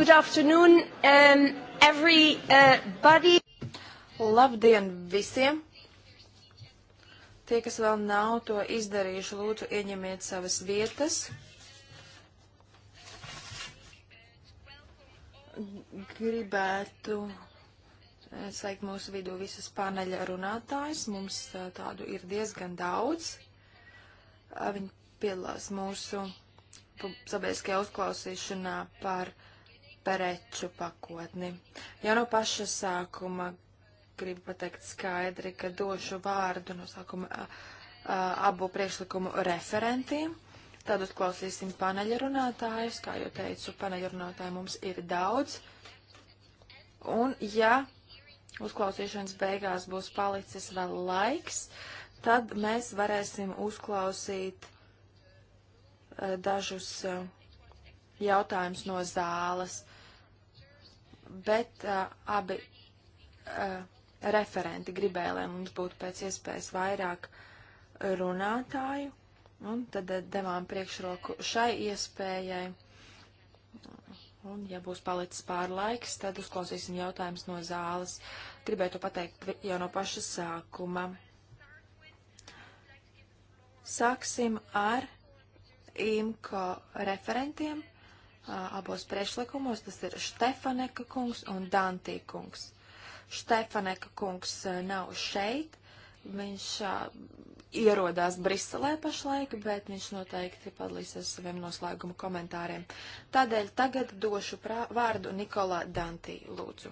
Good afternoon, um, everybody. Uh, Labdien visiem! Tie, kas vēl nav to izdarījuši, lūdzu ieņemiet savas vietas. Gribētu eh, sveikt mūsu vidū visas paneļa runātājs. Mums eh, tādu ir diezgan daudz. Viņi piedalās mūsu sabiedriskajā uzklausīšanā par uh, preču pakotni. Jau no paša sākuma gribu pateikt skaidri, ka došu vārdu no sākuma a, a, abu priekšlikumu referentiem. Tad uzklausīsim paneļa runātājus. Kā jau teicu, paneļa runātāji mums ir daudz. Un ja uzklausīšanas beigās būs palicis vēl laiks, tad mēs varēsim uzklausīt a, dažus jautājumus no zāles bet uh, abi uh, referenti gribēja, lai mums būtu pēc iespējas vairāk runātāju, un tad uh, devām priekšroku šai iespējai. Un, ja būs palicis pāri laiks, tad uzklausīsim jautājumus no zāles. Gribētu pateikt jau no paša sākuma. Sāksim ar IMCO referentiem abos priekšlikumos, tas ir Štefaneka kungs un Dantī kungs. Štefaneka kungs nav šeit, viņš ierodās Briselē pašlaik, bet viņš noteikti padalīsies saviem noslēguma komentāriem. Tādēļ tagad došu prā, vārdu Nikolā Dantī, lūdzu.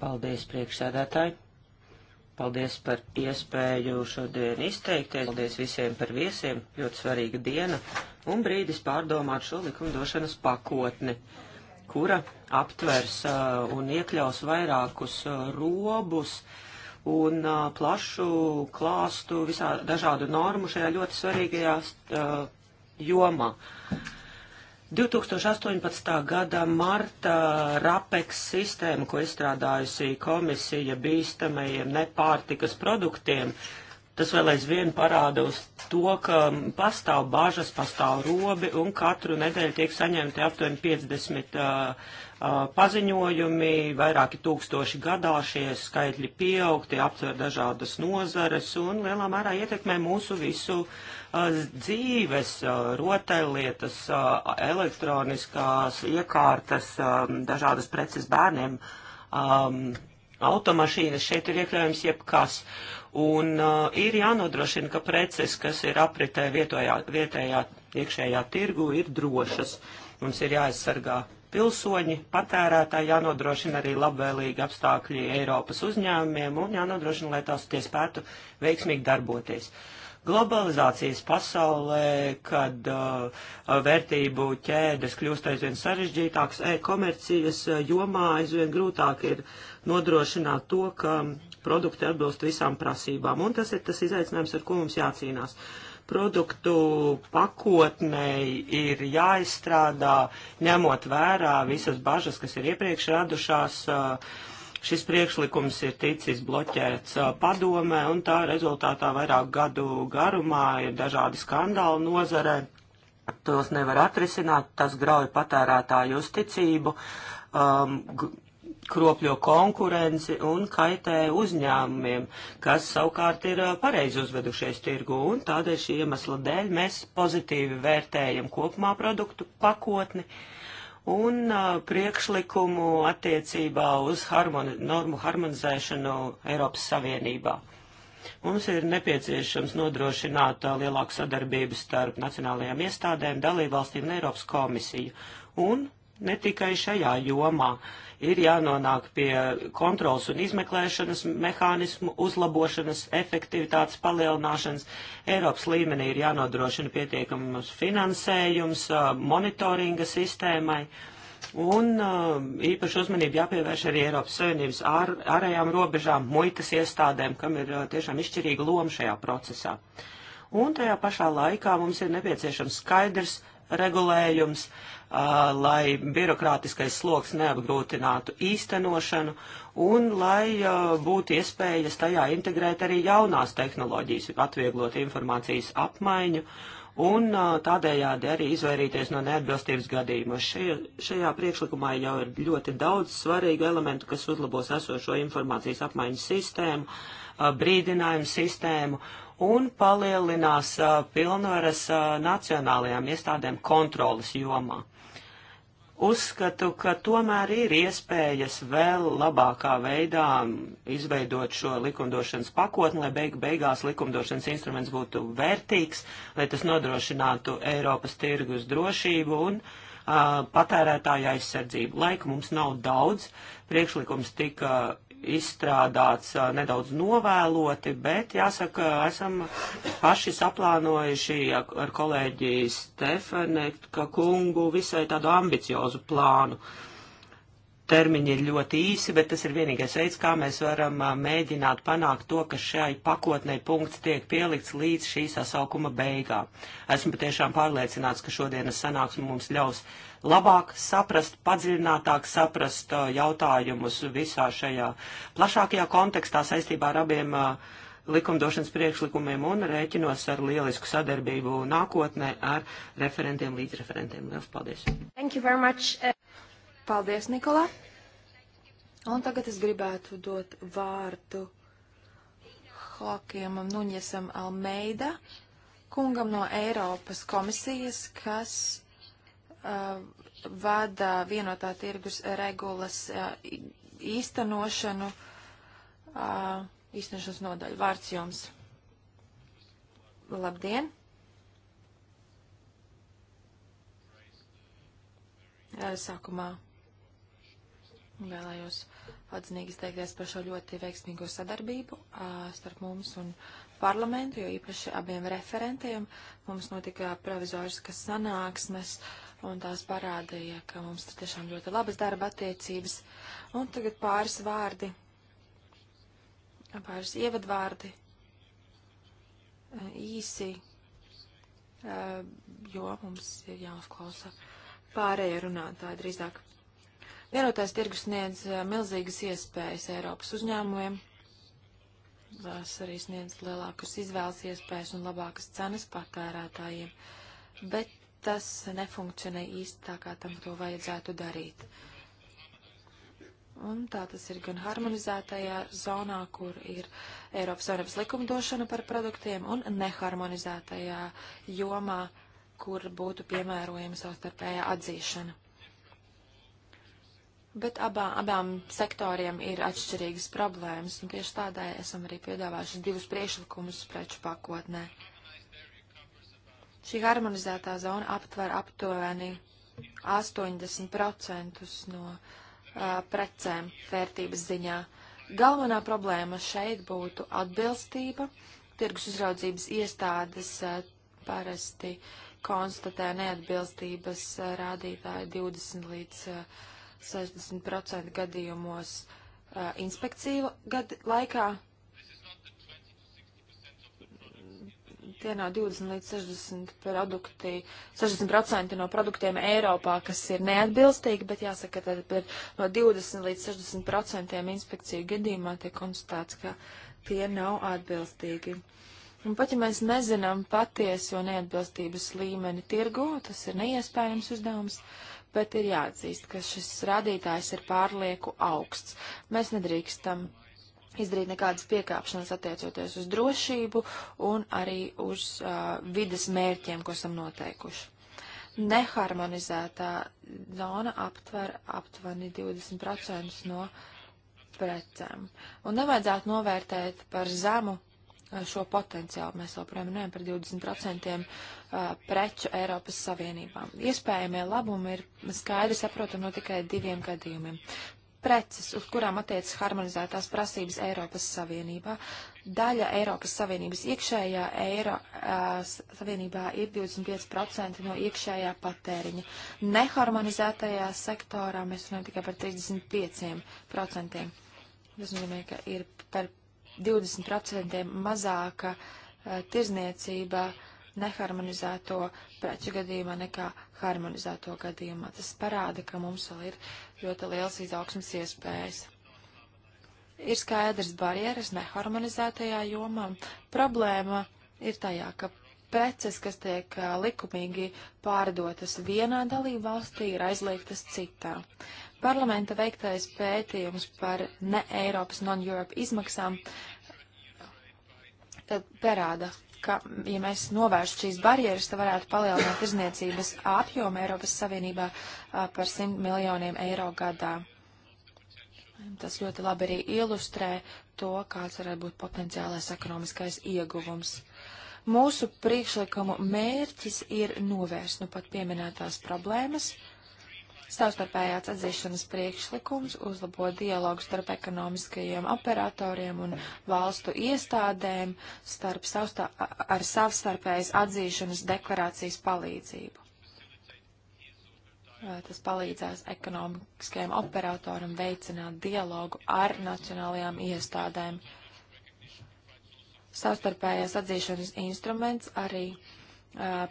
Paldies, priekšsēdētāji. Paldies par iespēju šodien izteikties. Paldies visiem par viesiem. Ļoti svarīga diena un brīdis pārdomāt šo likumdošanas pakotni, kura aptvers uh, un iekļaus vairākus uh, robus un uh, plašu klāstu visā dažādu normu šajā ļoti svarīgajā uh, jomā. 2018. gada marta RAPEX sistēma, ko izstrādājusi komisija bīstamajiem nepārtikas produktiem, tas vēl aizvien parāda uz to, ka pastāv bažas, pastāv robi un katru nedēļu tiek saņemti aptuveni 50 uh, uh, paziņojumi, vairāki tūkstoši gadā šie skaitļi pieaugti, aptver dažādas nozares un lielā mērā ietekmē mūsu visu uh, dzīves rotaļlietas, elektroniskās iekārtas, dažādas preces bērniem, automašīnas, šeit ir iekļaujams jebkas. Un ir jānodrošina, ka preces, kas ir apritē vietojā, vietējā iekšējā tirgu, ir drošas. Mums ir jāaizsargā pilsoņi, patērētāji, jānodrošina arī labvēlīgi apstākļi Eiropas uzņēmumiem un jānodrošina, lai tās tie spētu veiksmīgi darboties. Uh, Globalizācijas pasaulē, kad uh, vērtību ķēdes kļūst aizvien sarežģītāks, e-komercijas uh, jomā aizvien grūtāk ir nodrošināt to, ka produkti atbilst visām prasībām. Un tas ir tas izaicinājums, ar ko mums jācīnās. Produktu pakotnei ir jāizstrādā, ņemot vērā visas bažas, kas ir iepriekš radušās. Uh, Šis priekšlikums ir ticis bloķēts padomē, un tā rezultātā vairāk gadu garumā ir dažādi skandāli nozarē. Tos nevar atrisināt, tas grauj patērētāju uzticību, um, kropļo konkurenci un kaitē uzņēmumiem, kas savukārt ir pareizi uzvedušies tirgu. Un tādēļ šī iemesla dēļ mēs pozitīvi vērtējam kopumā produktu pakotni. Uh, un uh, priekšlikumu attiecībā uz harmoni normu harmonizēšanu Eiropas Savienībā. Mums ir nepieciešams nodrošināt lielāku sadarbību starp nacionālajām iestādēm, dalībvalstīm un Eiropas komisiju. Un ne tikai šajā jomā. Uh, ir jānonāk pie kontrols un izmeklēšanas mehānismu uzlabošanas, efektivitātes palielināšanas. Eiropas līmenī ir jānodrošina pietiekams finansējums monitoringa sistēmai. Un īpaši uzmanību jāpievērš arī Eiropas Savienības ār, ārējām robežām, muitas iestādēm, kam ir tiešām izšķirīga loma šajā procesā. Un tajā pašā laikā mums ir nepieciešams skaidrs regulējums, lai birokrātiskais sloks neapgrūtinātu īstenošanu un lai būtu iespējas tajā integrēt arī jaunās tehnoloģijas, atvieglot informācijas apmaiņu un tādējādi arī izvairīties no neatbilstības gadījumos. Šajā, šajā priekšlikumā jau ir ļoti daudz svarīgu elementu, kas uzlabos esošo informācijas apmaiņas sistēmu, brīdinājumu sistēmu un palielinās uh, pilnvaras uh, nacionālajām iestādēm kontrolas jomā. Uzskatu, ka tomēr ir iespējas vēl labākā veidā izveidot šo likumdošanas pakotni, lai beig beigās likumdošanas instruments būtu vērtīgs, lai tas nodrošinātu Eiropas tirgus drošību un uh, patērētāja aizsardzību. Laika mums nav daudz, priekšlikums tika izstrādāts nedaudz novēloti, bet jāsaka, esam paši saplānojuši ar kolēģi Stefaneka kungu visai tādu ambiciozu plānu. Termiņi ir ļoti īsi, bet tas ir vienīgais veids, kā mēs varam mēģināt panākt to, ka šai pakotnei punkts tiek pielikts līdz šī sasaukuma beigām. Esmu patiešām pārliecināts, ka šodienas sanāksme mums ļaus uh, labāk saprast, padziļinātāk saprast uh, jautājumus visā šajā plašākajā kontekstā saistībā ar abiem uh, likumdošanas priekšlikumiem un rēķinos ar lielisku sadarbību nākotnē ar referentiem, līdzreferentiem. Lielas paldies! Thank you very much! Paldies, Nikola! Un tagad es gribētu dot vārdu Hokiem Nuņesam Almeida, kungam no Eiropas komisijas, kas vada vienotā tirgus regulas īstenošanu, īstenošanas nodaļu. Vārds jums. Labdien! Sākumā vēlējos atzinīgi izteikties par šo ļoti veiksmīgo sadarbību starp mums un parlamentu, jo īpaši abiem referentiem mums notika provizoriskas sanāksmes. Uh, un tās parādīja, ka mums ir tiešām ļoti labas darba attiecības. Un tagad pāris vārdi, pāris ievadvārdi, eh, īsi, eh, jo mums ir jāuzklausa pārējie runātāji drīzāk. Vienotais tirgus sniedz eh, milzīgas iespējas Eiropas uzņēmumiem. Tas arī sniedz lielākas izvēles iespējas un labākas cenas patērētājiem. Bet tas nefunkcionē īsti tā, kā tam to vajadzētu darīt. Un tā tas ir gan harmonizētajā zonā, kur ir Eiropas Savienības likumdošana par produktiem, un neharmonizētajā jomā, kur būtu piemērojama savstarpējā atzīšana. Bet abā, abām sektoriem ir atšķirīgas problēmas, un tieši tādēļ esam arī piedāvājuši divus priešlikumus preču pakotnē. Uh, Šī harmonizētā zona aptver aptuveni 80% no uh, precēm vērtības ziņā. Galvenā problēma šeit būtu atbilstība. Tirgus uzraudzības iestādes uh, parasti konstatē neatbilstības uh, rādītāju 20 līdz uh, 60% gadījumos uh, inspekciju gadi laikā, dienā 20 līdz 60 produkti, 60% no produktiem Eiropā, kas ir neatbilstīgi, bet jāsaka, tad no 20 līdz 60% inspekciju gadījumā tiek konstatēts, ka tie nav atbilstīgi. Un pat ja mēs nezinām patieso neatbilstības līmeni tirgu, tas ir neiespējams uzdevums, bet ir jāatzīst, ka šis rādītājs ir pārlieku augsts. Mēs nedrīkstam izdarīt nekādas piekāpšanas attiecoties uz drošību un arī uz uh, vides mērķiem, ko esam noteikuši. Neharmonizētā zona aptver aptuveni 20% no precēm. Un nevajadzētu novērtēt par zemu šo potenciālu. Mēs joprojām runājam par 20% preču Eiropas Savienībām. Iespējamie labumi ir skaidri saprotami no tikai diviem gadījumiem preces, uz kurām attiecas harmonizētās prasības Eiropas Savienībā. Daļa Eiropas Savienības iekšējā Eiro, uh, Savienībā ir 25% no iekšējā patēriņa. Neharmonizētajā sektorā mēs runājam tikai par 35%. Tas nozīmē, ka ir par 20% mazāka uh, tirzniecība neharmonizēto preču gadījumā nekā harmonizēto gadījumā. Tas parāda, ka mums vēl ir uh, ļoti liels izaugsmas iespējas. Ir skaidrs barjeras neharmonizētajā jomā. Problēma ir tajā, ka preces, kas tiek uh, likumīgi pārdotas vienā dalību valstī, ir aizliegtas citā. Parlamenta veiktais pētījums par ne Eiropas non-Europe izmaksām tad parāda, ka, ja mēs novērstu šīs barjeras, tad varētu palielināt izniecības apjomu Eiropas Savienībā par 100 miljoniem eiro gadā. Tas ļoti labi arī ilustrē to, kāds varētu būt potenciālais ekonomiskais ieguvums. Mūsu priekšlikumu mērķis ir novērst nu pat pieminētās problēmas, Savstarpējās atzīšanas priekšlikums uzlabo dialogu starp ekonomiskajiem operatoriem un valstu iestādēm starp savstā, ar savstarpējas atzīšanas deklarācijas palīdzību. Tas palīdzēs ekonomiskajiem operatoram veicināt dialogu ar nacionālajām iestādēm. Savstarpējās atzīšanas instruments arī uh,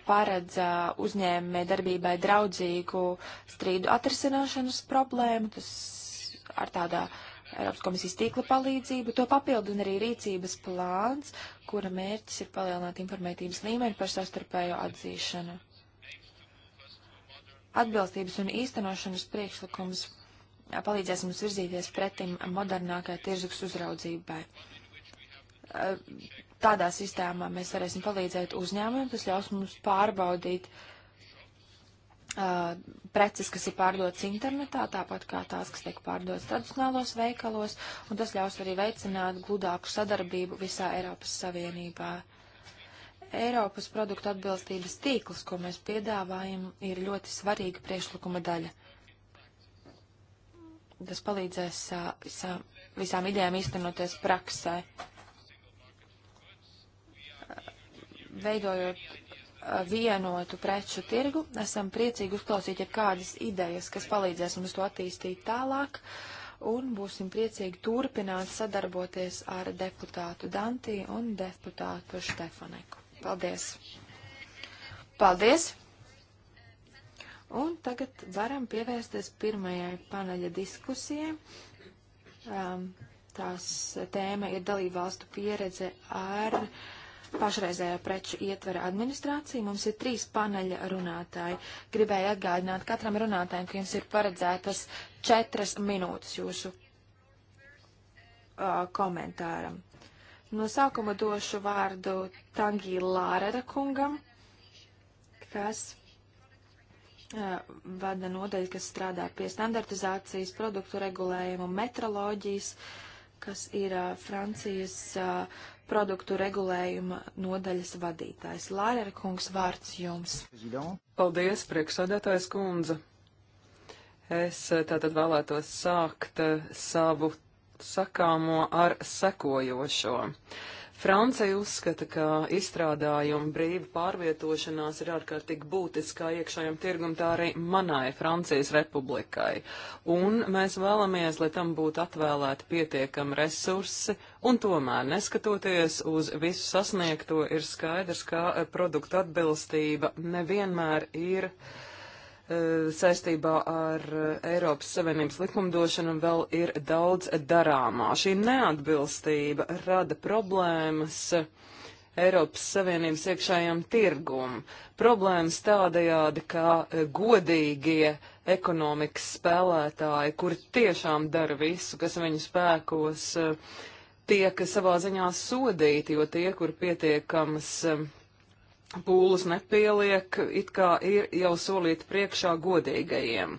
paredz uzņēmē darbībai draudzīgu strīdu atrisināšanas problēmu, tas ar tādā Eiropas komisijas tīkla palīdzību. To papildina arī rīcības plāns, kura mērķis ir palielināt informētības līmeni par sastarpējo atzīšanu. Atbilstības un īstenošanas priekšlikums palīdzēs mums virzīties pretim modernākai tirzus uzraudzībai tādā sistēmā mēs varēsim palīdzēt uzņēmumiem, tas ļaus mums pārbaudīt uh, preces, kas ir pārdotas internetā, tāpat kā tās, kas tiek pārdotas tradicionālos veikalos, un tas ļaus arī veicināt gludāku sadarbību visā Eiropas Savienībā. Eiropas produktu atbilstības tīkls, ko mēs piedāvājam, ir ļoti svarīga priekšlikuma daļa. Tas palīdzēs uh, visām, visām idejām īstenoties praksē. Uh, veidojot vienotu preču tirgu. Esam priecīgi uzklausīt, ja kādas idejas, kas palīdzēs mums to attīstīt tālāk, un būsim priecīgi turpināt sadarboties ar deputātu Dantī un deputātu Štefaneku. Paldies! Paldies! Un tagad varam pievērsties pirmajai paneļa diskusijai. Um, tās tēma ir dalībvalstu pieredze ar uh, pašreizējo preču ietvera administrāciju. Mums ir trīs paneļa runātāji. Gribēju atgādināt katram runātājiem, ka jums ir paredzētas četras minūtes jūsu uh, komentāram. No sākuma došu vārdu Tangī Lārera kungam, kas uh, vada nodaļu, kas strādā pie standartizācijas, produktu regulējumu, metroloģijas, kas ir uh, Francijas uh, produktu regulējuma nodaļas vadītājs. Lārera kungs, vārds jums. Paldies, priekšsādātājs kundze. Es eh, tātad vēlētos sākt eh, savu sakāmo ar sekojošo. Uh, Francija uzskata, ka izstrādājuma brīva pārvietošanās ir ārkārtīgi būtiskā iekšējam tirgum, tā arī manai Francijas republikai. Un mēs vēlamies, lai tam būtu atvēlēti pietiekami resursi, un tomēr, neskatoties uz visu sasniegto, ir skaidrs, ka produktu atbilstība nevienmēr ir. Uh, Eh, saistībā ar eh, Eiropas Savienības likumdošanu vēl ir daudz darāmā. Šī neatbilstība rada problēmas Eiropas Savienības iekšējām tirgum. Problēmas tādajādi, kā eh, godīgie ekonomikas spēlētāji, kuri tiešām dara visu, kas viņu spēkos, tiek savā ziņā sodīti, jo tie, kur pietiekamas uh, pūles nepieliek, it kā ir jau solīti priekšā godīgajiem.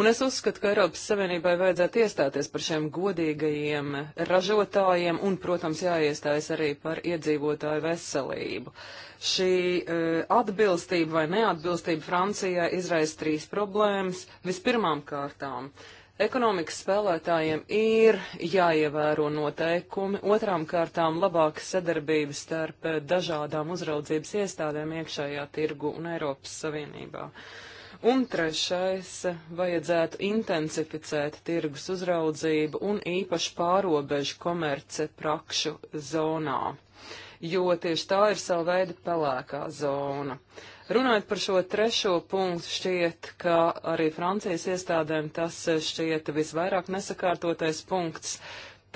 Un es uzskatu, ka Eiropas Savienībai vajadzētu iestāties par šiem godīgajiem ražotājiem un, protams, jāiestājas arī par iedzīvotāju veselību. Šī uh, atbilstība vai neatbilstība Francijai izraisa trīs problēmas. Vispirmām kārtām, uh, Ekonomikas spēlētājiem ir jāievēro noteikumi, otrām kārtām labāka sadarbība starp eh, dažādām uzraudzības iestādēm iekšējā tirgu un Eiropas Savienībā. Un trešais - vajadzētu intensificēt tirgus uzraudzību un īpaši pārobežu komerce prakšu zonā, jo tieši tā ir sava veida pelēkā zona. Uh, Runājot par šo trešo punktu, šķiet, ka arī Francijas iestādēm tas eh, šķiet visvairāk nesakārtotais punkts.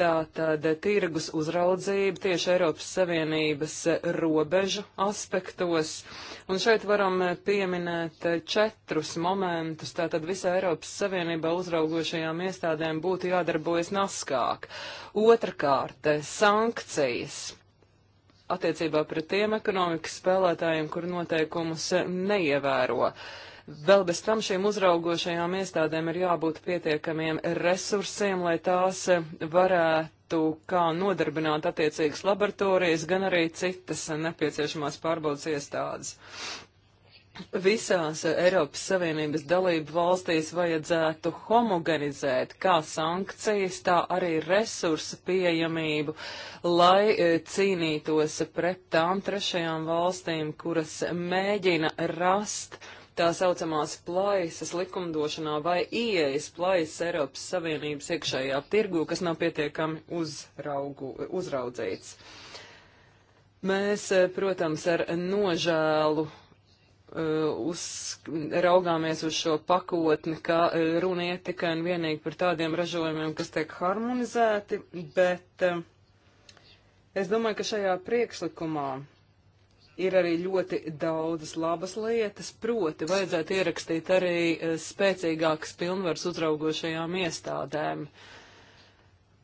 Tātad tirgus uzraudzība tieši Eiropas Savienības eh, robežu aspektos. Un šeit varam eh, pieminēt četrus momentus. Tātad visā Eiropas Savienībā uzraugošajām iestādēm būtu jādarbojas naskāk. Otrakārt, sankcijas attiecībā pret tiem ekonomikas spēlētājiem, kur noteikumus neievēro. Vēl bez tam šīm uzraugošajām iestādēm ir jābūt pietiekamiem resursiem, lai tās varētu kā nodarbināt attiecīgas laboratorijas, gan arī citas nepieciešamās pārbaudas iestādes visās Eiropas Savienības dalību valstīs vajadzētu homogenizēt kā sankcijas, tā arī resursu pieejamību, lai e, cīnītos pret tām trešajām valstīm, kuras mēģina rast tā saucamās plaisas likumdošanā vai ieejas plaisas Eiropas Savienības iekšējā tirgu, kas nav pietiekami uzraugu, uzraudzīts. Mēs, e, protams, ar nožēlu Uh, uz, raugāmies uz šo pakotni, ka uh, runa iet tikai un vienīgi par tādiem ražojumiem, kas tiek harmonizēti, bet uh, es domāju, ka šajā priekšlikumā ir arī ļoti daudzas labas lietas, proti vajadzētu ierakstīt arī spēcīgākas pilnvaras uzraugošajām iestādēm. Uh,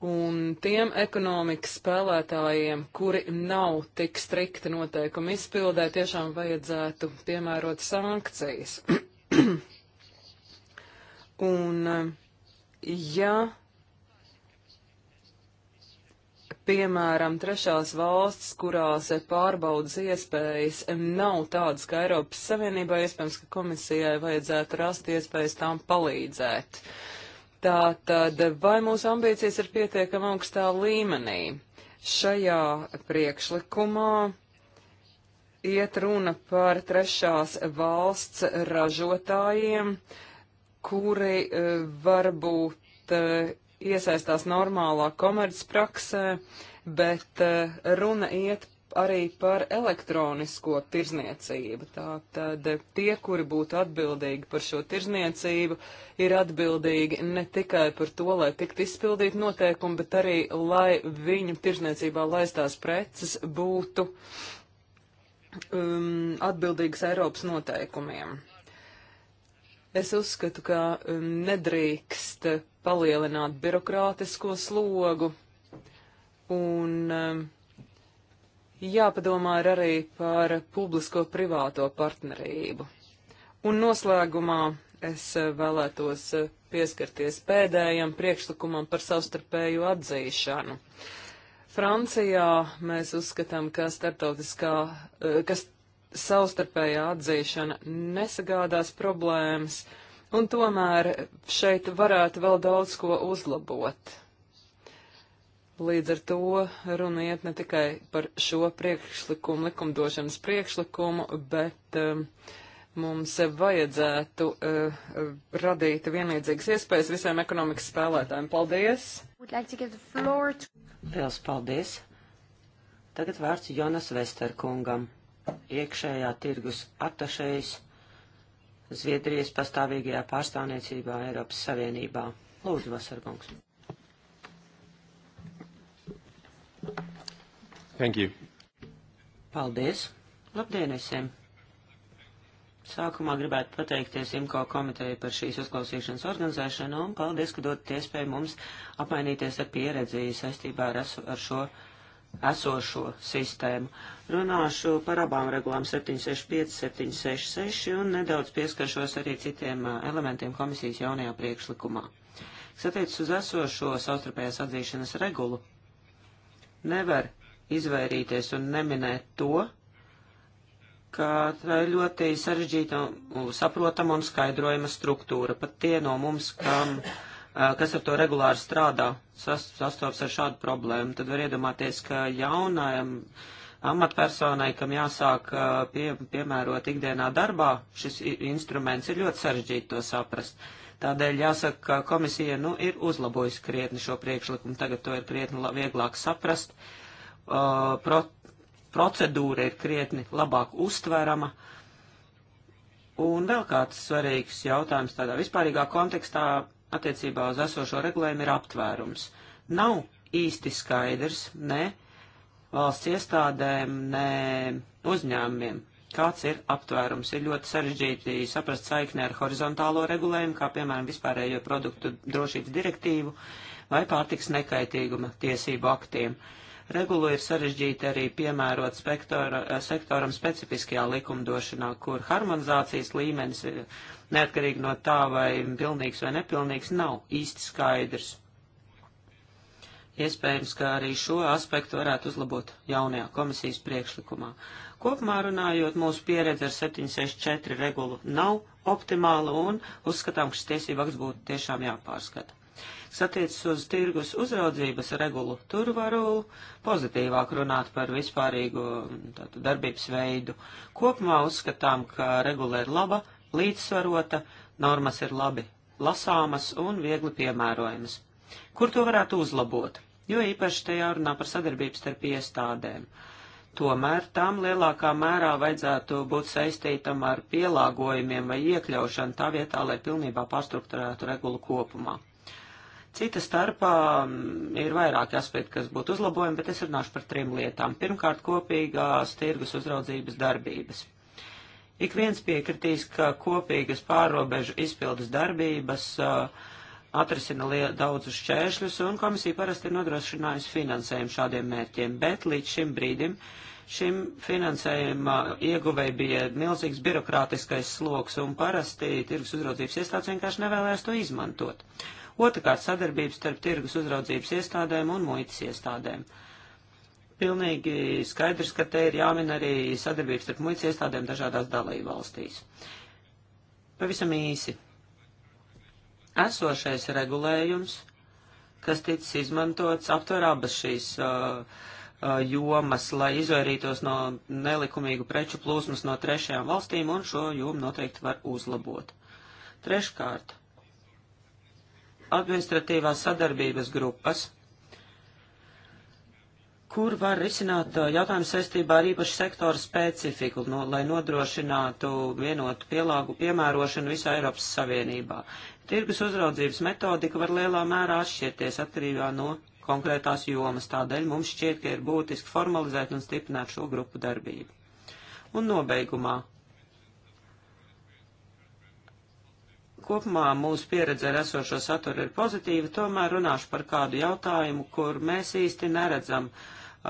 un tiem ekonomikas spēlētājiem, kuri nav tik strikti noteikumi izpildē, tiešām vajadzētu piemērot sankcijas. un, ja, piemēram, trešās valsts, kurās pārbaudas iespējas nav tādas kā Eiropas Savienībā, iespējams, ka komisijai vajadzētu rast iespējas tām palīdzēt. Uh, Tātad, vai mūsu ambīcijas ir pietiekami augstā līmenī? Šajā priekšlikumā iet runa par trešās valsts ražotājiem, kuri eh, varbūt eh, iesaistās normālā komercpraksē, bet eh, runa iet arī par elektronisko tirzniecību. Tātad tie, kuri būtu atbildīgi par šo tirzniecību, ir atbildīgi ne tikai par to, lai tiktu izpildīt noteikumi, bet arī, lai viņu tirzniecībā laistās preces būtu um, atbildīgas Eiropas noteikumiem. Es uzskatu, ka um, nedrīkst palielināt birokrātisko slogu un um, jāpadomā ir arī par publisko-privāto partnerību. Un noslēgumā es eh, vēlētos eh, pieskarties pēdējam priekšlikumam par savstarpēju atzīšanu. Francijā mēs uzskatām, ka starptautiskā, eh, kas savstarpējā atzīšana nesagādās problēmas, un tomēr šeit varētu vēl daudz ko uzlabot. Līdz ar to runa iet ne tikai par šo priekšlikumu, likumdošanas priekšlikumu, bet um, mums vajadzētu uh, radīt vienlīdzīgas iespējas visiem ekonomikas spēlētājiem. Paldies! Like Liels paldies! Tagad vārds Jonas Vesterkungam, iekšējā tirgus atašējs Zviedrijas pastāvīgajā pārstāvniecībā Eiropas Savienībā. Lūdzu, Vasarkungs! Thank you. Paldies. Labdien visiem. Sākumā gribētu pateikties IMCO komiteju par šīs uzklausīšanas organizēšanu un paldies, ka dodat iespēju mums apmainīties ar pieredzi saistībā ar, eso, ar šo esošo sistēmu. Runāšu par abām regulām 765, 766 un nedaudz pieskaršos arī citiem elementiem komisijas jaunajā priekšlikumā. Kas attiecas uz esošo savstarpējās atzīšanas regulu, nevar izvairīties un neminēt to, ka tā ir ļoti sarežģīta, saprotama un skaidrojama struktūra. Pat tie no mums, kam, kas ar to regulāri strādā, sastopas ar šādu problēmu, tad var iedomāties, ka jaunajam amatpersonai, kam jāsāk pie, piemērot ikdienā darbā, šis instruments ir ļoti sarežģīti to saprast. Tādēļ jāsaka, ka komisija nu, ir uzlabojusi krietni šo priekšlikumu, tagad to ir krietni vieglāk saprast. Uh, uh, pro, procedūra ir krietni labāk uztverama. Un vēl kāds svarīgs jautājums tādā vispārīgā kontekstā attiecībā uz esošo regulējumu ir aptvērums. Nav īsti skaidrs ne valsts iestādēm, ne uzņēmumiem, kāds ir aptvērums. Ir ļoti sarežģīti saprast saikni ar horizontālo regulējumu, kā piemēram vispārējo produktu drošības direktīvu vai pārtiks nekaitīguma tiesību aktiem. Uh, Regula ir sarežģīta arī piemērot spektora, eh, sektoram specifiskajā likumdošanā, kur harmonizācijas līmenis, eh, neatkarīgi no tā, vai pilnīgs vai nepilnīgs, nav īsti skaidrs. Iespējams, ka arī šo aspektu varētu uzlabot jaunajā komisijas priekšlikumā. Kopumā runājot, mūsu pieredze ar 764 regulu nav optimāla un uzskatām, ka šis tiesību akts būtu tiešām jāpārskata. Kas attiecas uz tirgus uzraudzības regulu, tur varu pozitīvāk runāt par vispārīgu tātad, darbības veidu. Kopumā uzskatām, ka regula ir laba, līdzsvarota, normas ir labi lasāmas un viegli piemērojamas. Kur to varētu uzlabot? Jo īpaši te jārunā par sadarbības starp iestādēm. Tomēr tām lielākā mērā vajadzētu būt saistītam ar pielāgojumiem vai iekļaušanu tā vietā, lai pilnībā pārstruktūrētu regulu kopumā. Cita starpā mm, ir vairāki aspekti, kas būtu uzlabojumi, bet es runāšu par trim lietām. Pirmkārt, kopīgās tirgus uzraudzības darbības. Ik viens piekritīs, ka kopīgas pārobežu izpildes darbības atrisina daudzus šķēršļus, un komisija parasti ir nodrošinājusi finansējumu šādiem mērķiem, bet līdz šim brīdim šim finansējuma ieguvēji bija milzīgs birokrātiskais sloks, un parasti tirgus uzraudzības iestādes vienkārši nevēlējās to izmantot. Otrakārt, sadarbības starp tirgus uzraudzības iestādēm un muitas iestādēm. Pilnīgi skaidrs, ka te ir jāmin arī sadarbības starp muitas iestādēm dažādās dalību valstīs. Pavisam īsi. Esošais regulējums, kas ticis izmantots, aptver abas šīs uh, uh, jomas, lai izvairītos no nelikumīgu preču plūsmas no trešajām valstīm, un šo jomu noteikti var uzlabot. Treškārt, administratīvās sadarbības grupas, kur var risināt uh, jautājumu saistībā ar īpašu sektoru specifiku, no, lai nodrošinātu vienotu pielāgu piemērošanu visā Eiropas Savienībā. Tirgus uzraudzības metodika var lielā mērā atšķirties atkarībā no konkrētās jomas, tādēļ mums šķiet, ka ir būtiski formalizēt un stiprināt šo grupu darbību. Un nobeigumā kopumā mūsu pieredze ar esošo saturu ir pozitīva, tomēr runāšu par kādu jautājumu, kur mēs īsti neredzam uh,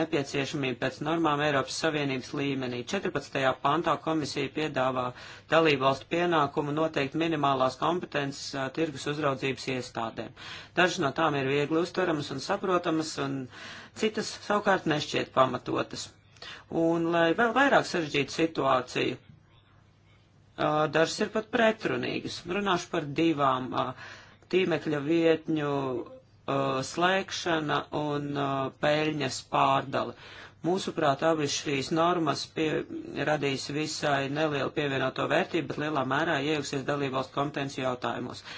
nepieciešamību pēc normām Eiropas Savienības līmenī. 14. pantā komisija piedāvā dalībvalstu pienākumu noteikt minimālās kompetences uh, tirgus uzraudzības iestādēm. Dažas no tām ir viegli uztveramas un saprotamas, un citas savukārt nešķiet pamatotas. Un, lai vēl vairāk sarežģītu situāciju, Uh, dažas ir pat pretrunīgas. Runāšu par divām uh, tīmekļa vietņu uh, slēgšana un peļņas pārdali. Mūsuprāt, abas šīs normas pie, radīs visai nelielu pievienoto vērtību, bet lielā mērā iejauksies dalībvalstu kompetenci jautājumos. Uh,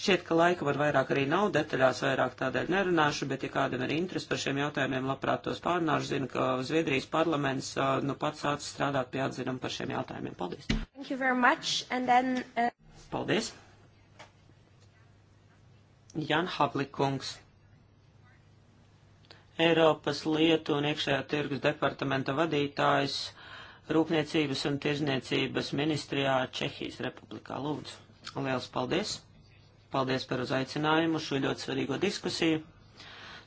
Šķiet, ka laika var vairāk arī nav, detaļās vairāk tādēļ nerunāšu, bet ja kādam ir interesi par šiem jautājumiem, labprāt tos pārnāšu. Zinu, ka Zviedrijas parlaments nu pats sācis strādāt pie atzinuma par šiem jautājumiem. Paldies! Thank you very much, and then... Uh... Paldies! Jan Hablikungs. Eiropas lietu un iekšējā tirgus departamenta vadītājs Rūpniecības un tirzniecības ministrijā Čehijas republikā. Lūdzu, liels paldies! Paldies par uzaicinājumu šo ļoti svarīgo diskusiju.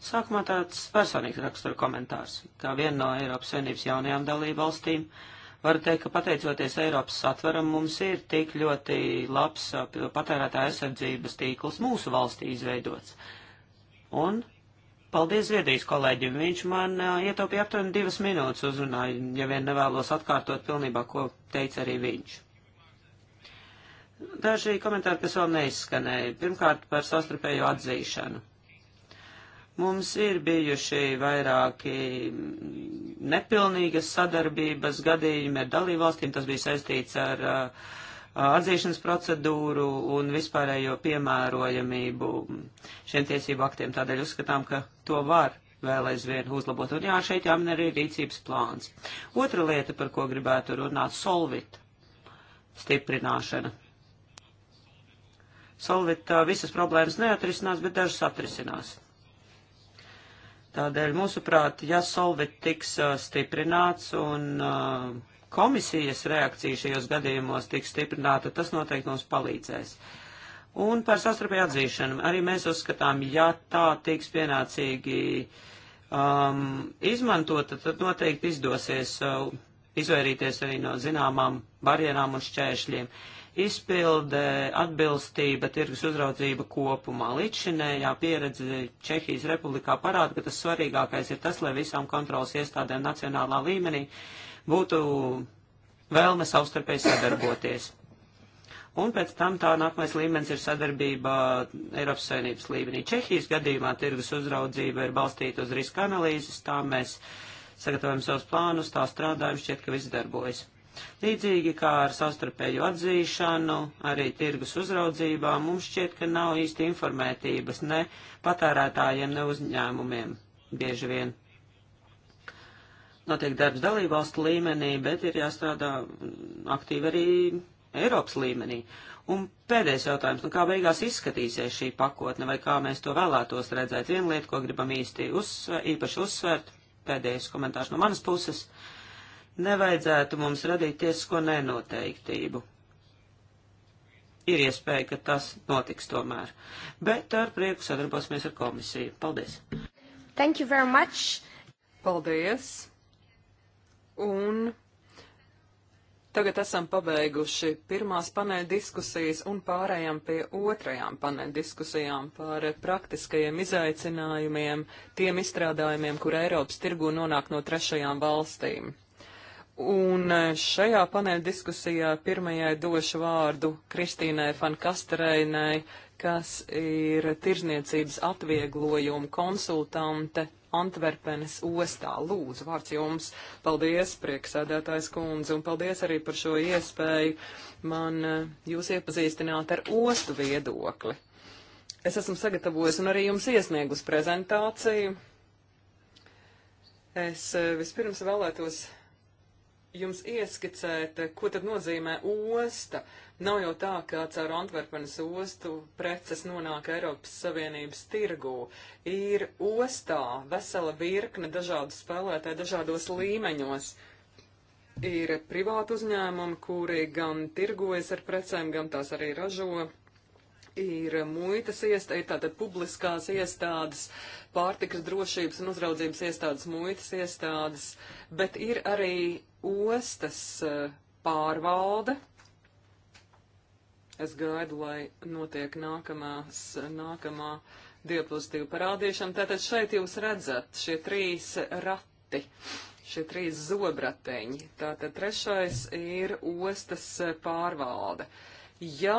Sākumā tāds personīgs rakstura komentārs. Kā viena no Eiropas Savienības jaunajām dalību valstīm, varu teikt, ka pateicoties Eiropas satveram, mums ir tik ļoti labs uh, patērētāja aizsardzības tīkls mūsu valstī izveidots. Un paldies Zviedrijas kolēģim. Viņš man uh, ietaupīja aptuveni divas minūtes uzrunāju, ja vien nevēlos atkārtot pilnībā, ko teica arī viņš. Daži komentāri, kas vēl neizskanēja. Pirmkārt, par sastarpēju atzīšanu. Mums ir bijuši vairāki nepilnīgas sadarbības gadījumi ar dalībvalstīm. Tas bija saistīts ar uh, atzīšanas procedūru un vispārējo piemērojamību šiem tiesību aktiem. Tādēļ uzskatām, ka to var vēl aizvien uzlabot. Un jā, šeit jāmin arī rīcības plāns. Otra lieta, par ko gribētu runāt, solvit stiprināšana. Solvit visas problēmas neatrisinās, bet dažas atrisinās. Tādēļ, mūsuprāt, ja Solvit tiks stiprināts un komisijas reakcija šajos gadījumos tiks stiprināta, tas noteikti mums palīdzēs. Un par sastarpēju atzīšanu arī mēs uzskatām, ja tā tiks pienācīgi um, izmantota, tad noteikti izdosies uh, izvairīties arī no zināmām barjerām un šķēršļiem. Uh, izpildē, atbilstība, tirgus uzraudzība kopumā. Līdzšinējā pieredze Čehijas republikā parāda, ka tas svarīgākais ir tas, lai visām kontrolas iestādēm nacionālā līmenī būtu vēlme savstarpēji sadarboties. Un pēc tam tā nākamais līmenis ir sadarbība Eiropas Savienības līmenī. Čehijas gadījumā tirgus uzraudzība ir balstīta uz riska analīzes, tā mēs sagatavojam savus plānus, tā strādājam, šķiet, ka viss darbojas. Līdzīgi kā ar savstarpēju atzīšanu, arī tirgus uzraudzībā mums šķiet, ka nav īsti informētības ne patērētājiem, ne uzņēmumiem bieži vien. Notiek darbs dalībvalstu līmenī, bet ir jāstrādā aktīvi arī Eiropas līmenī. Un pēdējais jautājums, nu kā beigās izskatīsies šī pakotne, vai kā mēs to vēlētos redzēt? Viena lieta, ko gribam īsti uzsver, īpaši uzsvērt, pēdējais komentārs no manas puses. Uh, nevajadzētu mums radīt tiesisko nenoteiktību. Ir iespēja, ka tas notiks tomēr, bet ar prieku sadarbosimies ar komisiju. Paldies! Thank you very much! Paldies! Un tagad esam pabeiguši pirmās panēļa diskusijas un pārējām pie otrajām panēļa diskusijām par praktiskajiem izaicinājumiem, tiem izstrādājumiem, kur Eiropas tirgu nonāk no trešajām valstīm. Un e, šajā paneļa diskusijā pirmajai došu vārdu Kristīnai Fankastereinai, kas ir tirzniecības atvieglojuma konsultante Antverpenes ostā. Lūdzu, vārds jums. Paldies, prieksēdētājs kundze, un paldies arī par šo iespēju man e, jūs iepazīstināt ar ostu viedokli. Es esmu sagatavojusi un arī jums iesniegus prezentāciju. Es e, vispirms vēlētos jums ieskicēt, ko tad nozīmē osta. Nav jau tā, ka caur Antverpenes ostu preces nonāk Eiropas Savienības tirgū. Ir ostā vesela virkne dažādu spēlētāju dažādos līmeņos. Ir privāti uzņēmumi, kuri gan tirgojas ar precēm, gan tās arī ražo ir muitas iestādes, tātad publiskās iestādes, pārtikas drošības un uzraudzības iestādes, muitas iestādes, bet ir arī ostas eh, pārvalde. Es gaidu, lai notiek nākamās, nākamā diapozitīva parādīšana. Tātad šeit jūs redzat šie trīs rati, šie trīs zobrateņi. Tātad trešais ir ostas eh, pārvalde. Ja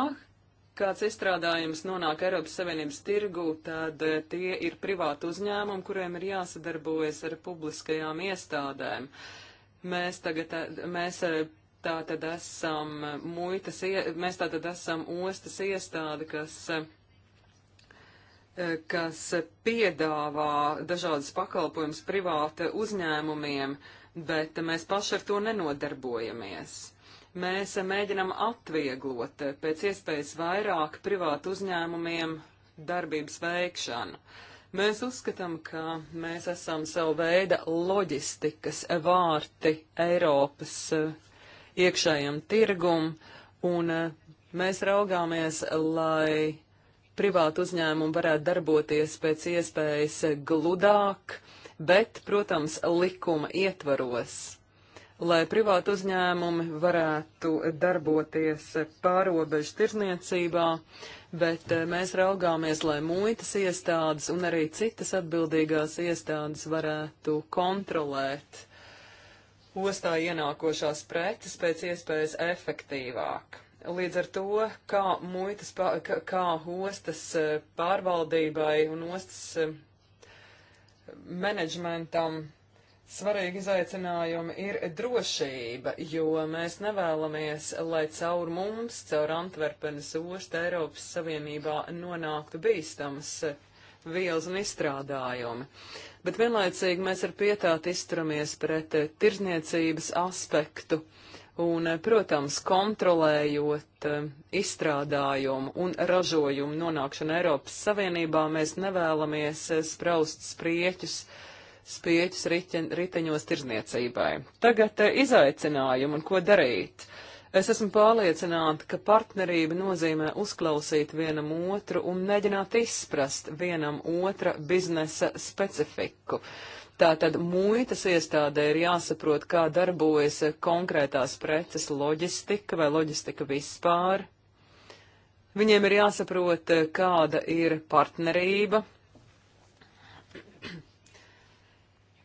kāds izstrādājums nonāk Eiropas Savienības tirgu, tad eh, tie ir privāti uzņēmumi, kuriem ir jāsadarbojas ar publiskajām iestādēm. Uh, Mēs tagad, mēs tā tad esam muitas, mēs tā tad esam ostas iestāde, kas kas piedāvā dažādas pakalpojumus privāta uzņēmumiem, bet mēs paši ar to nenodarbojamies. Mēs mēģinam atvieglot pēc iespējas vairāk privātu uzņēmumiem darbības veikšanu. Uh, Mēs uzskatām, ka mēs esam savu veidu loģistikas vārti Eiropas eh, iekšējam tirgum, un eh, mēs raugāmies, lai privātu uzņēmumu varētu darboties pēc iespējas gludāk, bet, protams, likuma ietvaros lai privātu uzņēmumi varētu darboties pārobežu tirzniecībā, bet eh, mēs raugāmies, lai muitas iestādes un arī citas atbildīgās iestādes varētu kontrolēt ostā ienākošās preces pēc iespējas efektīvāk. Līdz ar to, kā, muitas, kā, kā ostas eh, pārvaldībai un ostas eh, menedžmentam Svarīgi izaicinājumi ir drošība, jo mēs nevēlamies, lai caur mums, caur Antverpenes ostu Eiropas Savienībā nonāktu bīstams vielas un izstrādājumi. Bet vienlaicīgi mēs ar pietāt izturamies pret tirzniecības aspektu un, protams, kontrolējot eh, izstrādājumu un ražojumu nonākšanu Eiropas Savienībā, mēs nevēlamies eh, spraust sprieķus spieķus riteņ, riteņos tirzniecībai. Tagad e, eh, izaicinājumi un ko darīt. Es esmu pārliecināta, ka partnerība nozīmē uzklausīt vienam otru un mēģināt izprast vienam otra biznesa specifiku. Tātad muitas iestādē ir jāsaprot, kā darbojas konkrētās preces loģistika vai loģistika vispār. Viņiem ir jāsaprot, eh, kāda ir partnerība,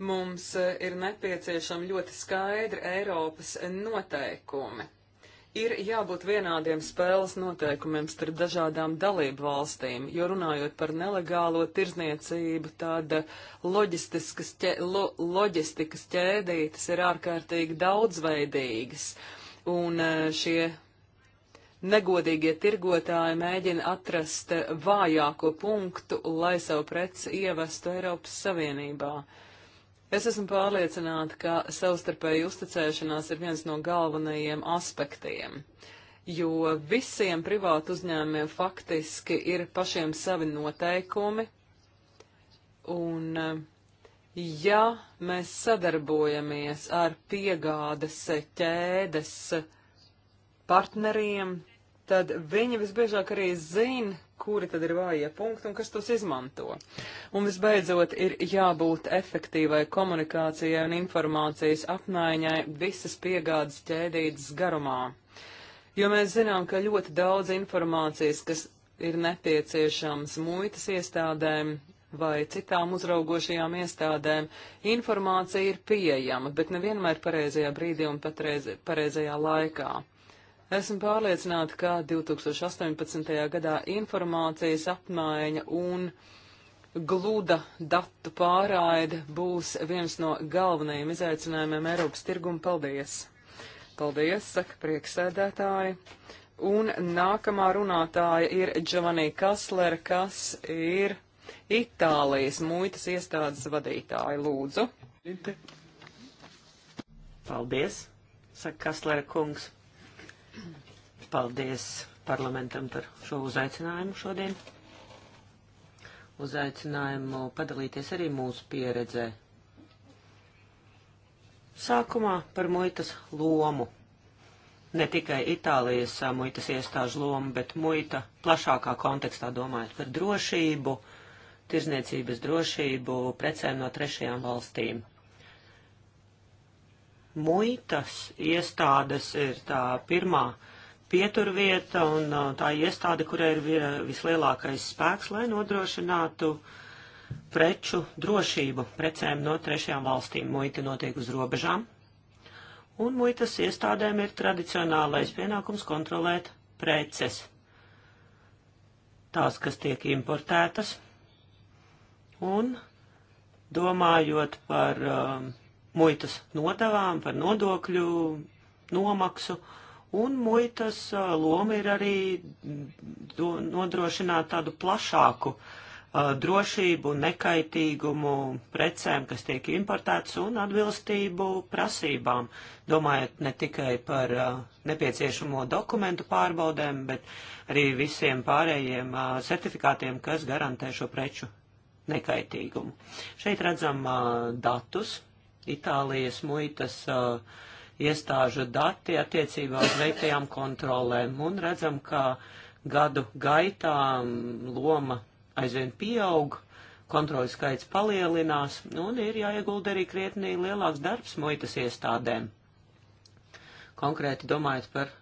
Mums e, ir nepieciešami ļoti skaidri Eiropas noteikumi. Ir jābūt vienādiem spēles noteikumiem starp dažādām dalību valstīm, jo runājot par nelegālo tirzniecību, tāda loģistikas, ķē, lo, loģistikas ķēdītas ir ārkārtīgi daudzveidīgas, un e, šie negodīgie tirgotāji mēģina atrast vājāko punktu, lai savu preci ievestu Eiropas Savienībā. Es esmu pārliecināta, ka savstarpēji uzticēšanās ir viens no galvenajiem aspektiem, jo visiem privātu uzņēmumiem faktiski ir pašiem savi noteikumi, un ja mēs sadarbojamies ar piegādes ķēdes partneriem, tad viņi visbiežāk arī zina, kuri tad ir vājie punkti un kas tos izmanto. Un visbeidzot, ir jābūt efektīvai komunikācijai un informācijas apmaiņai visas piegādes ķēdītas garumā. Jo mēs zinām, ka ļoti daudz informācijas, kas ir nepieciešams muitas iestādēm, vai citām uzraugošajām iestādēm, informācija ir pieejama, bet nevienmēr pareizajā brīdī un patreiz, pareizajā laikā. Esmu pārliecināta, ka 2018. gadā informācijas apmaiņa un gluda datu pārraide būs viens no galvenajiem izaicinājumiem Eiropas tirguma. Paldies! Paldies, saka prieksēdētāji. Un nākamā runātāja ir Giovanni Kasler, kas ir Itālijas muitas iestādes vadītāja. Lūdzu! Paldies, saka Kaslera kungs. Paldies parlamentam par šo uzaicinājumu šodien. Uzaicinājumu padalīties arī mūsu pieredzē. Sākumā par muitas lomu. Ne tikai Itālijas muitas iestāžu lomu, bet muita plašākā kontekstā domājot par drošību, tirzniecības drošību, precēm no trešajām valstīm muitas iestādes ir tā pirmā pieturvieta un uh, tā iestāde, kurai ir uh, vislielākais spēks, lai nodrošinātu preču drošību precēm no trešajām valstīm. Muita notiek uz robežām, un muitas iestādēm ir tradicionālais pienākums kontrolēt preces. Tās, kas tiek importētas, un domājot par um, muitas nodavām, par nodokļu nomaksu. Un muitas loma ir arī do, nodrošināt tādu plašāku uh, drošību, nekaitīgumu precēm, kas tiek importētas, un atbilstību prasībām. Domājot ne tikai par uh, nepieciešamo dokumentu pārbaudēm, bet arī visiem pārējiem uh, certifikātiem, kas garantē šo preču nekaitīgumu. Šeit redzam datus Itālijas muitas uh, iestāžu dati attiecībā uz veiktajām kontrolēm un redzam, ka gadu gaitā mm, loma aizvien pieaug, kontroļu skaits palielinās un ir jāiegulda arī krietnī lielāks darbs muitas iestādēm. Konkrēti domājot par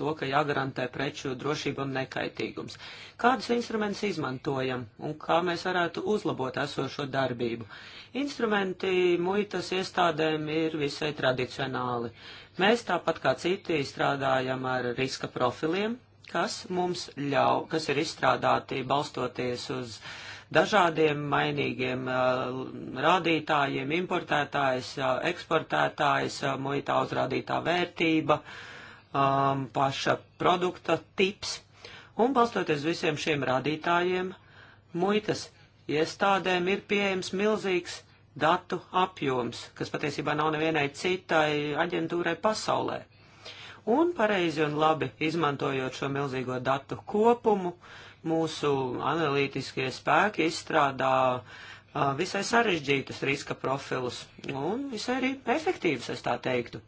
to, ka jāgarantē preču drošība un nekaitīgums. Kādus instrumentus izmantojam un kā mēs varētu uzlabot esošo darbību? Instrumenti muitas iestādēm ir visai tradicionāli. Mēs tāpat kā citi strādājam ar riska profiliem, kas mums ļau, kas ir izstrādāti balstoties uz dažādiem mainīgiem uh, rādītājiem, importētājs, uh, eksportētājs, uh, muitā uzrādītā vērtība, uh, um, paša produkta tips. Un balstoties visiem šiem rādītājiem, muitas iestādēm ir pieejams milzīgs datu apjoms, kas patiesībā nav nevienai citai aģentūrai pasaulē. Un pareizi un labi izmantojot šo milzīgo datu kopumu, mūsu analītiskie spēki izstrādā uh, visai sarežģītus riska profilus un visai arī efektīvus, es tā teiktu.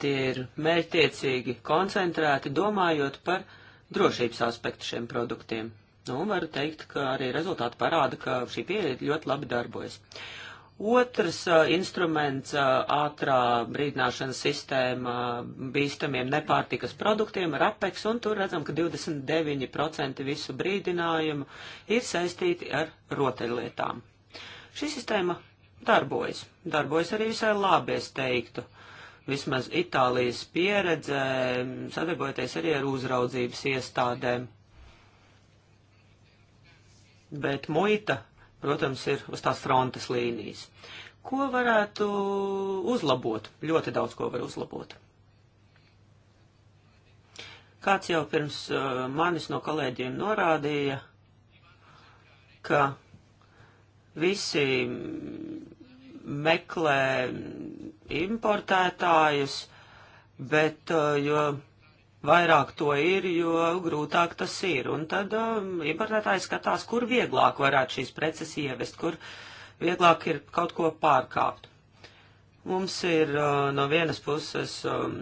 tie ir mērķtiecīgi koncentrēti, domājot par drošības aspektu šiem produktiem. Nu, varu teikt, ka arī rezultāti parāda, ka šī pieeja ļoti labi darbojas. Otrs uh, instruments uh, ātrā brīdināšanas sistēma bīstamiem nepārtikas produktiem ir APEX, un tur redzam, ka 29% visu brīdinājumu ir saistīti ar rotaļlietām. Šī sistēma darbojas. Darbojas arī visai labi, es teiktu. Uh, vismaz Itālijas pieredze, sadarbojoties arī ar uzraudzības iestādēm. Bet muita, protams, ir uz tās frontes līnijas. Ko varētu uzlabot? Ļoti daudz ko var uzlabot. Kāds jau pirms uh, manis no kolēģiem norādīja, ka visi meklē importētājus, bet uh, jo vairāk to ir, jo grūtāk tas ir. Un tad um, importētājs skatās, kur vieglāk varētu šīs preces ievest, kur vieglāk ir kaut ko pārkāpt. Mums ir uh, no vienas puses um,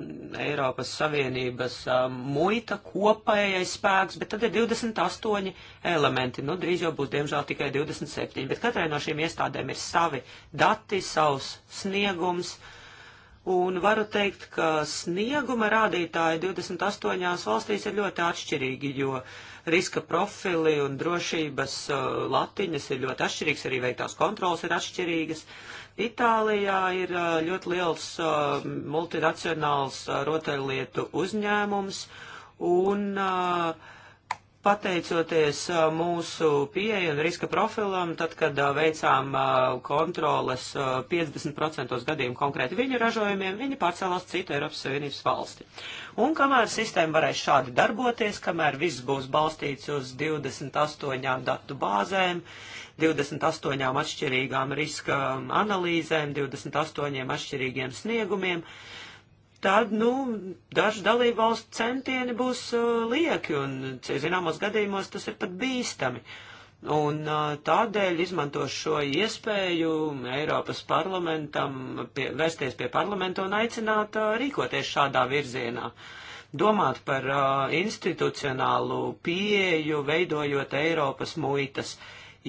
Eiropas Savienības um, muita kopējais spēks, bet tad ir 28 elementi. Nu, drīz jau būs, diemžēl, tikai 27, bet katrai no šīm iestādēm ir savi dati, savs sniegums. Un varu teikt, ka snieguma rādītāji 28 valstīs ir ļoti atšķirīgi, jo riska profili un drošības uh, latiņas ir ļoti atšķirīgas, arī veiktās kontrols ir atšķirīgas. Uh, Itālijā ir ļoti liels multinacionāls rotaļlietu uzņēmums un uh, pateicoties mūsu pieeja un riska profilam, tad, kad veicām kontroles 50% gadījumu konkrēti viņu ražojumiem, viņi pārcēlās citu Eiropas Savienības valsti. Un kamēr sistēma varēs šādi darboties, kamēr viss būs balstīts uz 28 datu bāzēm, 28 atšķirīgām riska analīzēm, 28 atšķirīgiem sniegumiem, uh, tad, nu, daži dalībvalstu centieni būs uh, lieki, un zināmos gadījumos tas ir pat bīstami. Un uh, tādēļ izmantošu šo iespēju Eiropas parlamentam pie, vērsties pie parlamenta un aicināt uh, rīkoties šādā virzienā. Domāt par uh, institucionālu pieeju, veidojot Eiropas muitas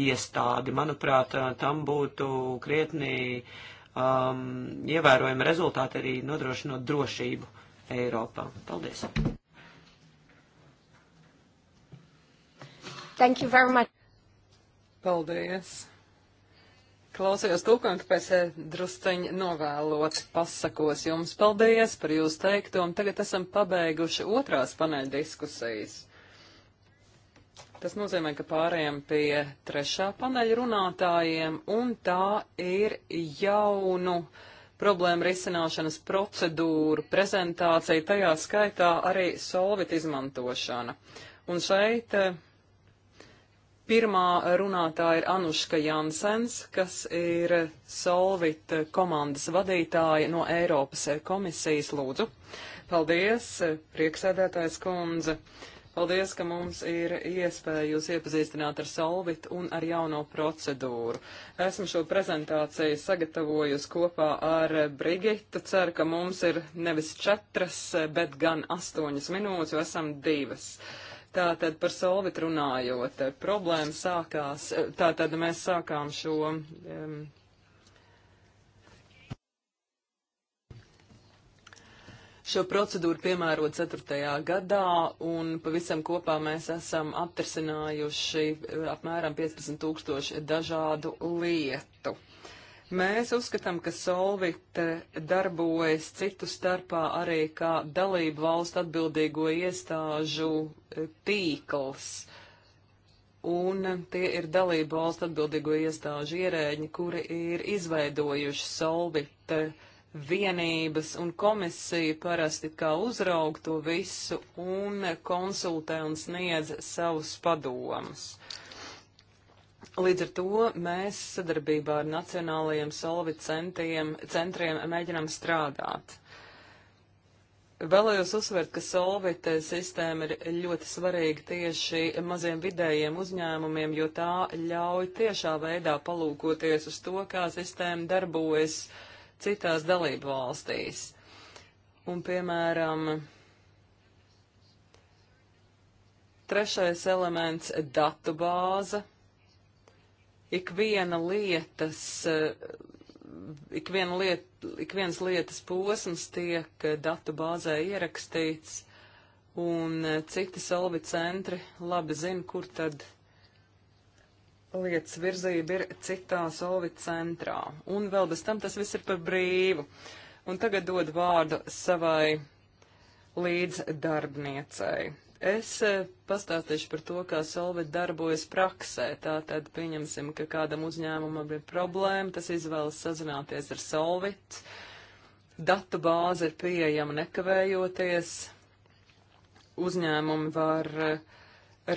iestādi. Manuprāt, uh, tam būtu krietnī uh, um, ievērojami rezultāti arī nodrošinot drošību Eiropā. Paldies! Thank you very much. Paldies! Klausījos tūkam, tāpēc eh, drusceņi novēlot pasakos jums paldies par jūsu teikto, un tagad esam pabeiguši otrās paneļa diskusijas. Tas nozīmē, ka pārējām pie trešā paneļa runātājiem, un tā ir jaunu problēmu risināšanas procedūru prezentācija, tajā skaitā arī solvit izmantošana. Un šeit eh, pirmā runātāja ir Anuška Jansens, kas ir solvit komandas vadītāja no Eiropas komisijas. Lūdzu, paldies, prieksēdētājs kundze. Uh, Paldies, ka mums ir iespēja jūs iepazīstināt ar Solvit un ar jauno procedūru. Esmu šo prezentāciju sagatavojusi kopā ar Brigitu. Ceru, ka mums ir nevis četras, bet gan astoņas minūtes, jo esam divas. Tātad par solvit runājot, problēma sākās, tātad mēs sākām šo um, Šo procedūru piemērot 4. gadā, un pavisam kopā mēs esam aptarsinājuši eh, apmēram 15 tūkstoši dažādu lietu. Mēs uzskatām, ka Solvit eh, darbojas citu starpā arī kā dalību valstu atbildīgo iestāžu eh, tīkls. Un tie ir dalību valstu atbildīgo iestāžu ierēģi, kuri ir izveidojuši Solvit uh, vienības, un komisija parasti kā uzraug to visu un konsultē un sniedz savus padomus. Līdz ar to mēs sadarbībā ar Nacionālajiem solvit centriem, centriem mēģinām strādāt. Vēlējos uzsvert, ka solvit sistēma ir ļoti svarīga tieši maziem vidējiem uzņēmumiem, jo tā ļauj tiešā veidā palūkoties uz to, kā sistēma darbojas uh, citās dalību valstīs. Un, piemēram, trešais elements - datu bāze. Ikviena lietas, eh, ikviena liet, ikvienas lietas posms tiek eh, datu bāzē ierakstīts, un eh, citi solvi centri labi zina, kur tad lietas virzība ir citā solvit centrā. Un vēl bez tam tas viss ir par brīvu. Un tagad dod vārdu savai līdzdarbniecei. Es eh, pastāstīšu par to, kā solvit darbojas praksē. Tātad pieņemsim, ka kādam uzņēmumam ir problēma, tas izvēlas sazināties ar solvit. Datu bāze ir pieejama nekavējoties. Uzņēmumi var uh,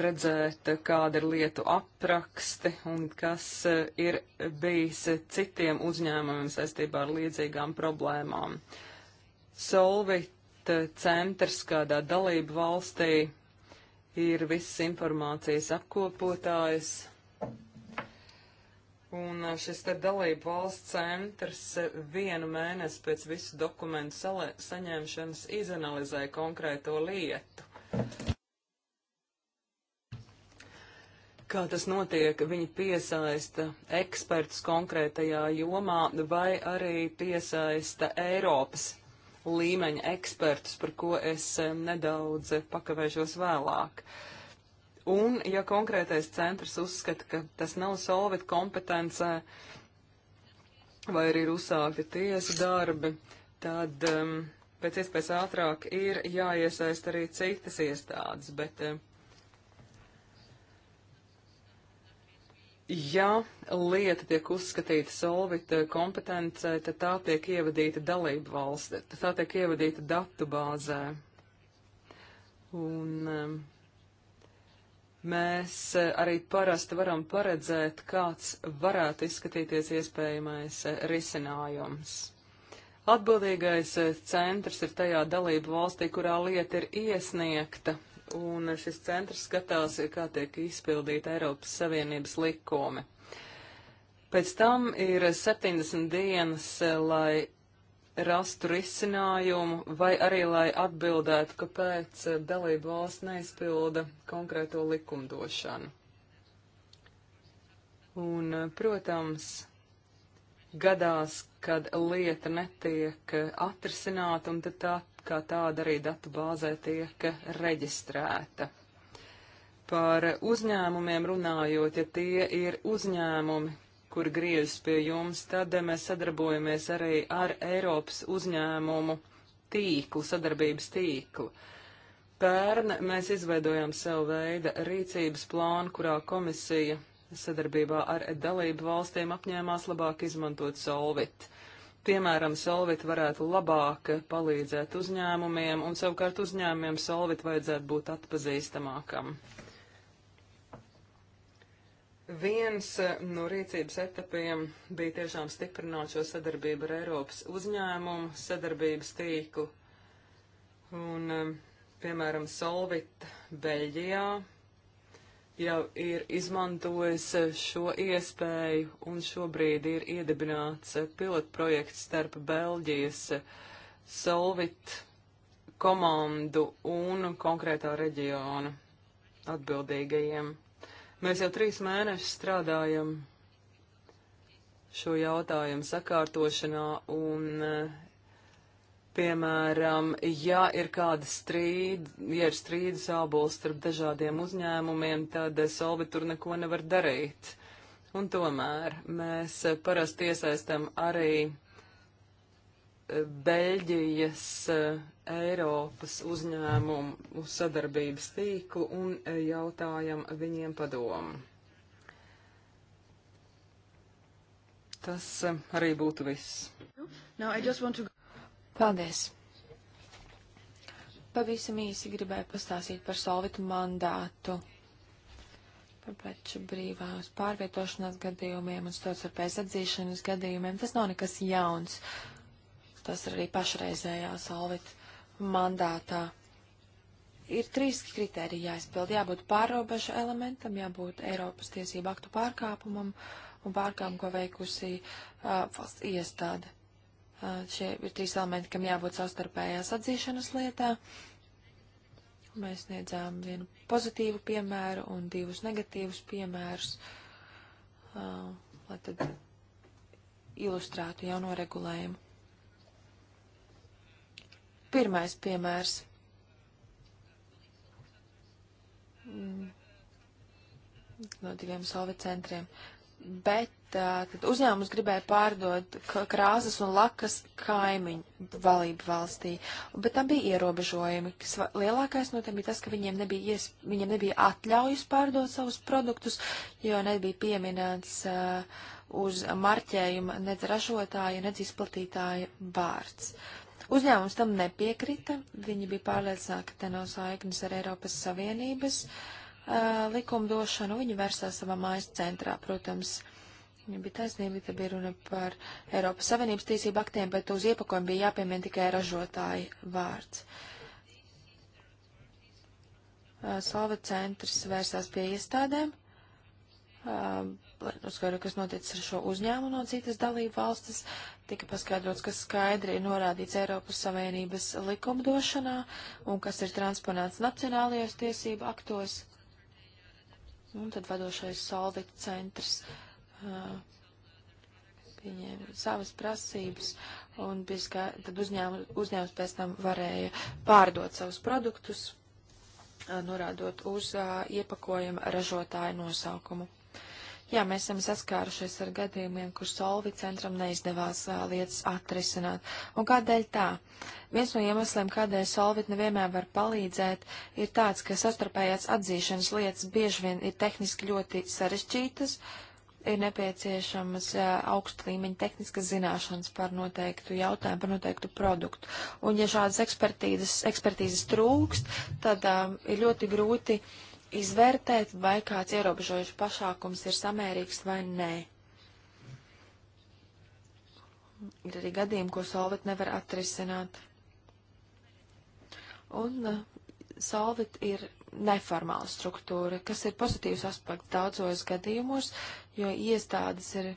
redzēt, kāda ir lietu apraksti un kas ir bijis citiem uzņēmumiem saistībā ar līdzīgām problēmām. Solvit centrs kādā dalību valstī ir visas informācijas apkopotājs. Un šis te dalību valsts centrs vienu mēnesi pēc visu dokumentu saņemšanas izanalizēja konkrēto lietu. kā tas notiek, viņi piesaista ekspertus konkrētajā jomā vai arī piesaista Eiropas līmeņa ekspertus, par ko es nedaudz pakavēšos vēlāk. Un, ja konkrētais centrs uzskata, ka tas nav solvit kompetencē, vai arī ir uzsākti tiesu darbi, tad um, pēc iespējas ātrāk ir jāiesaist arī citas iestādes, bet um, Ja lieta tiek uzskatīta solvit kompetencē, tad tā tiek ievadīta dalību valsts, tad tā tiek ievadīta datu bāzē. Un um, mēs uh, arī parasti varam paredzēt, kāds varētu izskatīties iespējamais uh, risinājums. Atbildīgais uh, centrs ir tajā dalību valstī, kurā lieta ir iesniegta, un šis centrs skatās, kā tiek izpildīta Eiropas Savienības likumi. Pēc tam ir 70 dienas, lai rastu risinājumu vai arī, lai atbildētu, kāpēc dalību valsts neizpilda konkrēto likumdošanu. Un, protams, gadās, kad lieta netiek atrisināta, un tad tā kā tāda arī datu bāzē tiek reģistrēta. Par uzņēmumiem runājot, ja tie ir uzņēmumi, kur griežas pie jums, tad mēs sadarbojamies arī ar Eiropas uzņēmumu tīklu, sadarbības tīklu. Pērn mēs izveidojām sev veida rīcības plānu, kurā komisija sadarbībā ar dalību valstīm apņēmās labāk izmantot solvit. Uh, Piemēram, Solvit varētu labāk palīdzēt uzņēmumiem, un savukārt uzņēmumiem Solvit vajadzētu būt atpazīstamākam. Viens eh, no rīcības etapiem bija tiešām stiprināt šo sadarbību ar Eiropas uzņēmumu, sadarbības tīklu. Un, eh, piemēram, Solvit Beļģijā jau ir izmantojis eh, šo iespēju un šobrīd ir iedibināts eh, pilotprojekts starp Belģijas eh, Solvit komandu un konkrētā reģiona atbildīgajiem. Mēs jau trīs mēnešus strādājam šo jautājumu sakārtošanā un Piemēram, ja ir kāda strīda, ja ir strīda sābols starp dažādiem uzņēmumiem, tad Solvi tur neko nevar darīt. Un tomēr mēs parasti iesaistam arī e, Beļģijas e, Eiropas uzņēmumu uz sadarbības tīklu un e, jautājam viņiem padomu. Tas arī būtu viss. No, to... Paldies! Pavisam īsi gribēju pastāstīt par solvitu mandātu, par preču brīvās pārvietošanās gadījumiem un savstarpējas atzīšanas gadījumiem. Tas nav nekas jauns. Tas ir arī pašreizējā solvita mandātā. Ir trīs kriteriji jāizpild. Jābūt pārobežu elementam, jābūt Eiropas tiesību aktu pārkāpumam un pārkāpumu, ko veikusi uh, valsts iestāde Šie ir trīs elementi, kam jābūt savstarpējās atzīšanas lietā. Mēs sniedzām vienu pozitīvu piemēru un divus negatīvus piemērus, uh, lai tad ilustrētu jauno regulējumu. Pirmais piemērs. Mm. No diviem solvi centriem bet uh, uzņēmums gribēja pārdot krāsas un lakas kaimiņu valību valstī, bet tam bija ierobežojumi. Lielākais no tiem bija tas, ka viņiem nebija, ies, viņiem nebija atļaujas pārdot savus produktus, jo nebija pieminēts uh, uz marķējuma nec ražotāja, nec izplatītāja vārds. Uzņēmums tam nepiekrita, viņi bija pārliecināti, ka te nav saiknes ar Eiropas Savienības uh, uh, likumdošanu, viņi vērsās savā mājas centrā, protams. Viņa bija taisnība, te bija runa par Eiropas Savienības tiesību aktiem, bet uz iepakojumu bija jāpiemien tikai ražotāja vārds. Uh, eh, Slava centrs vērsās pie iestādēm, eh, lai uh, uzskaidro, kas noticis ar šo uzņēmumu no citas dalību valstis, tika paskaidrots, kas skaidri ir norādīts Eiropas Savienības likumdošanā un kas ir transponēts nacionālajos tiesību aktos. Un tad vadošais Solvit centrs uh, pieņēma savas prasības, un biskā, tad uzņēma, uzņēmums pēc tam varēja pārdot savus produktus, uh, norādot uz uh, iepakojuma ražotāju nosaukumu. Jā, mēs esam saskārušies ar gadījumiem, kur Solvi centram neizdevās uh, lietas atrisināt. Un kādēļ tā? Viens no iemesliem, kādēļ Solvit nevienmēr var palīdzēt, ir tāds, ka sastarpējās atzīšanas lietas bieži vien ir tehniski ļoti sarežģītas, ir nepieciešamas uh, augsta līmeņa tehniskas zināšanas par noteiktu jautājumu, par noteiktu produktu. Un ja šādas ekspertīzes, ekspertīzes trūkst, tad uh, ir ļoti grūti uh, izvērtēt, vai kāds ierobežojuši pašākums ir samērīgs vai nē. Ir arī gadījumi, ko solvit nevar atrisināt. Un uh, solvit ir neformāla struktūra, kas ir pozitīvs aspekts daudzos gadījumos, jo iestādes ir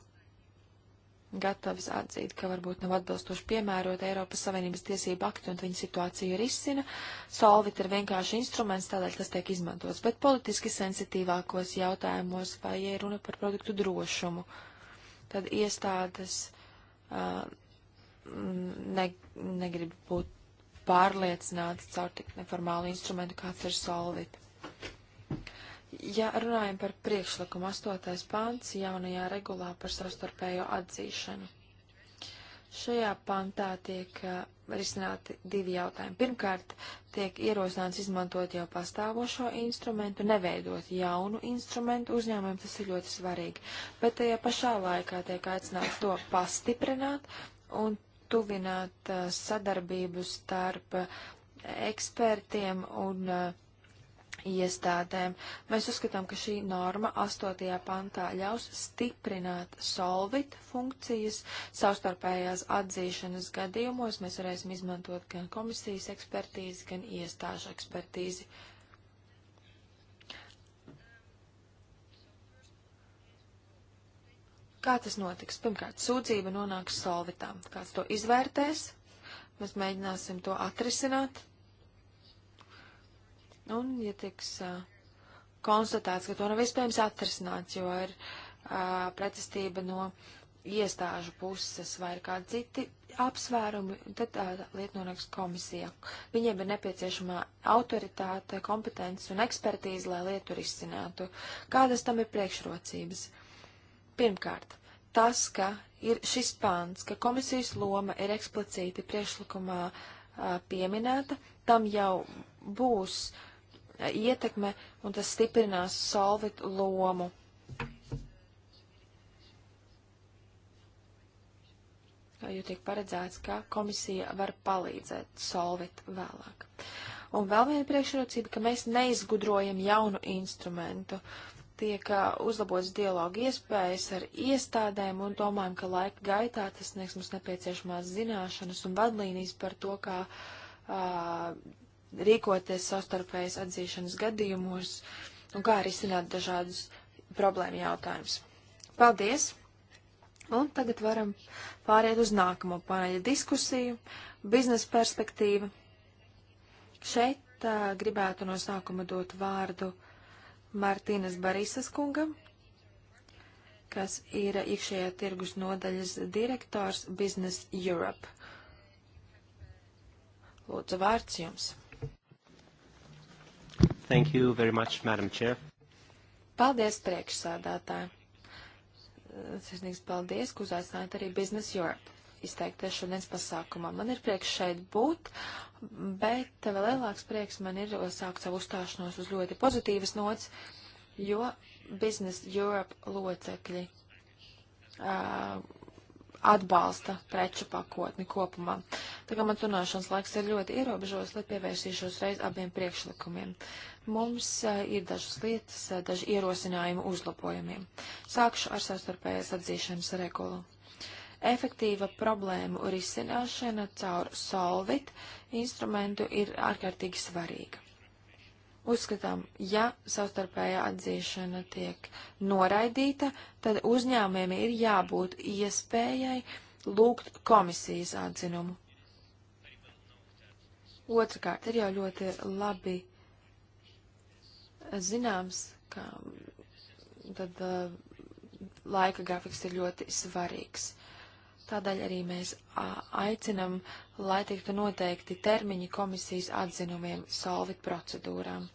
gatavs atzīt, ka varbūt nav atbilstoši piemērot Eiropas Savienības tiesību aktu un viņa situāciju risina. Solvit ir vienkārši instruments, tādēļ tas tiek izmantots, bet politiski sensitīvākos jautājumos vai, ja runa par produktu drošumu, tad iestādes uh, ne, negrib būt pārliecināts caur tik neformālu instrumentu, kāds ir Solvit. Ja runājam par priekšlikumu 8. pants jaunajā regulā par savstarpējo atzīšanu. Šajā pantā tiek uh, risināti divi jautājumi. Pirmkārt, tiek ierosināts izmantot jau pastāvošo instrumentu, neveidot jaunu instrumentu uzņēmumiem, tas ir ļoti svarīgi. Bet tajā pašā laikā tiek aicināts to pastiprināt un tuvināt uh, sadarbību starp uh, ekspertiem un uh, iestādēm. Mēs uzskatām, ka šī norma 8. pantā ļaus stiprināt solvit funkcijas savstarpējās atzīšanas gadījumos. Mēs varēsim izmantot gan komisijas ekspertīzi, gan iestāžu ekspertīzi. Kā tas notiks? Pirmkārt, sūdzība nonāks solvitām. Kāds to izvērtēs? Mēs mēģināsim to atrisināt Un, ja tiks konstatēts, ka to nav iespējams atrisināt, jo ir pretestība no iestāžu puses vai ir kādi citi apsvērumi, tad tā, lieta nonāks komisijā. Viņiem ir nepieciešama autoritāte, kompetence un ekspertīze, lai lietu risinātu. Kādas tam ir priekšrocības? Pirmkārt, tas, ka ir šis pāns, ka komisijas loma ir eksplicīti priekšlikumā a, pieminēta, tam jau būs uh, ietekme, un tas stiprinās solvit lomu. jo tiek paredzēts, ka komisija var palīdzēt solvit vēlāk. Un vēl viena priekšrocība, ka mēs neizgudrojam jaunu instrumentu. Tiek uh, uzlabots dialogu iespējas ar iestādēm un domājam, ka laika gaitā tas sniegs mums nepieciešamās zināšanas un vadlīnijas par to, kā uh, rīkoties savstarpējas atzīšanas gadījumos un kā arī sināt dažādus problēmu jautājumus. Paldies! Un tagad varam pāriet uz nākamo paneļa diskusiju - biznesa perspektīva. Šeit tā, gribētu no sākuma dot vārdu Martīnas Barisas kungam, kas ir iekšējā tirgus nodaļas direktors Business Europe. Lūdzu, vārds jums! Thank you very much, Madam Chair. Paldies, priekšsādātāji. Sirsnīgs paldies, ka uzaicinājāt arī Business Europe izteikties šodienas pasākumā. Man ir prieks šeit būt, bet vēl lielāks prieks man ir sākt savu uzstāšanos uz ļoti pozitīvas nots, jo Business Europe locekļi uh, atbalsta preču pakotni kopumā. Tā kā man runāšanas laiks ir ļoti ierobežos, lai pievērsīšos reiz abiem priekšlikumiem. Uh, Mums ir dažas lietas, daži ierosinājumi uzlabojumiem. Sākšu ar savstarpējās atzīšanas regulu. Efektīva problēmu risināšana caur Solvit instrumentu ir ārkārtīgi svarīga. Uzskatām, ja savstarpējā atzīšana tiek noraidīta, tad uzņēmējiem ir jābūt iespējai lūgt komisijas atzinumu. Otrakārt, ir jau ļoti labi zināms, ka tad eh, laika grafiks ir ļoti svarīgs. Tādēļ arī mēs aicinam, lai tiktu noteikti termiņi komisijas atzinumiem solvit procedūrām.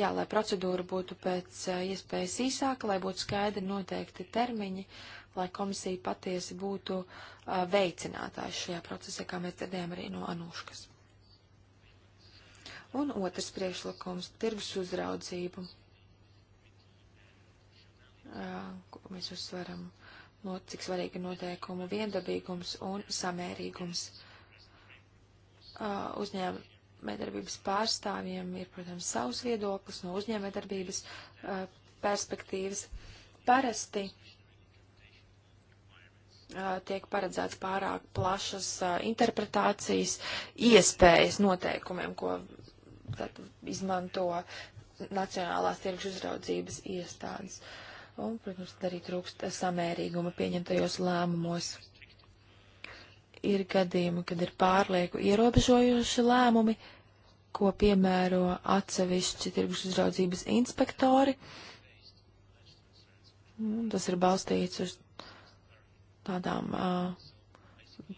Jā, lai procedūra būtu pēc eh, iespējas īsāka, lai būtu skaidri noteikti termiņi, lai komisija patiesi būtu veicinātājs šajā procesā, kā mēs dzirdējām arī no Anuškas. Un otrs priekšlikums - tirgus uzraudzību, ko mēs uzsveram, no cik svarīga noteikuma viendabīgums un samērīgums. Uzņēmējdarbības pārstāvjiem ir, protams, savs viedoklis no uzņēmējdarbības perspektīvas. Parasti tiek paredzēts pārāk plašas interpretācijas iespējas noteikumiem, ko tad izmanto Nacionālās tirgus uzraudzības iestādes. Un, protams, arī trūkst samērīguma pieņemtajos lēmumos. Ir gadījumi, kad ir pārlieku ierobežojoši lēmumi, ko piemēro atsevišķi tirgus uzraudzības inspektori. Un tas ir balstīts uz tādām uh,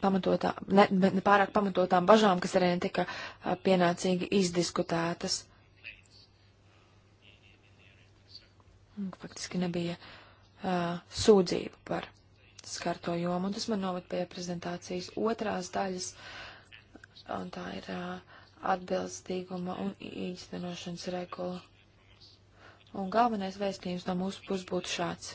pamatotā, ne, ne pārāk pamatotām bažām, kas arī netika pienācīgi izdiskutētas. Faktiski nebija uh, sūdzību par skarto jomu, un tas man novad pie prezentācijas otrās daļas, un tā ir uh, atbilstīguma un īstenošanas regula. Un galvenais vēstījums no mūsu puses būtu šāds.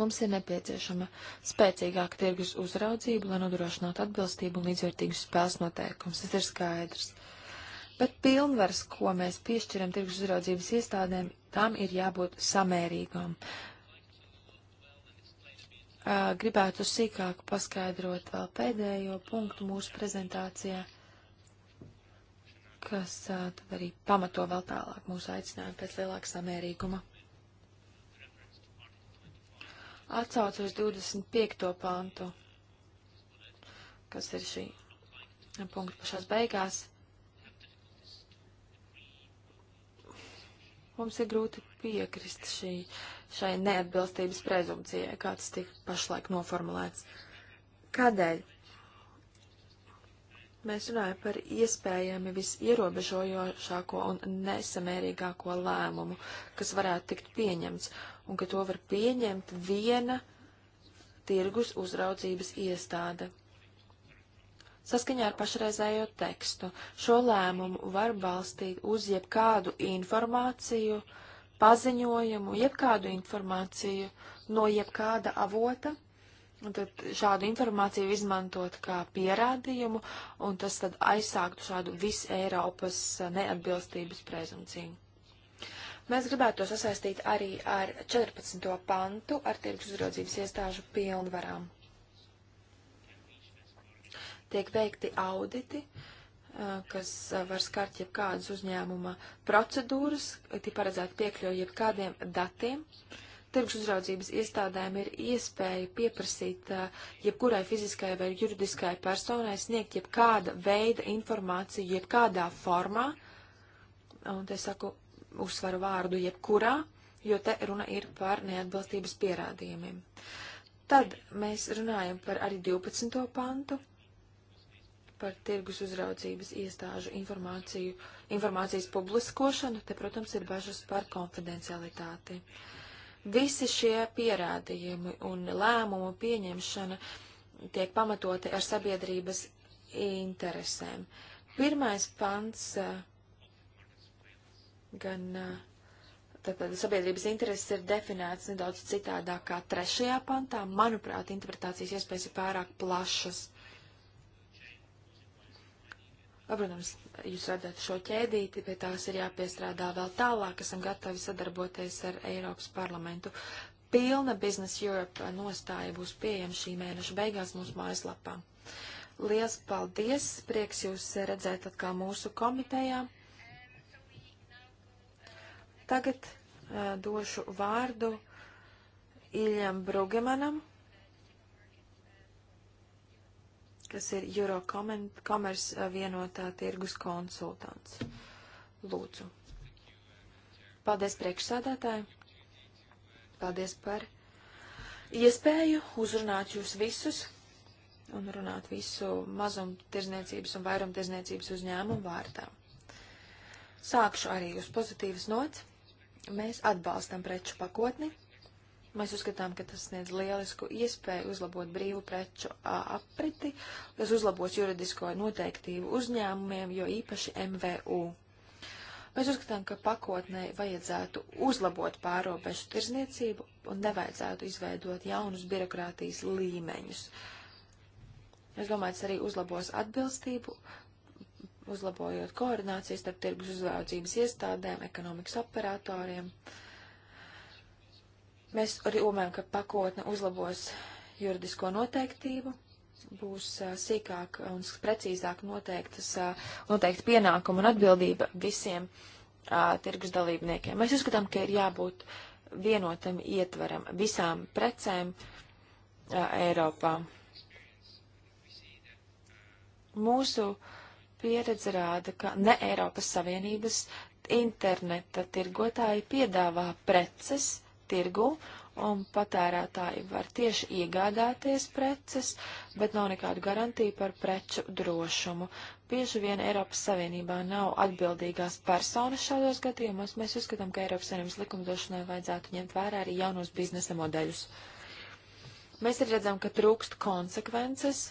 Mums ir nepieciešama spēcīgāka tirgus uzraudzība, lai nodrošinātu atbilstību un līdzvērtīgus spēles noteikumus. Tas ir skaidrs. Bet pilnvars, ko mēs piešķiram tirgus uzraudzības iestādēm, tām ir jābūt samērīgām. Gribētu sīkāk paskaidrot vēl pēdējo punktu mūsu prezentācijā, kas tad arī pamato vēl tālāk mūsu aicinājumu pēc lielāka samērīguma atsaucu uz 25. pantu, kas ir šī punkta pašās beigās. Mums ir grūti piekrist šī, šai neatbilstības prezumcijai, kā tas tika pašlaik noformulēts. Kādēļ? Mēs runājam par iespējami visierobežojošāko un nesamērīgāko lēmumu, kas varētu tikt pieņemts, un ka to var pieņemt viena tirgus uzraudzības iestāde. Saskaņā ar pašreizējo tekstu šo lēmumu var balstīt uz jebkādu informāciju, paziņojumu, jebkādu informāciju no jebkāda avota, tad šādu informāciju izmantot kā pierādījumu, un tas tad aizsāktu šādu visu Eiropas eh, neatbilstības prezumciju. Mēs gribētu to sasaistīt arī ar 14. pantu ar tirgus uzraudzības iestāžu pilnvarām. Tiek veikti auditi, eh, kas eh, var skart jebkādas uzņēmuma procedūras, tie paredzētu piekļuvi jebkādiem datiem. Uh, tirgus uzraudzības iestādēm ir iespēja pieprasīt jebkurai fiziskai vai juridiskai personai sniegt jebkāda veida informāciju, jebkādā formā, un te saku uzsvaru vārdu jebkurā, jo te runa ir par neatbilstības pierādījumiem. Tad mēs runājam par arī 12. pantu, par tirgus uzraudzības iestāžu informāciju, informācijas publiskošanu, te, protams, ir bažas par konfidencialitāti. Uh, Visi šie pierādījumi un lēmumu pieņemšana tiek pamatoti ar sabiedrības interesēm. Pirmais pants eh, gan tātad eh, sabiedrības intereses ir definēts nedaudz citādāk kā trešajā pantā. Manuprāt, interpretācijas iespējas ir pārāk plašas. Protams, jūs redzat šo ķēdīti, pie tās ir jāpiestrādā vēl tālāk, esam gatavi sadarboties ar Eiropas parlamentu. Pilna Business Europe nostāja būs pieejama šī mēneša beigās mūsu mājaslapā. Liels paldies! Prieks jūs redzēt atkal mūsu komitejā. Tagad uh, došu vārdu Iljam Brugemanam. kas ir Eurocommerce eh, vienotā tirgus konsultants. Lūdzu. Paldies priekšsādātāji. Paldies par iespēju uzrunāt jūs visus un runāt visu mazumtirdzniecības un vairumtirdzniecības uzņēmumu vārdā. Sākšu arī uz pozitīvas nots. Mēs atbalstam preču pakotni Mēs uzskatām, ka tas sniedz lielisku iespēju uzlabot brīvu preču apriti, kas uzlabos juridisko noteiktību uzņēmumiem, jo īpaši MVU. Mēs uzskatām, ka pakotnē vajadzētu uzlabot pārobežu tirzniecību un nevajadzētu izveidot jaunus birokrātijas līmeņus. Es domāju, tas arī uzlabos atbilstību, uzlabojot koordinācijas starp tirgus uzraudzības iestādēm, ekonomikas operatoriem. Uh, Mēs arī domājam, ka pakotne uzlabos juridisko noteiktību, būs a, sīkāk un precīzāk noteiktas, noteikti pienākuma un atbildība visiem a, tirgus dalībniekiem. Mēs uzskatām, ka ir jābūt vienotam ietveram visām precēm a, Eiropā. Mūsu pieredze rāda, ka ne Eiropas Savienības interneta tirgotāji piedāvā preces, tirgu, un patērētāji var tieši iegādāties preces, bet nav nekādu garantiju par preču drošumu. Bieži vien Eiropas Savienībā nav atbildīgās personas šādos gadījumos. Mēs uzskatām, ka Eiropas Savienības likumdošanai vajadzētu ņemt vērā arī jaunos biznesa modeļus. Mēs arī redzam, ka trūkst konsekvences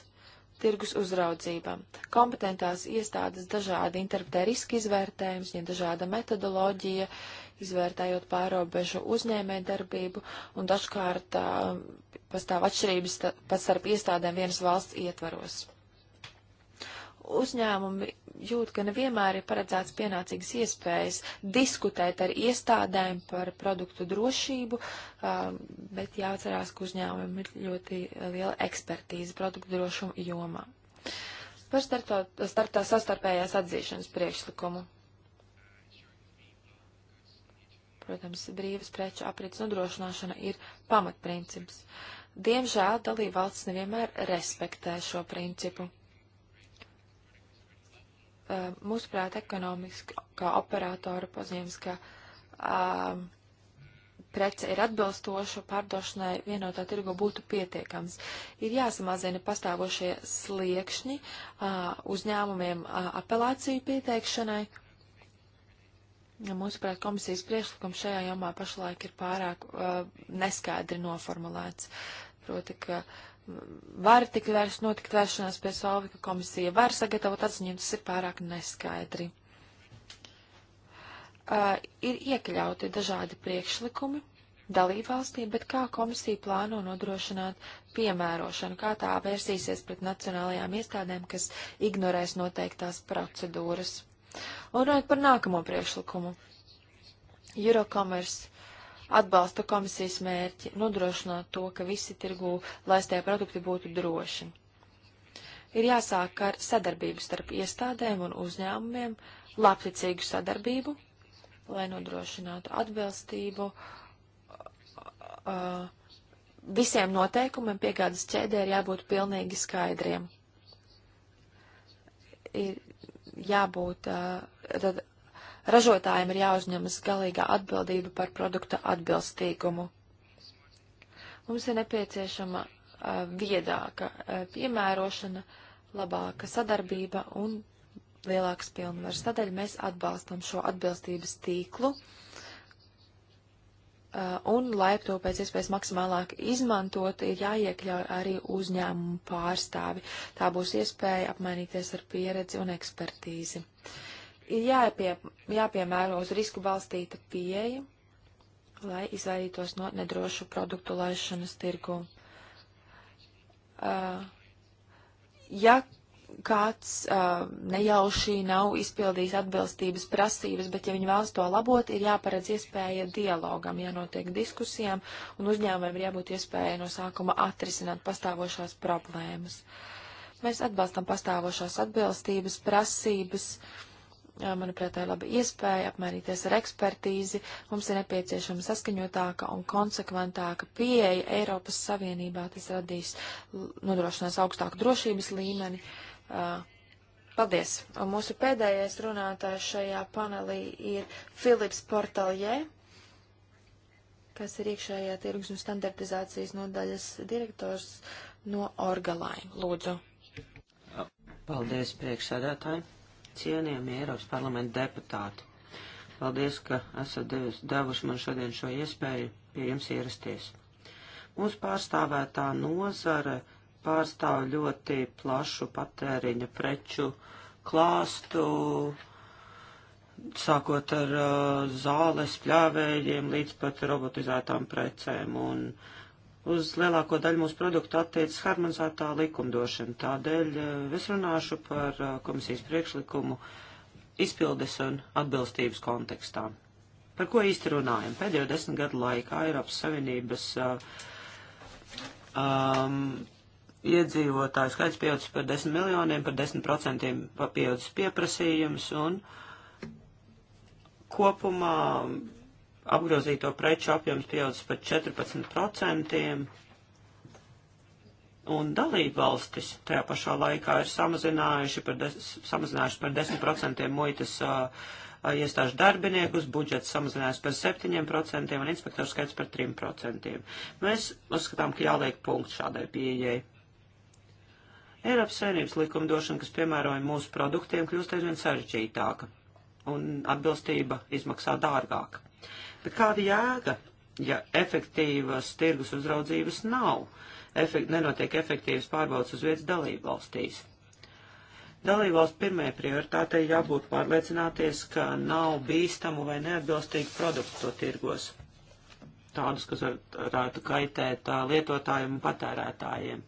tirgus uzraudzībām. Kompetentās iestādes dažādi interpretē riska izvērtējums, viņiem dažāda metodoloģija, izvērtējot pārobežu uzņēmē darbību, un dažkārt uh, pastāv atšķirības pastarp iestādēm vienas valsts ietvaros uzņēmumi jūt, ka nevienmēr ir paredzēts pienācīgas iespējas diskutēt ar iestādēm par produktu drošību, um, bet jāatcerās, ka uzņēmumi ir ļoti liela ekspertīze produktu drošuma jomā. Par startā, startā sastarpējās atzīšanas priekšlikumu. Protams, brīvas preču aprits nodrošināšana ir pamatprincips. Diemžēl dalībvalsts nevienmēr respektē šo principu Eh, mūsuprāt, ekonomiskā operatora pazīmes, ka um, prece ir atbilstoša pārdošanai vienotā tirgo būtu pietiekams. Ir jāsamazina pastāvošie sliekšņi uh, uzņēmumiem uh, apelāciju pieteikšanai. Mūsuprāt, komisijas priekšlikums šajā jomā pašlaik ir pārāk uh, neskaidri noformulēts. Proti, ka uh, var tik vairs notikt vēršanās pie solvi, ka komisija var sagatavot atziņu, tas ir pārāk neskaidri. Uh, ir iekļauti dažādi priekšlikumi dalībvalstī, bet kā komisija plāno nodrošināt piemērošanu, kā tā vērsīsies pret nacionālajām iestādēm, kas ignorēs noteiktās procedūras. Un runājot par nākamo priekšlikumu. Eurocommerce atbalsta komisijas mērķi nodrošināt to, ka visi tirgū laistie produkti būtu droši. Ir jāsāk ar sadarbību starp iestādēm un uzņēmumiem, labticīgu sadarbību, lai nodrošinātu atbilstību uh, visiem noteikumiem piegādas ķēdē ir jābūt pilnīgi skaidriem. Ir jābūt uh, tad Ražotājiem ir jāuzņemas galīgā atbildība par produkta atbilstīgumu. Mums ir nepieciešama uh, viedāka uh, piemērošana, labāka sadarbība un lielāks pilnvars. Tādēļ mēs atbalstam šo atbilstības tīklu uh, un, lai to pēc iespējas maksimālāk izmantot, ir jāiekļauj arī uzņēmumu pārstāvi. Tā būs iespēja apmainīties ar pieredzi un ekspertīzi. Uh, Ir jāpie, jāpiemēro uz risku balstīta pieeja, lai izvairītos no nedrošu produktu laišanas tirgu. Uh, ja kāds uh, nejauši nav izpildījis atbilstības prasības, bet ja viņi vēlas to labot, ir jāparedz iespēja dialogam, jānotiek diskusijām, un uzņēmumiem ir jābūt iespējai no sākuma atrisināt pastāvošās problēmas. Mēs atbalstam pastāvošās atbilstības prasības. Uh, manuprāt, tā ir laba iespēja apmainīties ar ekspertīzi. Mums ir nepieciešama saskaņotāka un konsekventāka pieeja Eiropas Savienībā. Tas radīs, nodrošinās augstāku drošības līmeni. Paldies! Un mūsu pēdējais runātājs šajā panelī ir Filips Portaljē, kas ir iekšējā tirgus un standartizācijas nodaļas direktors no Orgalaim. Lūdzu! Paldies priekšsēdētāji! cienījami Eiropas parlamenta deputāti. Paldies, ka esat devuši man šodien šo iespēju pie jums ierasties. Mūsu pārstāvētā nozara pārstāv ļoti plašu patēriņa preču klāstu, sākot ar uh, zāles pļāvējiem līdz pat robotizētām precēm. Un, uh, uz lielāko daļu mūsu produktu attiecas harmonizētā likumdošana. Tādēļ eh, es runāšu par eh, komisijas priekšlikumu izpildes un atbilstības kontekstā. Par ko īsti runājam? Pēdējo desmit gadu laikā Eiropas Savienības eh, um, iedzīvotāju skaits pieaudzis par 10 miljoniem, par 10% pieaudzis pieprasījums un kopumā apgrozīto preču apjoms pieaudzis par 14%, un dalība valstis tajā pašā laikā ir samazinājuši par, des, samazinājuši par 10% muitas uh, iestāžu darbiniekus, budžets samazinājās par 7% un inspektoru skaits par 3%. Mēs uzskatām, ka jāliek punkts šādai pieejai. Eiropas saimnības likumdošana, kas piemērojama mūsu produktiem, kļūst aizvien sarežģītāka un atbilstība izmaksā dārgāka. Bet kāda jēga, ja efektīvas tirgus uzraudzības nav, efekt, nenotiek efektīvas pārbaudas uz vietas dalību valstīs? Dalībvalsts pirmajai prioritātei jābūt pārliecināties, ka nav bīstamu vai neatbilstīgu produktu to tirgos. Tādus, kas varētu kaitēt lietotājiem un patērētājiem.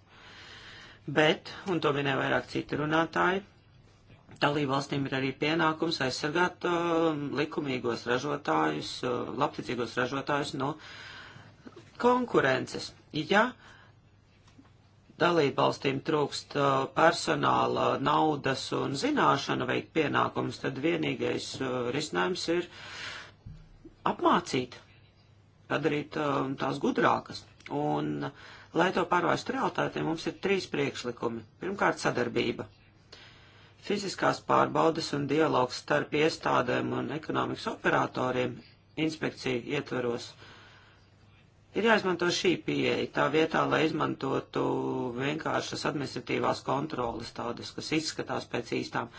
Bet, un to minēja vairāk citi runātāji, Dalībvalstīm ir arī pienākums aizsargāt uh, likumīgos ražotājus, uh, labticīgos ražotājus no konkurences. Ja dalībvalstīm trūkst uh, personāla, naudas un zināšanu veikt pienākumus, tad vienīgais uh, risinājums ir apmācīt, padarīt uh, tās gudrākas. Un, lai to pārvērstu realitātei, mums ir trīs priekšlikumi. Pirmkārt, sadarbība Fiziskās pārbaudas un dialogs starp iestādēm un ekonomikas operatoriem inspekciju ietveros ir jāizmanto šī pieeja tā vietā, lai izmantotu vienkāršas administratīvās kontrolas tādas, kas izskatās pēc īstām.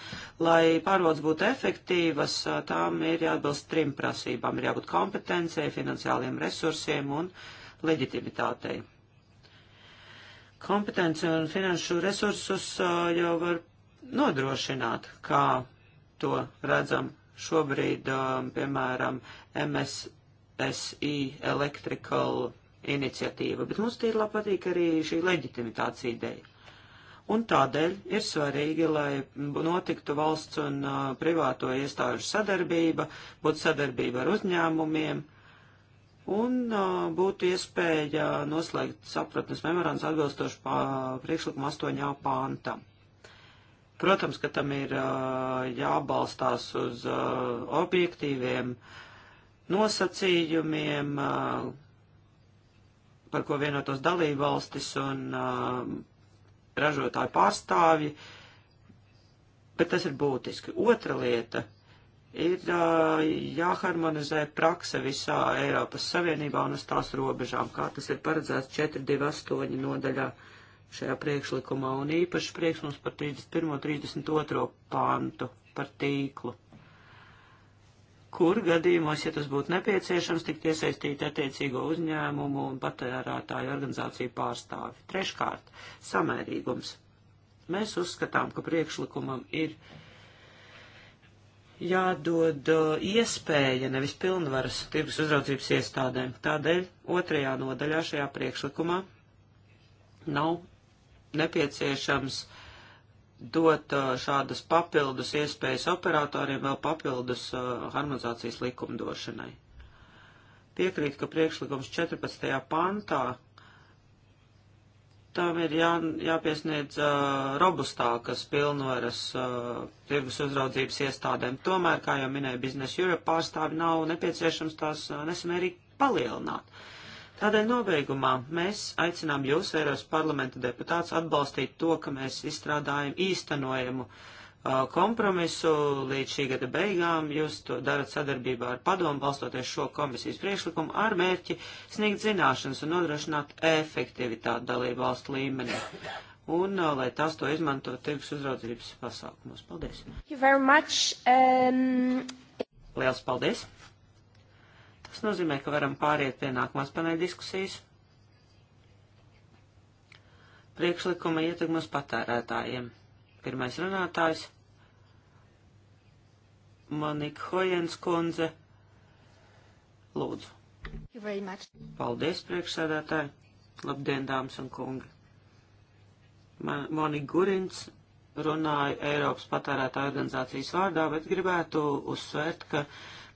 Lai pārbaudas būtu efektīvas, tām ir jāatbilst trim prasībām. Ir jābūt kompetencijai, finansiāliem resursiem un leģitimitātei kompetenci un finanšu resursus jau var nodrošināt, kā to redzam šobrīd, um, piemēram, MSSI Electrical iniciatīva, bet mums tīri labi patīk arī šī leģitimitācija ideja. Un tādēļ ir svarīgi, lai notiktu valsts un uh, privāto iestāžu sadarbība, būtu sadarbība ar uzņēmumiem un uh, būtu iespēja noslēgt sapratnes memorands atbilstoši priekšlikuma 8. pāntam. Protams, ka tam ir jābalstās uz objektīviem nosacījumiem, par ko vienotos dalībvalstis un ražotāju pārstāvji, bet tas ir būtiski. Otra lieta ir jāharmonizē prakse visā Eiropas Savienībā un uz tās robežām, kā tas ir paredzēts 428 nodaļā šajā priekšlikumā, un īpaši prieks mums par 31. un 32. pāntu par tīklu, kur gadījumos, ja tas būtu nepieciešams, tikt iesaistīt attiecīgo uzņēmumu un patērētāju organizāciju pārstāvi. Treškārt, samērīgums. Mēs uzskatām, ka priekšlikumam ir jādod uh, iespēja nevis pilnvaras tirgus uzraudzības iestādēm. Tādēļ otrajā nodaļā šajā priekšlikumā nav nepieciešams dot uh, šādas papildus iespējas operatoriem vēl papildus uh, harmonizācijas likumdošanai. Piekrīt, ka priekšlikums 14. pantā tam ir jā, jāpiesniedz uh, robustākas pilnvaras uh, tirgus uzraudzības iestādēm. Tomēr, kā jau minēja Business Europe pārstāvi, nav nepieciešams tās uh, nesamērīgi palielināt. Uh, Tādēļ nobeigumā mēs aicinām jūs, Eiropas parlamenta deputāts, atbalstīt to, ka mēs izstrādājam īstenojumu uh, kompromisu līdz šī gada beigām. Jūs to darat sadarbībā ar padomu, balstoties šo komisijas priekšlikumu ar mērķi sniegt zināšanas un nodrošināt efektivitāti dalību valstu līmenī. Un uh, lai tās to izmanto tirgus uzraudzības pasākumos. Paldies! Um... Liels paldies! Tas nozīmē, ka varam pāriet pie nākamās paneļa diskusijas. Priekšlikuma ietekmas patērētājiem. Pirmais runātājs - Monika Hojens kundze. Lūdzu. Paldies, priekšsēdētāji. Labdien, dāmas un kungi. Monika Gurins runāja Eiropas patērētāju organizācijas vārdā, bet gribētu uzsvērt, ka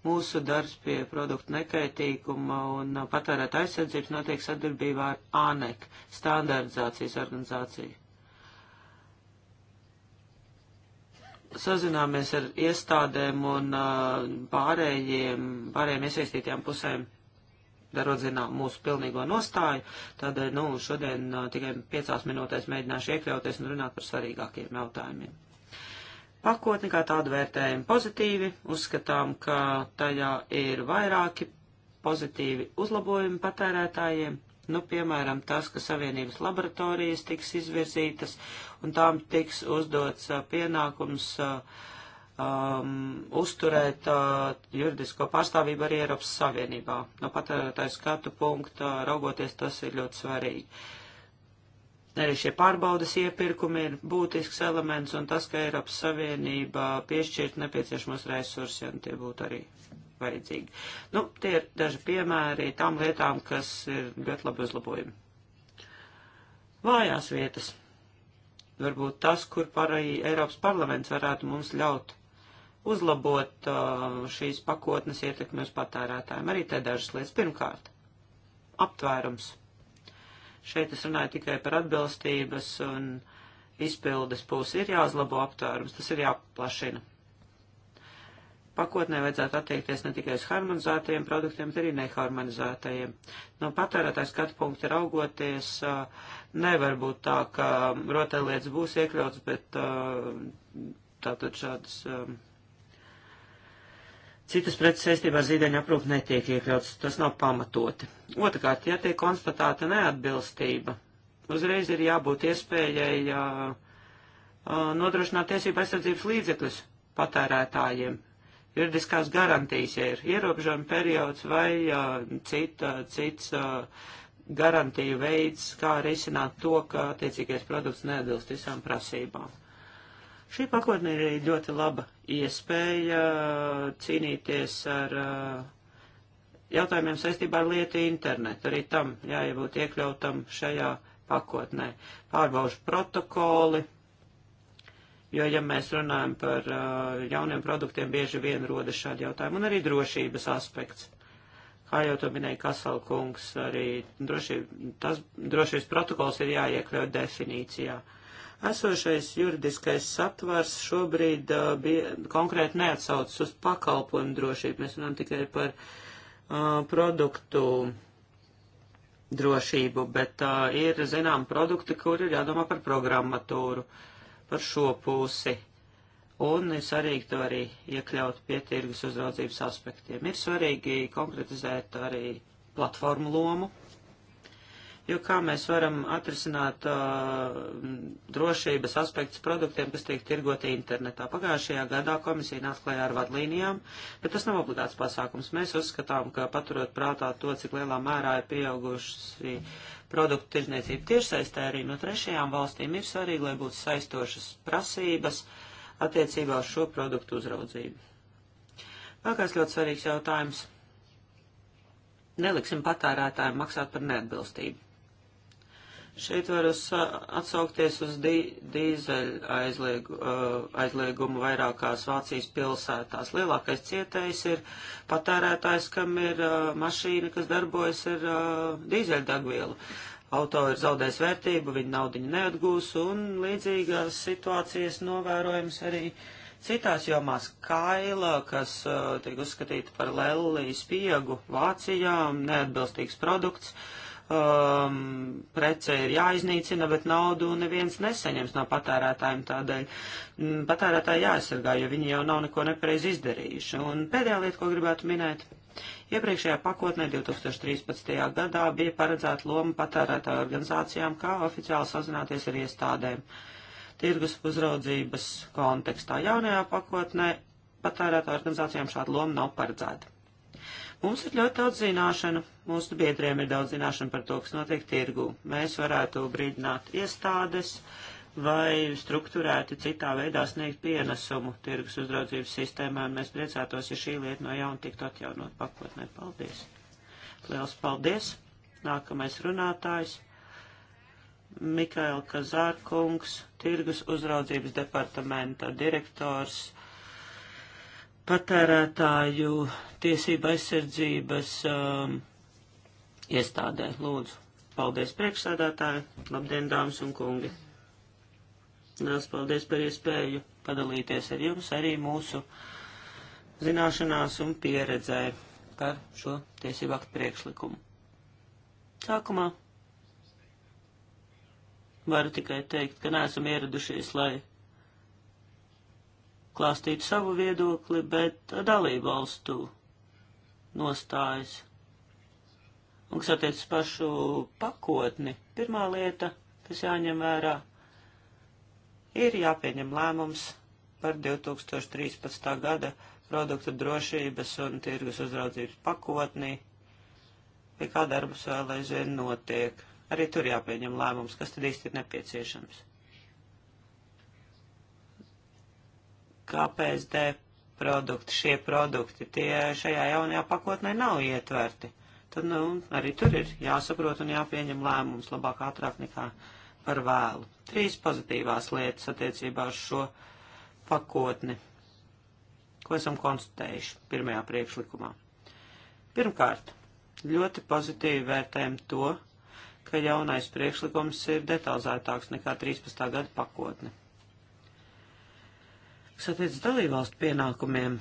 Mūsu darbs pie produktu nekaitīguma un patērēta aizsardzības notiek sadarbībā ar ANEK, standardizācijas organizāciju. Sazināmies ar iestādēm un uh, pārējiem, pārējiem iesaistītajām pusēm darot zinām mūsu pilnīgo nostāju. Tādēļ nu, šodien uh, tikai piecās minūtēs mēģināšu iekļauties un runāt par svarīgākiem jautājumiem. Pakotni kā tādu vērtējam pozitīvi, uzskatām, ka tajā ir vairāki pozitīvi uzlabojumi patērētājiem, nu, piemēram, tas, ka Savienības laboratorijas tiks izvirzītas un tām tiks uzdots pienākums um, uzturēt uh, juridisko pārstāvību arī Eiropas Savienībā. No patērētāju skatu punkta raugoties, tas ir ļoti svarīgi. Uh, Arī šie pārbaudas iepirkumi ir būtisks elements un tas, ka Eiropas Savienība piešķirt nepieciešamos resursus, ja nu tie būtu arī vajadzīgi. Nu, tie ir daži piemēri tām lietām, kas ir ļoti labi uzlabojumi. Vājās vietas. Varbūt tas, kur parāji Eiropas parlaments varētu mums ļaut uzlabot uh, šīs pakotnes ietekmi uz patērētājiem. Arī te dažas lietas. Pirmkārt, aptvērums Šeit es runāju tikai par atbilstības un izpildes pusi. Ir jāuzlabo aptvērums, tas ir jāplašina. Pakotnē vajadzētu attiekties ne tikai uz harmonizētajiem produktiem, bet arī neharmonizētajiem. No patērētāja skatu punkta raugoties, nevar būt tā, ka rotaļlietas būs iekļauts, bet tātad šādas Citas preces saistībā ar zīdaiņu aprūpu netiek iekļauts, tas nav pamatoti. Otrakārt, ja tiek konstatēta neatbilstība, uzreiz ir jābūt iespējai jā, nodrošināt tiesību aizsardzības līdzekļus patērētājiem, juridiskās garantijas, ja ir ierobežojuma periods vai uh, cita, cits uh, garantija veids, kā risināt to, ka attiecīgais produkts neatbilst visām prasībām. Šī pakotne ir ļoti laba iespēja cīnīties ar uh, jautājumiem saistībā ar lietu internetu. Arī tam jābūt iekļautam šajā pakotnē. Pārbaužu protokoli, jo, ja mēs runājam par uh, jauniem produktiem, bieži vien rodas šādi jautājumi, un arī drošības aspekts. Kā jau to minēja Kasalkungs, arī drošība, tas, drošības protokols ir jāiekļaut definīcijā. Uh, Esošais juridiskais satvars šobrīd uh, bija, konkrēti neatsaucas uz pakalpojumu drošību. Mēs runājam tikai par uh, produktu drošību, bet uh, ir, zinām, produkti, kur ir jādomā par programmatūru, par šo pusi. Un ir svarīgi to arī iekļaut pie tirgus uzraudzības aspektiem. Ir svarīgi konkretizēt arī platformu lomu Jo kā mēs varam atrisināt uh, drošības aspektus produktiem, kas tiek tirgoti internetā? Pagājušajā gadā komisija nāca klajā ar vadlīnijām, bet tas nav obligāts pasākums. Mēs uzskatām, ka paturot prātā to, cik lielā mērā ir pieauguši produktu tirzniecība tiešsaistē arī no trešajām valstīm, ir svarīgi, lai būtu saistošas prasības attiecībā uz šo produktu uzraudzību. Vēl kāds ļoti svarīgs jautājums. Neliksim patērētājiem maksāt par neatbilstību. Šeit var uz, atsaukties uz dī, dīzeļu aizliegu, aizliegumu vairākās Vācijas pilsētās. Lielākais cietējs ir patērētājs, kam ir mašīna, kas darbojas ar dīzeļdegvielu. Auto ir zaudējis vērtību, viņa naudiņu neatgūs, un līdzīgās situācijas novērojams arī citās jomās. Kaila, kas tiek uzskatīta par lellijas piegu Vācijā, neatbilstīgs produkts. Uh, um, prece ir jāiznīcina, bet naudu neviens nesaņems no patērētājiem tādēļ. Mm, patērētāji jāaizsargā, jo viņi jau nav neko nepareizi izdarījuši. Un pēdējā lieta, ko gribētu minēt. Iepriekšējā pakotnē 2013. gadā bija paredzēta loma patērētāju organizācijām, kā oficiāli sazināties ar iestādēm. Tirgus uzraudzības kontekstā jaunajā pakotnē patērētāju organizācijām šāda loma nav paredzēta. Mums ir ļoti daudz zināšanu, mūsu biedriem ir daudz zināšanu par to, kas notiek tirgu. Mēs varētu brīdināt iestādes vai struktūrēti citā veidā sniegt pienesumu tirgus uzraudzības sistēmā, un mēs priecātos, ja šī lieta no jauna tiktu atjaunot pakotnē. Paldies! Liels paldies! Nākamais runātājs - Mikaela Kazārkungs, tirgus uzraudzības departamenta direktors patērētāju tiesība aizsardzības um, iestādē. Lūdzu, paldies priekšsādātāji, labdien, dāmas un kungi. Liels paldies par iespēju padalīties ar jums arī mūsu zināšanās un pieredzē par šo tiesību aktu priekšlikumu. Sākumā varu tikai teikt, ka neesam ieradušies, lai klāstīt savu viedokli, bet dalībvalstu nostājas. Un kas attiecas pašu pakotni, pirmā lieta, kas jāņem vērā, ir jāpieņem lēmums par 2013. gada produktu drošības un tirgus uzraudzības pakotnī, pie kā darbs vēl aizvien notiek. Arī tur jāpieņem lēmums, kas tad īsti ir nepieciešams. KPSD produkti, šie produkti, tie šajā jaunajā pakotnē nav ietverti. Tad, nu, arī tur ir jāsaprot un jāpieņem lēmums labāk ātrāk nekā par vēlu. Trīs pozitīvās lietas attiecībā uz šo pakotni, ko esam konstatējuši pirmajā priekšlikumā. Pirmkārt, ļoti pozitīvi vērtējam to, ka jaunais priekšlikums ir detalizētāks nekā 13. gada pakotne. Kas attiecas dalībvalstu pienākumiem?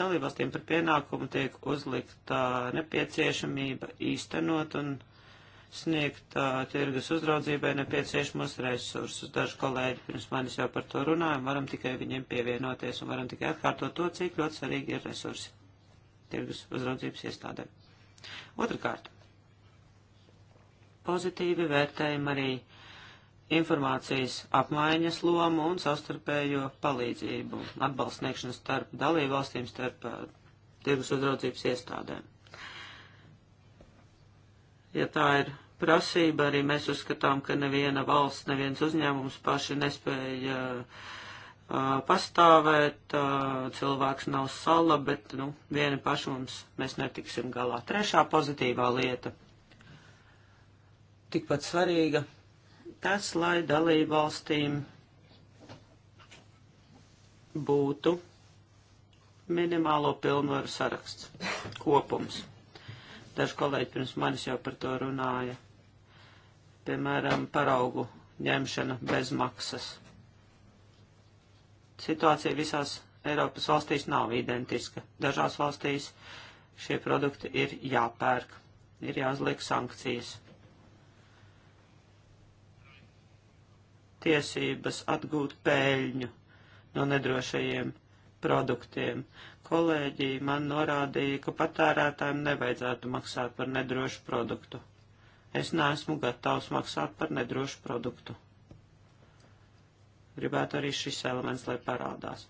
Dalībvalstīm par pienākumu tiek uzlikta nepieciešamība īstenot un sniegt uh, tirgus uzraudzībai nepieciešamos resursus. Daži kolēģi pirms manis jau par to runāja, varam tikai viņiem pievienoties un varam tikai atkārtot to, cik ļoti svarīgi ir resursi tirgus uzraudzības iestādē. Otrakārt, pozitīvi vērtējam arī uh, informācijas apmaiņas lomu un savstarpējo palīdzību, atbalstniekšanu starp dalībvalstīm, starp uh, tirgus uzraudzības iestādēm. Ja tā ir prasība, arī mēs uzskatām, ka neviena valsts, neviens uzņēmums paši nespēja uh, pastāvēt, uh, cilvēks nav sala, bet, nu, vieni paši mums mēs netiksim galā. Trešā pozitīvā lieta, tikpat svarīga, tas, lai dalību valstīm būtu minimālo pilnvaru saraksts, kopums. Daži kolēģi pirms manis jau par to runāja. Piemēram, paraugu ņemšana bez maksas. Situācija visās Eiropas valstīs nav identiska. Dažās valstīs šie produkti ir jāpērk, ir jāuzliek sankcijas. tiesības atgūt pēļņu no nedrošajiem produktiem. Kolēģi man norādīja, ka patērētājiem nevajadzētu maksāt par nedrošu produktu. Es neesmu gatavs maksāt par nedrošu produktu. Gribētu arī šis elements, lai parādās.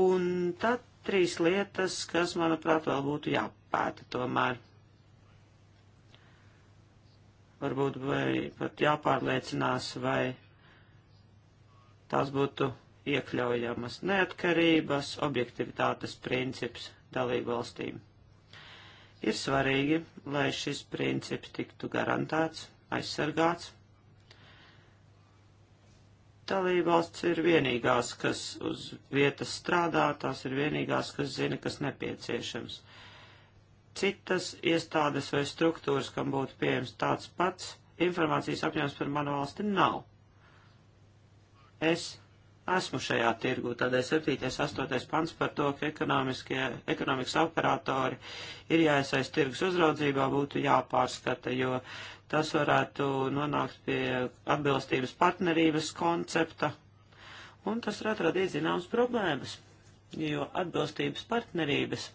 Un tad trīs lietas, kas, manuprāt, vēl būtu jāpēta tomēr varbūt vai pat jāpārliecinās, vai tās būtu iekļaujamas neatkarības, objektivitātes princips dalību valstīm. Ir svarīgi, lai šis princips tiktu garantēts, aizsargāts. Dalība valsts ir vienīgās, kas uz vietas strādā, tās ir vienīgās, kas zina, kas nepieciešams. Citas iestādes vai struktūras, kam būtu pieejams tāds pats, informācijas apjoms par manu valsti nav. Es esmu šajā tirgu. Tādēļ 7. un 8. pants par to, ka ekonomikas operatori ir jāiesaist tirgus uzraudzībā, būtu jāpārskata, jo tas varētu nonākt pie atbilstības partnerības koncepta, un tas var atradīt zināmas problēmas, jo atbilstības partnerības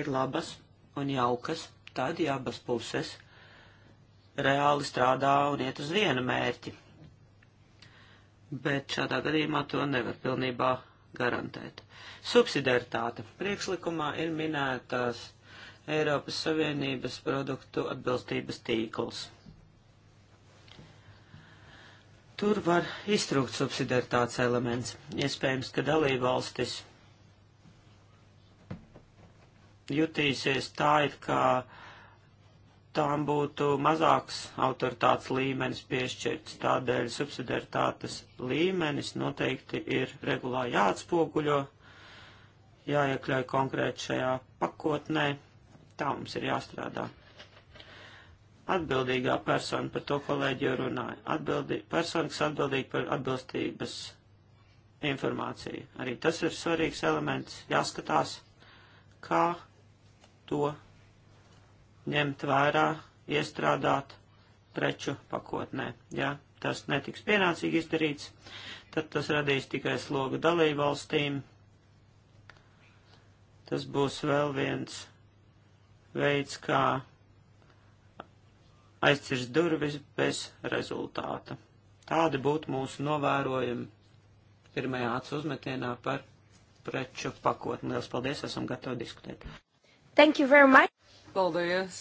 ir labas un jaukas, tad ja abas puses – reāli strādā un iet uz vienu mērķi. Bet šādā gadījumā to nevar pilnībā garantēt. Subsidiaritāte. Priekšlikumā ir minētās Eiropas Savienības produktu atbilstības tīkls. Tur var iztrūkt subsidiaritātes elements. Iespējams, ka dalībvalstis jutīsies tā, it kā uh, tām būtu mazāks autoritātes līmenis piešķirts. Tādēļ subsidiaritātes līmenis noteikti ir regulā jāatspoguļo, jāiekļauj konkrēti šajā pakotnē. Tā mums ir jāstrādā. Atbildīgā persona, par to kolēģi jau runāja, Atbildi, persona, kas atbildīga par atbilstības informāciju. Arī tas ir svarīgs elements, jāskatās, kā to ņemt vērā, iestrādāt preču pakotnē. Ja tas netiks pienācīgi izdarīts, tad tas radīs tikai slogu dalību valstīm. Tas būs vēl viens veids, kā aizcirst durvis bez rezultāta. Tādi būtu mūsu novērojumi pirmajā acu uzmetienā par preču pakotni. Lielas paldies, esam gatavi diskutēt. Thank you very much. Paldies!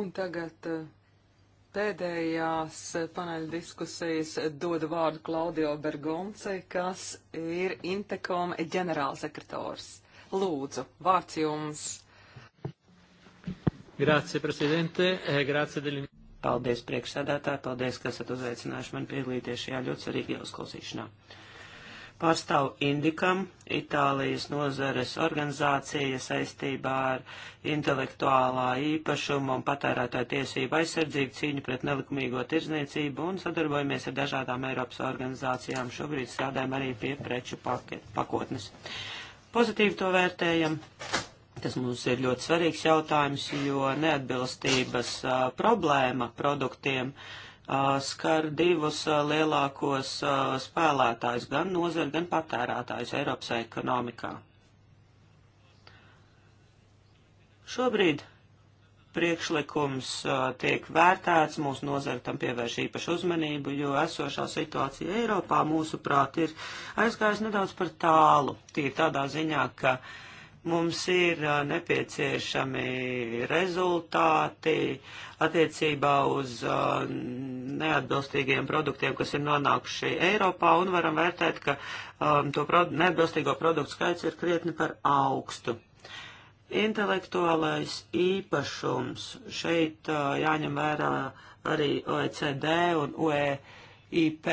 Un tagad eh, pēdējās eh, paneļa diskusijas dodu vārdu Klaudio Bergonce, kas ir Intekoma ģenerālsekretārs. Lūdzu, vārds jums! Grazie, prezidente, eh, grazie del... Paldies, priekšsēdētāji, paldies, ka esat uzveicinājuši mani piedalīties šajā ļoti svarīgajā uzklausīšanā pārstāv Indikam, Itālijas nozares organizācija saistībā ar intelektuālā īpašuma un patērētāju tiesību aizsardzību cīņu pret nelikumīgo tirzniecību un sadarbojamies ar dažādām Eiropas organizācijām. Šobrīd strādājam arī pie preču paket, pakotnes. Pozitīvi to vērtējam. Tas mums ir ļoti svarīgs jautājums, jo neatbilstības uh, problēma produktiem uh, skar divus lielākos spēlētājus, gan nozari, gan patērētājus Eiropas ekonomikā. Šobrīd priekšlikums tiek vērtēts, mūsu nozara tam pievērš īpašu uzmanību, jo esošā situācija Eiropā, mūsuprāt, ir aizgājusi nedaudz par tālu. Tī tādā ziņā, ka uh, Mums ir nepieciešami rezultāti attiecībā uz neatbilstīgiem produktiem, kas ir nonākuši Eiropā, un varam vērtēt, ka um, to produ neatbilstīgo produktu skaits ir krietni par augstu. Intelektuālais īpašums. Šeit uh, jāņem vērā arī OECD un UE. IP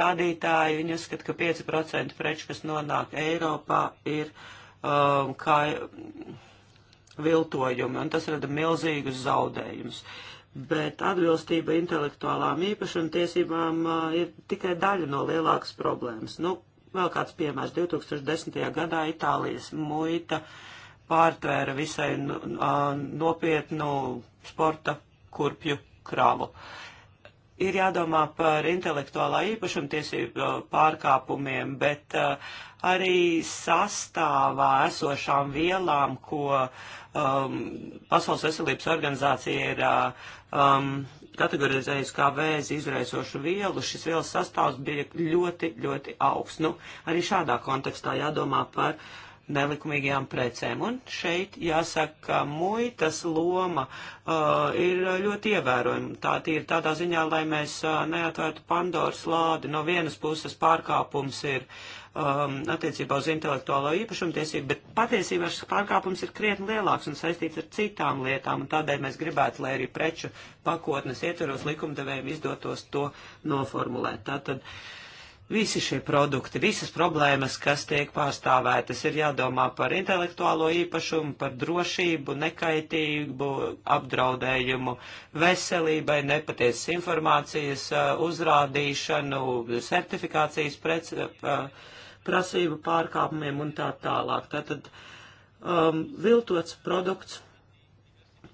rādītāji, viņi uzskata, ka 5% preču, kas nonāk Eiropā, ir uh, um, kā viltojumi, un tas rada milzīgus zaudējumus. Bet atbilstība intelektuālām īpašuma tiesībām uh, ir tikai daļa no lielākas problēmas. Nu, vēl kāds piemērs. 2010. gadā Itālijas muita pārtvēra visai uh, nopietnu sporta kurpju kravu. Ir jādomā par intelektuālā īpašumtiesību uh, pārkāpumiem, bet uh, arī sastāvā esošām vielām, ko um, Pasaules veselības organizācija ir uh, um, kategorizējusi kā vēzi izraisošu vielu, šis vielas sastāvs bija ļoti, ļoti augsts. Nu, arī šādā kontekstā jādomā par nelikumīgajām precēm. Un šeit jāsaka, ka muitas loma uh, ir ļoti ievērojama. Tā ir tādā ziņā, lai mēs uh, neatvērtu Pandoras lādi. No vienas puses pārkāpums ir uh, um, attiecībā uz intelektuālo īpašumu tiesību, bet patiesībā šis pārkāpums ir krietni lielāks un saistīts ar citām lietām, un tādēļ mēs gribētu, lai arī preču pakotnes ietveros likumdevējiem izdotos to noformulēt. Tātad, Visi šie produkti, visas problēmas, kas tiek pārstāvētas, ir jādomā par intelektuālo īpašumu, par drošību, nekaitību, apdraudējumu veselībai, nepatiesas informācijas uh, uzrādīšanu, certifikācijas preci, uh, prasību pārkāpumiem un tā tālāk. Tātad um, viltots produkts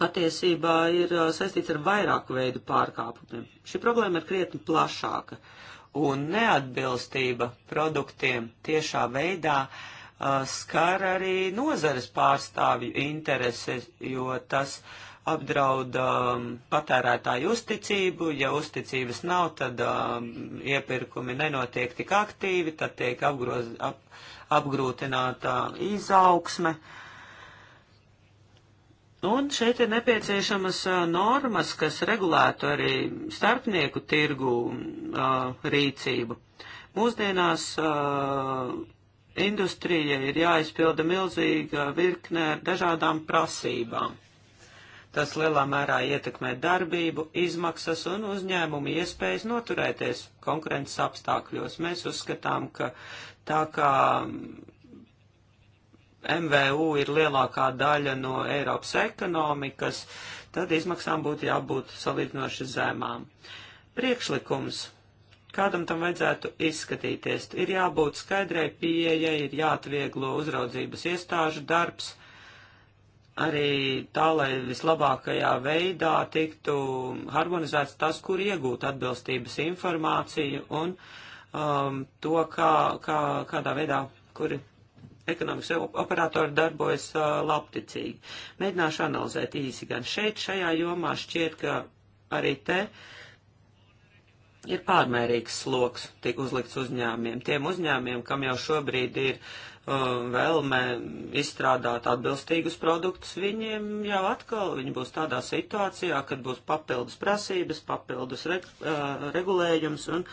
patiesībā ir uh, saistīts ar vairāku veidu pārkāpumiem. Šī problēma ir krietni plašāka un neatbilstība produktiem tiešā veidā uh, skar arī nozares pārstāvju intereses, jo tas uh, apdraud um, patērētāju uzticību. Ja uzticības nav, tad um, iepirkumi nenotiek tik aktīvi, tad tiek apgroz, ap, apgrūtināta izaugsme. Un šeit ir nepieciešamas uh, normas, kas regulētu arī starpnieku tirgu uh, rīcību. Mūsdienās uh, industrijai ir jāizpilda milzīga virkne ar dažādām prasībām. Tas lielā mērā ietekmē darbību, izmaksas un uzņēmumu iespējas noturēties konkurences apstākļos. Mēs uzskatām, ka tā kā MVU ir lielākā daļa no Eiropas ekonomikas, tad izmaksām būtu jābūt salīdzinoši zemām. Priekšlikums. Kādam tam vajadzētu izskatīties? Ir jābūt skaidrai pieejai, ir jāatvieglo uzraudzības iestāžu darbs arī tā, lai vislabākajā veidā tiktu harmonizēts tas, kur iegūt atbilstības informāciju un um, to, kā, kā, kādā veidā, kuri ekonomikas operatori darbojas uh, labticīgi. Mēģināšu analizēt īsi gan šeit, šajā jomā šķiet, ka arī te ir pārmērīgs sloks tik uzlikts uzņēmiem. Tiem uzņēmiem, kam jau šobrīd ir uh, Um, vēlme izstrādāt atbilstīgus produktus, viņiem jau atkal viņi būs tādā situācijā, kad būs papildus prasības, papildus reg, uh, regulējums un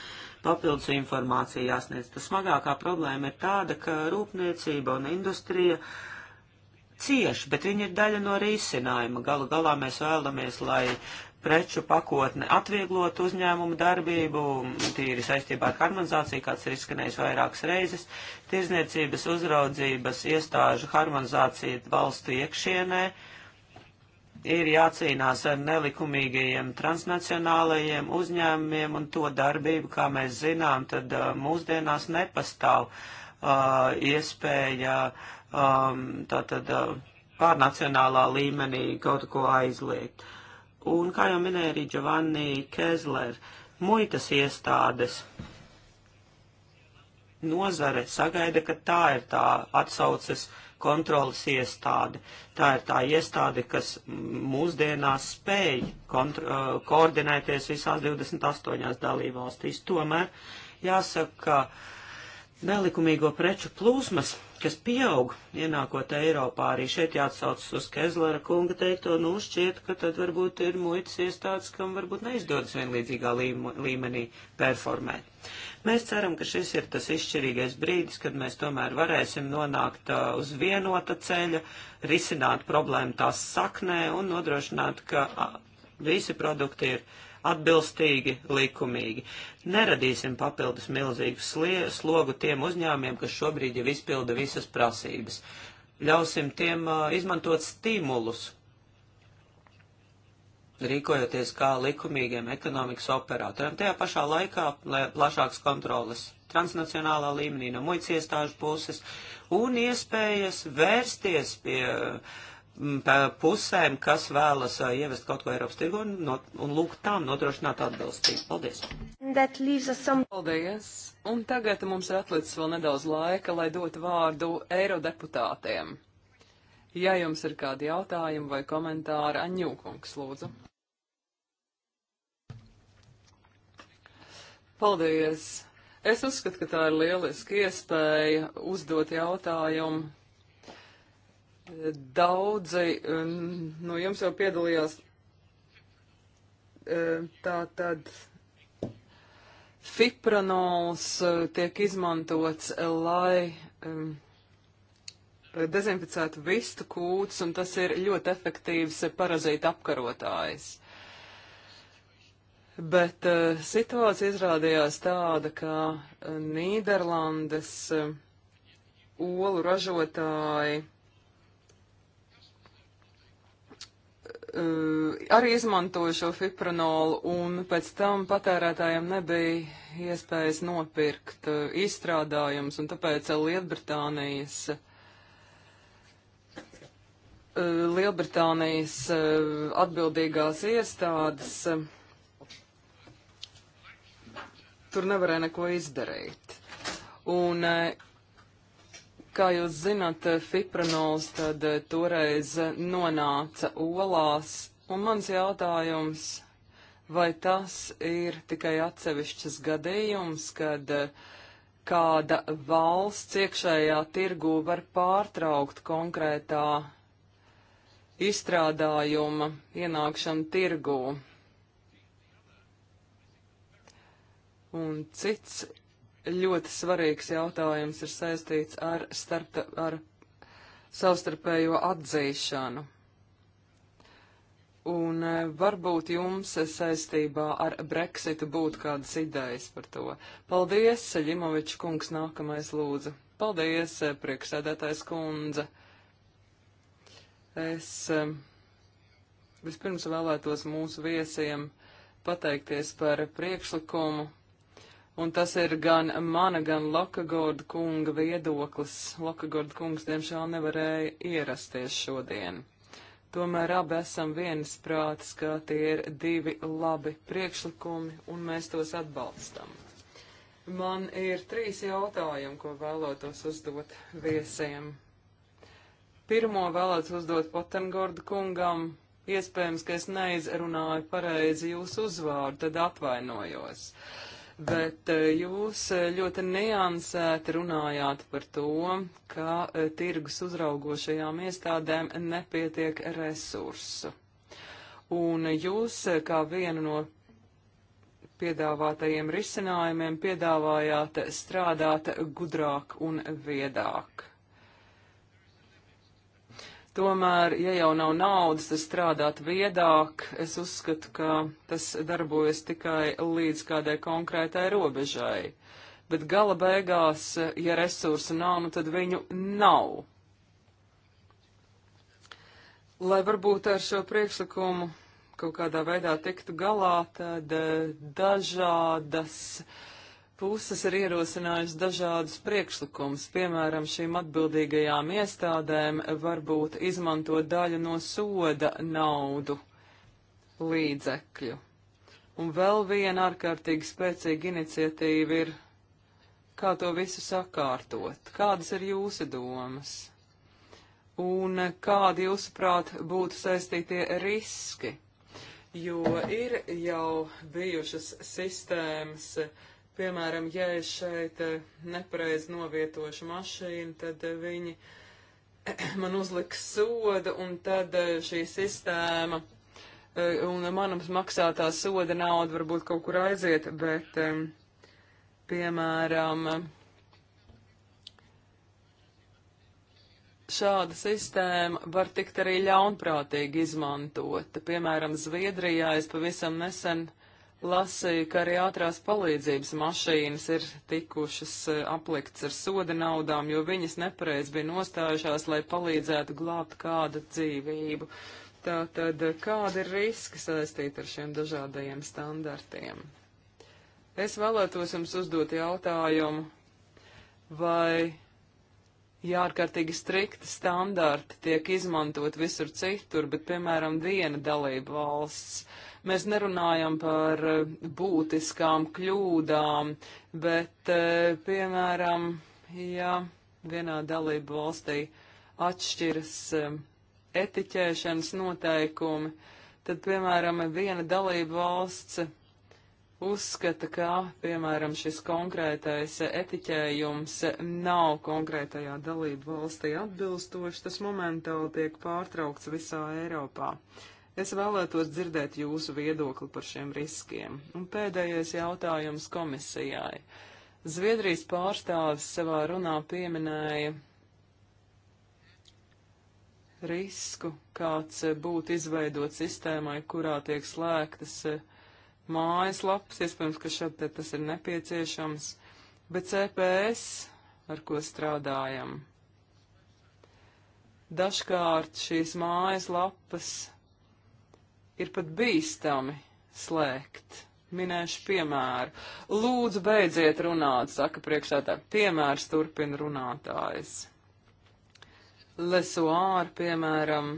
papildus informācija jāsniedz. Tas smagākā problēma ir tāda, ka rūpniecība un industrija cieši, bet viņi ir daļa no risinājuma. Galu galā mēs vēlamies, lai uh, preču pakotne atvieglot uzņēmumu darbību, tīri saistībā ar harmonizāciju, kāds ir izskanējis vairākas reizes, tirzniecības uzraudzības iestāžu harmonizācija valstu iekšienē, ir jācīnās ar nelikumīgajiem transnacionālajiem uzņēmumiem un to darbību, kā mēs zinām, tad uh, mūsdienās nepastāv uh, iespēja um, tātad uh, pārnacionālā līmenī kaut ko aizliegt. Uh, Un, kā jau minēja arī Giovanni Kezler, muitas iestādes nozare sagaida, ka tā ir tā atsauces kontrolas iestāde. Tā ir tā iestāde, kas mūsdienās spēj uh, koordinēties visās 28 dalībvalstīs. Tomēr jāsaka, ka nelikumīgo preču plūsmas kas pieaug ienākot Eiropā. Arī šeit jāatsaucas uz Kezlera kunga teikto, nu šķiet, ka tad varbūt ir muitas iestādes, kam varbūt neizdodas vienlīdzīgā līmenī performēt. Mēs ceram, ka šis ir tas izšķirīgais brīdis, kad mēs tomēr varēsim nonākt uh, uz vienota ceļa, risināt problēmu tās saknē un nodrošināt, ka uh, visi produkti ir atbilstīgi, likumīgi. Neradīsim papildus milzīgu slogu tiem uzņēmiem, kas šobrīd jau izpilda visas prasības. Ļausim tiem uh, izmantot stimulus, rīkojoties kā likumīgiem ekonomikas operatoriem. Tajā pašā laikā plašāks kontroles transnacionālā līmenī no muitas iestāžu puses un iespējas vērsties pie uh, pusēm, kas vēlas uh, ievest kaut ko Eiropas tirgu un, no, un lūgt tām nodrošināt atbilstību. Paldies! Some... Paldies! Un tagad mums ir atlicis vēl nedaudz laika, lai dotu vārdu eirodeputātiem. Ja jums ir kādi jautājumi vai komentāri, Aņūkungs, lūdzu. Paldies! Es uzskatu, ka tā ir lieliski iespēja uzdot jautājumu Daudzi um, no jums jau piedalījās um, tā tad. Fipranols uh, tiek izmantots, lai um, dezinficētu vistu kūts, un tas ir ļoti efektīvs parazīta apkarotājs. Bet uh, situācija izrādījās tāda, ka uh, Nīderlandes uh, olu ražotāji Uh, arī izmantoja šo fipronolu, un pēc tam patērētājiem nebija iespējas nopirkt uh, izstrādājumus, un tāpēc Lielbritānijas, uh, Lielbritānijas atbildīgās iestādes tur nevarēja neko izdarīt. Un Kā jūs zināt, fipranols tad eh, toreiz nonāca olās, un mans jautājums, vai tas ir tikai atsevišķs gadījums, kad eh, kāda valsts iekšējā tirgū var pārtraukt konkrētā izstrādājuma ienākšanu tirgū. Un cits ļoti svarīgs jautājums ir saistīts ar, starta, ar savstarpējo atzīšanu. Un e, varbūt jums saistībā ar Brexitu būtu kādas idejas par to. Paldies, Ļimovičs kungs, nākamais lūdzu. Paldies, e, prieksēdētājs kundze. Es e, vispirms vēlētos mūsu viesiem pateikties par priekšlikumu, Un tas ir gan mana, gan Lokagorda kunga viedoklis. Lokagorda kungs, diemžēl, nevarēja ierasties šodien. Tomēr abi esam vienas prātas, ka tie ir divi labi priekšlikumi, un mēs tos atbalstam. Man ir trīs jautājumi, ko vēlētos uzdot viesiem. Pirmo vēlētos uzdot Potengorda kungam. Iespējams, ka es neizrunāju pareizi jūsu uzvārdu, tad atvainojos. Uh, bet eh, jūs eh, ļoti neansēti runājāt par to, ka eh, tirgus uzraugošajām iestādēm nepietiek resursu. Un jūs kā vienu no piedāvātajiem risinājumiem piedāvājāt strādāt gudrāk un viedāk. Tomēr, ja jau nav naudas, tad strādāt viedāk, es uzskatu, ka tas darbojas tikai līdz kādai konkrētai robežai. Bet gala beigās, ja resursu nav, nu tad viņu nav. Lai varbūt ar šo priekšlikumu kaut kādā veidā tiktu galā, tad eh, dažādas uh, puses ir ierosinājusi dažādus priekšlikumus, piemēram, šīm atbildīgajām iestādēm varbūt izmantot daļu no soda naudu līdzekļu. Un vēl viena ārkārtīgi spēcīga iniciatīva ir, kā to visu sakārtot. Kādas ir jūsu domas? Un kādi, jūsuprāt, būtu saistītie riski? Jo ir jau bijušas sistēmas, uh, Piemēram, ja es šeit eh, nepareizi novietošu mašīnu, tad eh, viņi man uzliks sodu un tad eh, šī sistēma un manam maksātā soda nauda varbūt kaut kur aiziet, bet, piemēram, šāda sistēma var tikt arī ļaunprātīgi izmantota. Piemēram, Zviedrijā es pavisam nesen lasīju, ka arī ātrās palīdzības mašīnas ir tikušas e, aplikts ar soda naudām, jo viņas nepareiz bija nostājušās, lai palīdzētu glābt kādu dzīvību. Tātad, e, kāda ir riska saistīta ar šiem dažādajiem standartiem? Es vēlētos jums uzdot jautājumu, vai jārkārtīgi strikti standarti tiek izmantot visur citur, bet, piemēram, viena dalība valsts. Uh, Mēs nerunājam par eh, būtiskām kļūdām, bet, eh, piemēram, ja vienā dalību valstī atšķiras eh, etiķēšanas noteikumi, tad, piemēram, viena dalība valsts uzskata, ka, piemēram, šis konkrētais etiķējums nav konkrētajā dalību valstī atbilstošs, tas momentāli tiek pārtraukts visā Eiropā. Es vēlētos dzirdēt jūsu viedokli par šiem riskiem. Un pēdējais jautājums komisijai. Zviedrijas pārstāvis savā runā pieminēja risku, kāds būtu izveidot sistēmai, kurā tiek slēgtas eh, mājas lapas, iespējams, ka šeit tas ir nepieciešams, bet CPS, ar ko strādājam. Dažkārt šīs mājas lapas ir pat bīstami slēgt. Minēšu piemēru. Lūdzu, beidziet runāt, saka priekšētā. Piemērs turpina runātājs. Lesuāri, piemēram,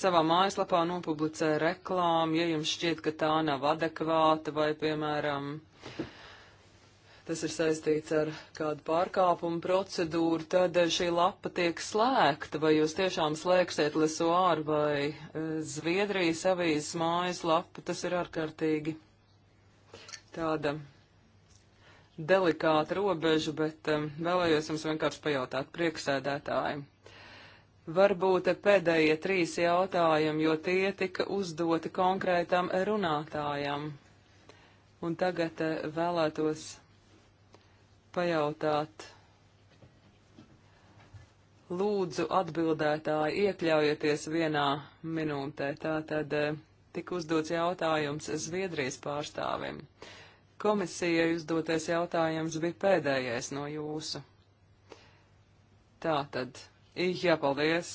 savā mājaslapā nopublicē reklāmu, ja jums šķiet, ka tā nav adekvāta vai, piemēram, uh, tas ir saistīts ar kādu pārkāpumu procedūru, tad eh, šī lapa tiek slēgta, vai jūs tiešām slēgsiet Lesuāru vai eh, Zviedrijas avīzes mājas lapu, tas ir ārkārtīgi tāda delikāta robeža, bet um, vēlējos jums vienkārši pajautāt priekšsēdētājiem. Varbūt pēdējie trīs jautājumi, jo tie tika uzdoti konkrētam runātājam. Un tagad vēlētos pajautāt. Lūdzu, atbildētāji, iekļaujieties vienā minūtē. Tātad eh, tika uzdots jautājums Zviedrijas pārstāvim. Komisijai uzdotais jautājums bija pēdējais no jūsu. Tātad, jā, paldies.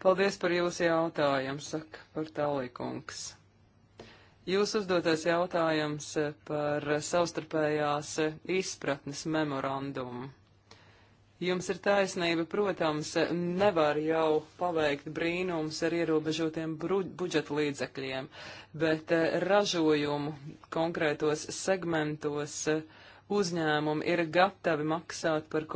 Paldies par jūsu jautājumu, saka par tālīkungs. Jūs uzdotais jautājums eh, par savstarpējās eh, izpratnes memorandumu. Jums ir taisnība, protams, eh, nevar jau paveikt brīnums ar ierobežotiem budžeta līdzekļiem, bet ražojumu konkrētos segmentos uzņēmumi ir gatavi maksāt par,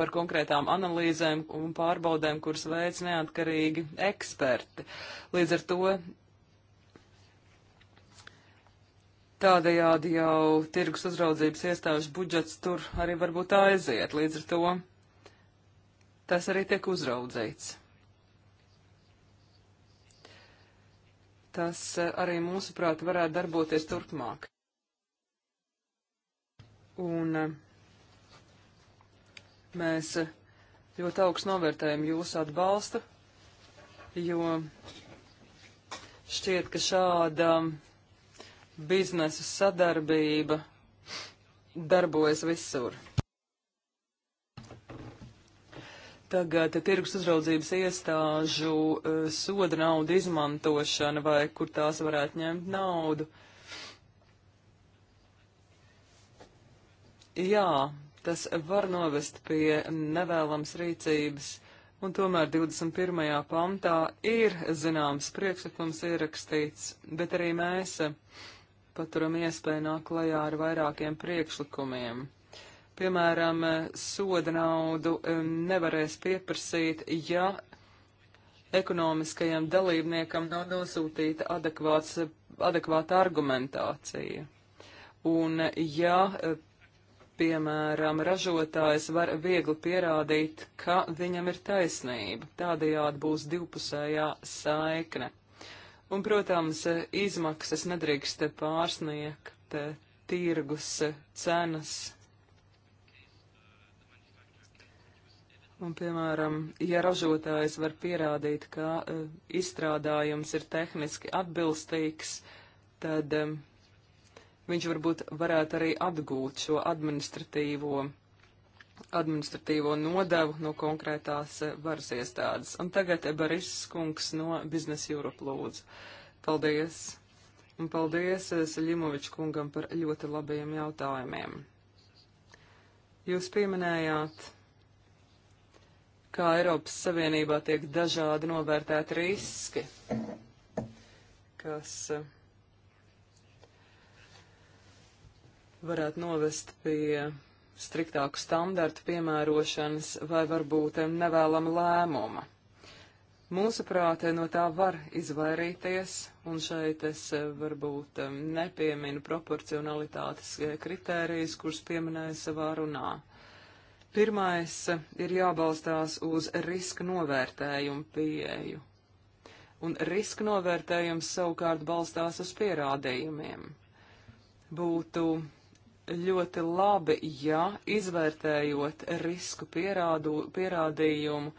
par konkrētām analīzēm un pārbaudēm, kuras veids neatkarīgi eksperti. Līdz ar to Tādējādi jau tirgus uzraudzības iestāžu budžets tur arī varbūt aiziet, līdz ar to tas arī tiek uzraudzīts. Tas eh, arī mūsuprāt varētu darboties turpmāk. Un eh, mēs eh, ļoti augstu novērtējam jūsu atbalstu, jo šķiet, ka šāda. Um, biznesu sadarbība darbojas visur. Tagad tirgus uzraudzības iestāžu e, soda naudu izmantošana vai kur tās varētu ņemt naudu. Jā, tas var novest pie nevēlams rīcības, un tomēr 21. pantā ir zināms priekšlikums ierakstīts, bet arī mēs. Uh, paturam iespēju nāk klajā ar vairākiem priekšlikumiem. Piemēram, eh, soda naudu eh, nevarēs pieprasīt, ja ekonomiskajam dalībniekam nav nosūtīta adekvāts, adekvāta argumentācija. Un ja, eh, piemēram, ražotājs var viegli pierādīt, ka viņam ir taisnība, tādējādi būs divpusējā saikne. Un, protams, izmaksas nedrīkst pārsniegt tirgus cenas. Un, piemēram, ja ražotājs var pierādīt, ka uh, izstrādājums ir tehniski atbilstīgs, tad um, viņš varbūt varētu arī atgūt šo administratīvo uh, administratīvo nodevu no konkrētās eh, varas iestādes. Un tagad Baris Skunks no Biznesa Europe lūdzu. Paldies! Un paldies eh, Saļimoviču kungam par ļoti labajiem jautājumiem. Jūs pieminējāt, kā Eiropas Savienībā tiek dažādi novērtēti riski, kas eh, varētu novest pie striktāku standartu piemērošanas vai varbūt nevēlama lēmuma. Mūsuprāt, no tā var izvairīties, un šeit es eh, varbūt eh, nepieminu proporcionalitātes eh, kritērijas, kurus pieminēju savā runā. Pirmais ir jābalstās uz riska novērtējumu pieeju, un riska novērtējums savukārt balstās uz pierādījumiem. Būtu ļoti labi, ja izvērtējot risku pierādu, pierādījumu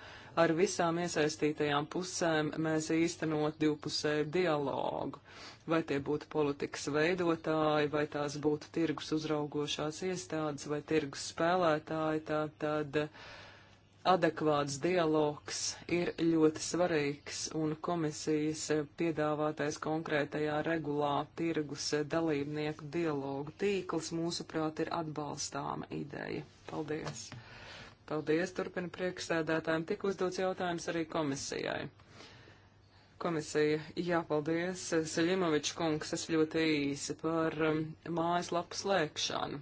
ar visām iesaistītajām pusēm, mēs īstenot divpusēju dialogu. Vai tie būtu politikas veidotāji, vai tās būtu tirgus uzraugošās iestādes, vai tirgus spēlētāji, tā tad. tad adekvāts dialogs ir ļoti svarīgs, un komisijas piedāvātais konkrētajā regulā tirgus dalībnieku dialogu tīkls, mūsuprāt, ir atbalstāma ideja. Paldies! Paldies, turpina priekšsēdētājiem. Tik uzdots jautājums arī komisijai. Komisija, jā, paldies, Seļimovičs kungs, es ļoti īsi par um, mājaslapu slēgšanu.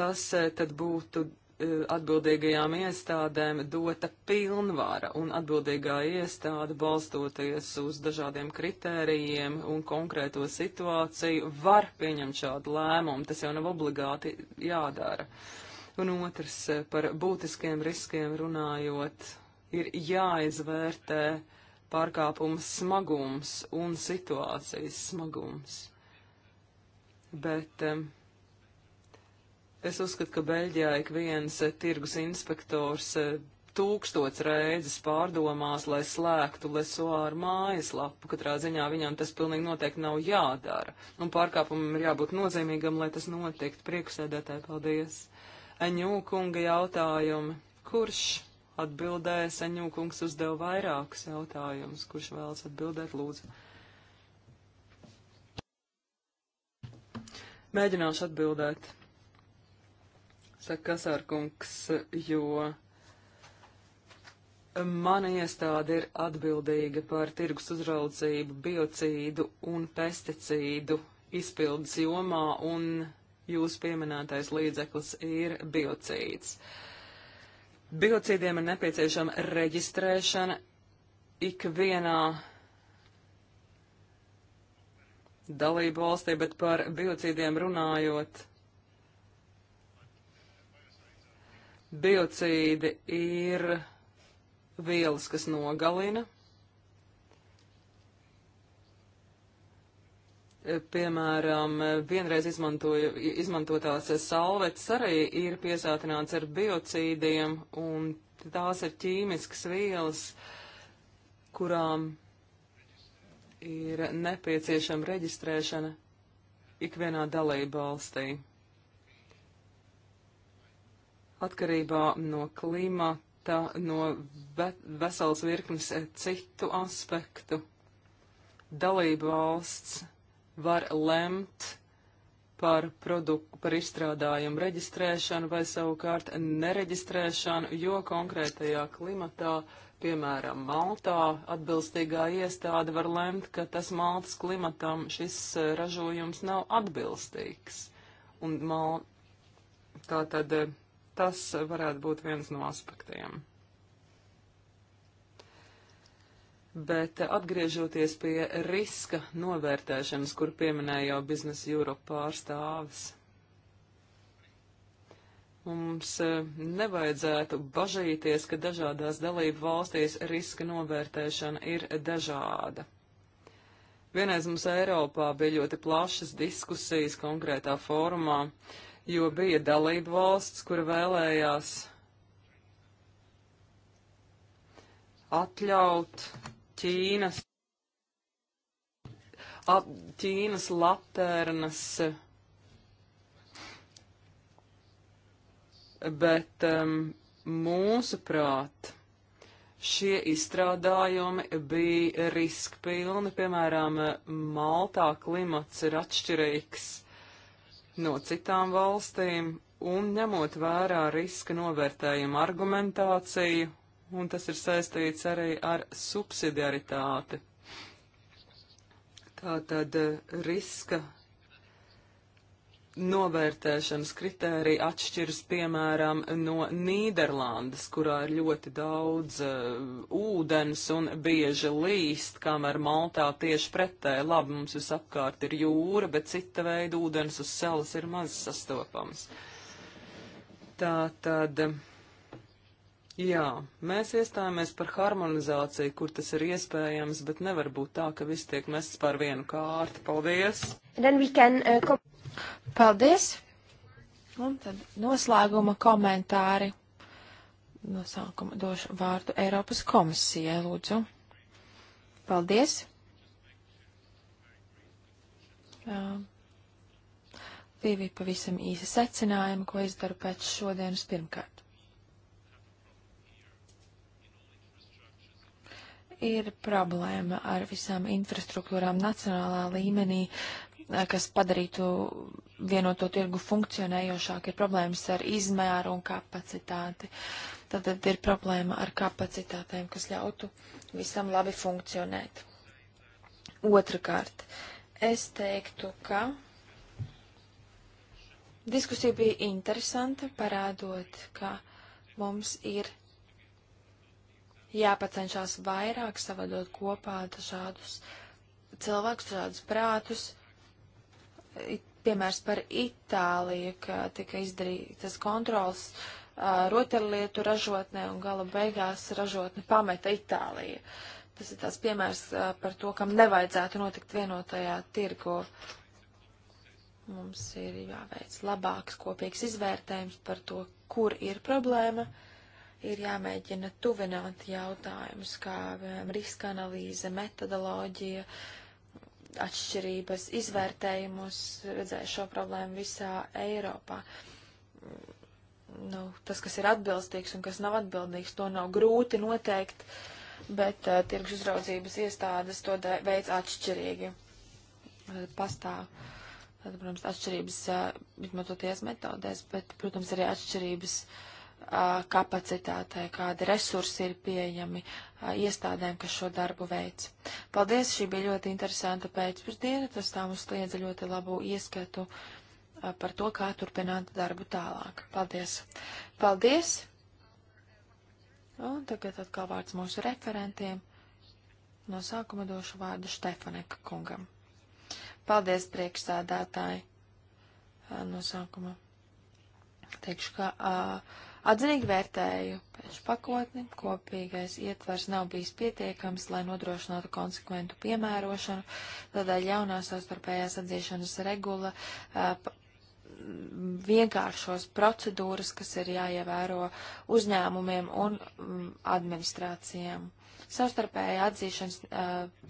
Tas eh, tad būtu E, atbildīgajām iestādēm dota pilnvara, un atbildīgā iestāde balstoties uz dažādiem kritērijiem un konkrēto situāciju var pieņemt šādu lēmumu. Tas jau nav obligāti jādara. Un otrs, e, par būtiskiem riskiem runājot, ir jāizvērtē pārkāpuma smagums un situācijas smagums. Bet, um, Es uzskatu, ka Beļģijā ik viens eh, tirgus inspektors eh, tūkstots reizes pārdomās, lai slēgtu lesoāru mājaslapu. Katrā ziņā viņam tas pilnīgi noteikti nav jādara. Un pārkāpumam ir jābūt nozīmīgam, lai tas notiktu. Priekšsēdētāji, paldies. Aņūkunga jautājumi. Kurš atbildēs? Aņūkungs uzdeva vairākus jautājumus. Kurš vēlas atbildēt, lūdzu? Mēģināšu atbildēt saka Kasārkungs, jo mana iestāde ir atbildīga par tirgus uzraudzību, biocīdu un pesticīdu izpildes jomā, un jūsu pieminētais līdzeklis ir biocīds. Biocīdiem ir nepieciešama reģistrēšana ikvienā dalību valstī, bet par biocīdiem runājot Biocīdi ir vielas, kas nogalina. Piemēram, vienreiz izmantotās salvetes arī ir piesātināts ar biocīdiem, un tās ir ķīmiskas vielas, kurām ir nepieciešama reģistrēšana ikvienā dalība valstī atkarībā no klimata, no ve vesels virknes eh, citu aspektu. Dalība valsts var lemt par, produktu, par izstrādājumu reģistrēšanu vai savukārt nereģistrēšanu, jo konkrētajā klimatā, piemēram, Maltā, atbilstīgā iestāde var lemt, ka tas Maltas klimatam šis eh, ražojums nav atbilstīgs. Un Mal... tā tad eh, Tas varētu būt viens no aspektiem. Bet atgriežoties pie riska novērtēšanas, kur pieminēja jau biznesa Europe pārstāvis, mums eh, nevajadzētu bažīties, ka dažādās dalību valstīs riska novērtēšana ir dažāda. Vienreiz mums Eiropā bija ļoti plašas diskusijas konkrētā formā, uh, jo bija dalība valsts, kura vēlējās atļaut Ķīnas, at, Ķīnas laternas, bet um, mūsuprāt, šie izstrādājumi bija riskpilni, piemēram, Maltā klimats ir atšķirīgs no citām valstīm un ņemot vērā riska novērtējumu argumentāciju, un tas ir saistīts arī ar subsidiaritāti. Tātad eh, riska novērtēšanas kritērija atšķiras piemēram no Nīderlandes, kurā ir ļoti daudz uh, ūdens un bieži līst, kamēr Maltā tieši pretēji labi mums visapkārt ir jūra, bet cita veida ūdens uz salas ir maz sastopams. Tā tad. Jā, mēs iestājāmies par harmonizāciju, kur tas ir iespējams, bet nevar būt tā, ka viss tiek mests par vienu kārtu. Paldies! Can, uh, Paldies! Un tad noslēguma komentāri. No sākuma došu vārdu Eiropas komisijai, lūdzu. Paldies! Uh, divi pavisam īsi secinājumi, ko izdaru pēc šodienas pirmkārt. Ir problēma ar visām infrastruktūrām nacionālā līmenī, kas padarītu vienoto tirgu funkcionējošāk, ir problēmas ar izmēru un kapacitāti. Tad, tad ir problēma ar kapacitātēm, kas ļautu visam labi funkcionēt. Otrakārt, es teiktu, ka diskusija bija interesanta, parādot, ka mums ir jāpacenšās vairāk savadot kopā dažādus cilvēkus, dažādus prātus piemērs par Itāliju, ka tika izdarītas kontrols uh, rotaļlietu ražotnē un gala beigās ražotne pameta Itāliju. Tas ir tās piemērs uh, par to, kam nevajadzētu notikt vienotajā tirgu. Mums ir jāveic labāks kopīgs izvērtējums par to, kur ir problēma. Ir jāmēģina tuvināt jautājumus, kā riska analīze, metodoloģija, uh, atšķirības izvērtējumus, redzēju šo problēmu visā Eiropā. Nu, tas, kas ir atbilstīgs un kas nav atbildīgs, to nav grūti noteikt, bet uh, tirgus uzraudzības iestādes to veids atšķirīgi. Tad pastāv, tad, protams, atšķirības uh, izmantoties metodēs, bet, protams, arī atšķirības uh, kapacitātei, kādi resursi ir pieejami iestādēm, kas šo darbu veic. Paldies, šī bija ļoti interesanta pēcpusdiena, tas tā mums sniedza ļoti labu ieskatu par to, kā turpināt darbu tālāk. Paldies! Paldies! Un tagad atkal vārds mūsu referentiem. No sākuma došu vārdu Štefaneka kungam. Paldies, priekšsādātāji! No sākuma teikšu, ka. Uh, Atzinīgi vērtēju pakotni, kopīgais ietvers nav bijis pietiekams, lai nodrošinātu konsekventu piemērošanu, tādēļ jaunā savstarpējās atzīšanas regula vienkāršos procedūras, kas ir jāievēro uzņēmumiem un mm, administrācijām. Savstarpēja atzīšana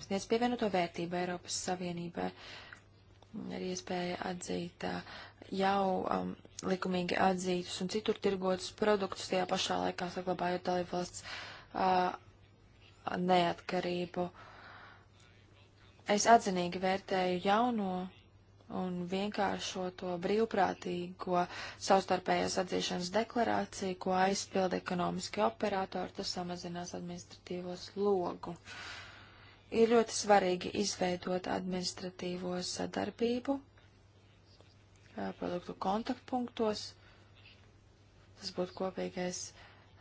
sniedz pievienoto vērtību Eiropas Savienībai. Ir iespēja atzīt uh, jau um, likumīgi atzītus un citur tirgotus produktus, tajā pašā laikā saglabājot dalībvalsts uh, neatkarību. Es atzinīgi vērtēju jauno un vienkāršo to brīvprātīgo savstarpējās atzīšanas deklarāciju, ko aizpild ekonomiski operatori, tas samazinās administratīvos logu. Ir ļoti svarīgi izveidot administratīvo sadarbību produktu kontaktpunktos. Tas būtu kopīgais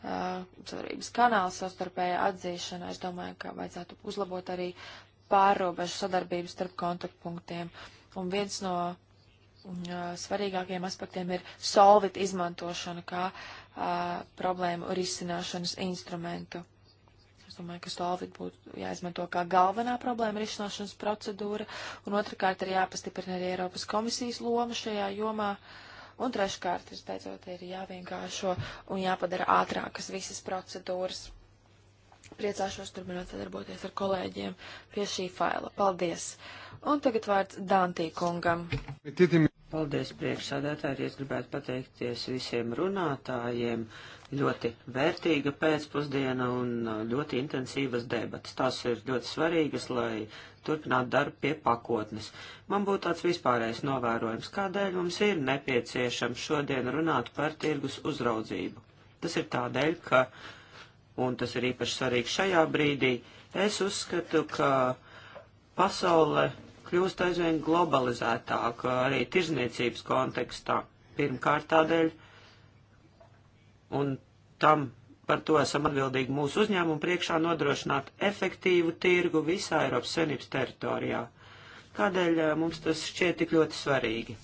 sadarbības kanāls savstarpēja atzīšana. Es domāju, ka vajadzētu uzlabot arī pārrobežu sadarbību starp kontaktpunktiem. Un viens no svarīgākiem aspektiem ir solvit izmantošana kā a, problēmu risināšanas instrumentu domāju, ka solvit būtu jāizmanto kā galvenā problēma risināšanas procedūra, un otrkārt ir jāpastiprina arī Eiropas komisijas loma šajā jomā, un treškārt, es teicot, ir jāvienkāršo un jāpadara ātrākas visas procedūras. Priecāšos turpināt sadarboties ar kolēģiem pie šī faila. Paldies! Un tagad vārds Dantī kungam. Paldies priekšsādātāji, es gribētu pateikties visiem runātājiem. Ļoti vērtīga pēcpusdiena un uh, ļoti intensīvas debatas. Tās ir ļoti svarīgas, lai turpinātu darbu pie pakotnes. Man būtu tāds vispārējais novērojums, kādēļ mums ir nepieciešams šodien runāt par tirgus uzraudzību. Tas ir tādēļ, ka, un tas ir īpaši svarīgi šajā brīdī, es uzskatu, ka pasaule kļūst aizvien globalizētāk arī tirzniecības kontekstā. Pirmkārt tādēļ, un tam par to esam atbildīgi mūsu uzņēmumu priekšā nodrošināt efektīvu tirgu visā Eiropas Savienības teritorijā. Kādēļ eh, mums tas šķiet tik ļoti svarīgi?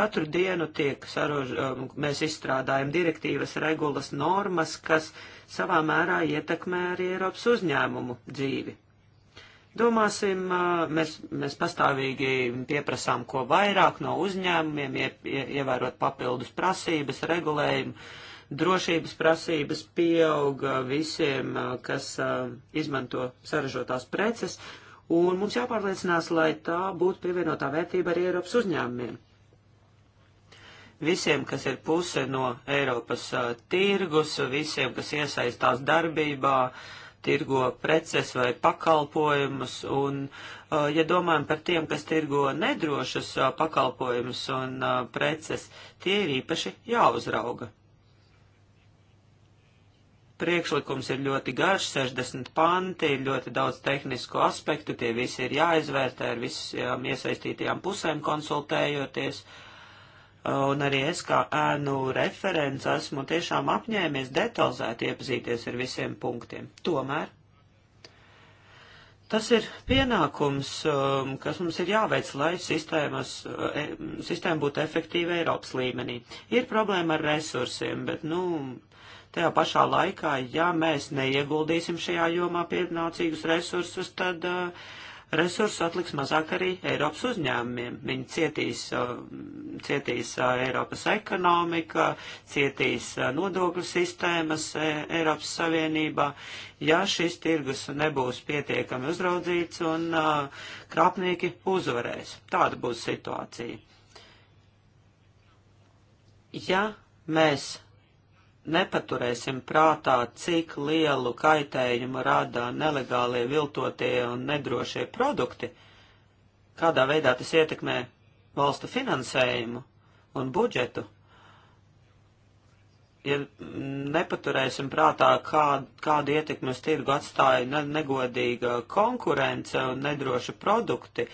Katru dienu tiek sarož, um, mēs izstrādājam direktīvas regulas normas, kas savā mērā ietekmē arī Eiropas uzņēmumu dzīvi. Domāsim, mēs, mēs pastāvīgi pieprasām ko vairāk no uzņēmumiem, ie, ie, ievērot papildus prasības, regulējumu, drošības prasības pieauga visiem, kas izmanto saražotās preces, un mums jāpārliecinās, lai tā būtu pievienotā vērtība arī Eiropas uzņēmumiem. Visiem, kas ir puse no Eiropas tirgus, visiem, kas iesaistās darbībā, uh, tirgo preces vai pakalpojumus, un, uh, ja domājam par tiem, kas tirgo nedrošas uh, pakalpojumus un uh, preces, tie ir īpaši jāuzrauga. Priekšlikums ir ļoti garš, 60 panti, ir ļoti daudz tehnisko aspektu, tie visi ir jāizvērtē ar visām iesaistītajām pusēm konsultējoties. Uh, un arī es kā ēnu referents esmu tiešām apņēmies detalizēti iepazīties ar visiem punktiem. Tomēr tas ir pienākums, um, kas mums ir jāveic, lai sistēmas, uh, e, sistēma būtu efektīva Eiropas līmenī. Ir problēma ar resursiem, bet, nu, Tajā pašā laikā, ja mēs neieguldīsim šajā jomā pienācīgus resursus, tad uh, resursus atliks mazāk arī Eiropas uzņēmumiem. Viņi cietīs, uh, cietīs uh, Eiropas ekonomika, cietīs uh, nodokļu sistēmas e, Eiropas Savienībā, ja šis tirgus nebūs pietiekami uzraudzīts un krāpnieki uzvarēs. Tāda būs situācija. Ja mēs nepaturēsim prātā, cik lielu kaitējumu rada nelegālie viltotie un nedrošie produkti, kādā veidā tas ietekmē valstu finansējumu un budžetu. Ja nepaturēsim prātā, kā, kādu ietekmi uz tirgu atstāja ne, negodīga konkurence un nedroši produkti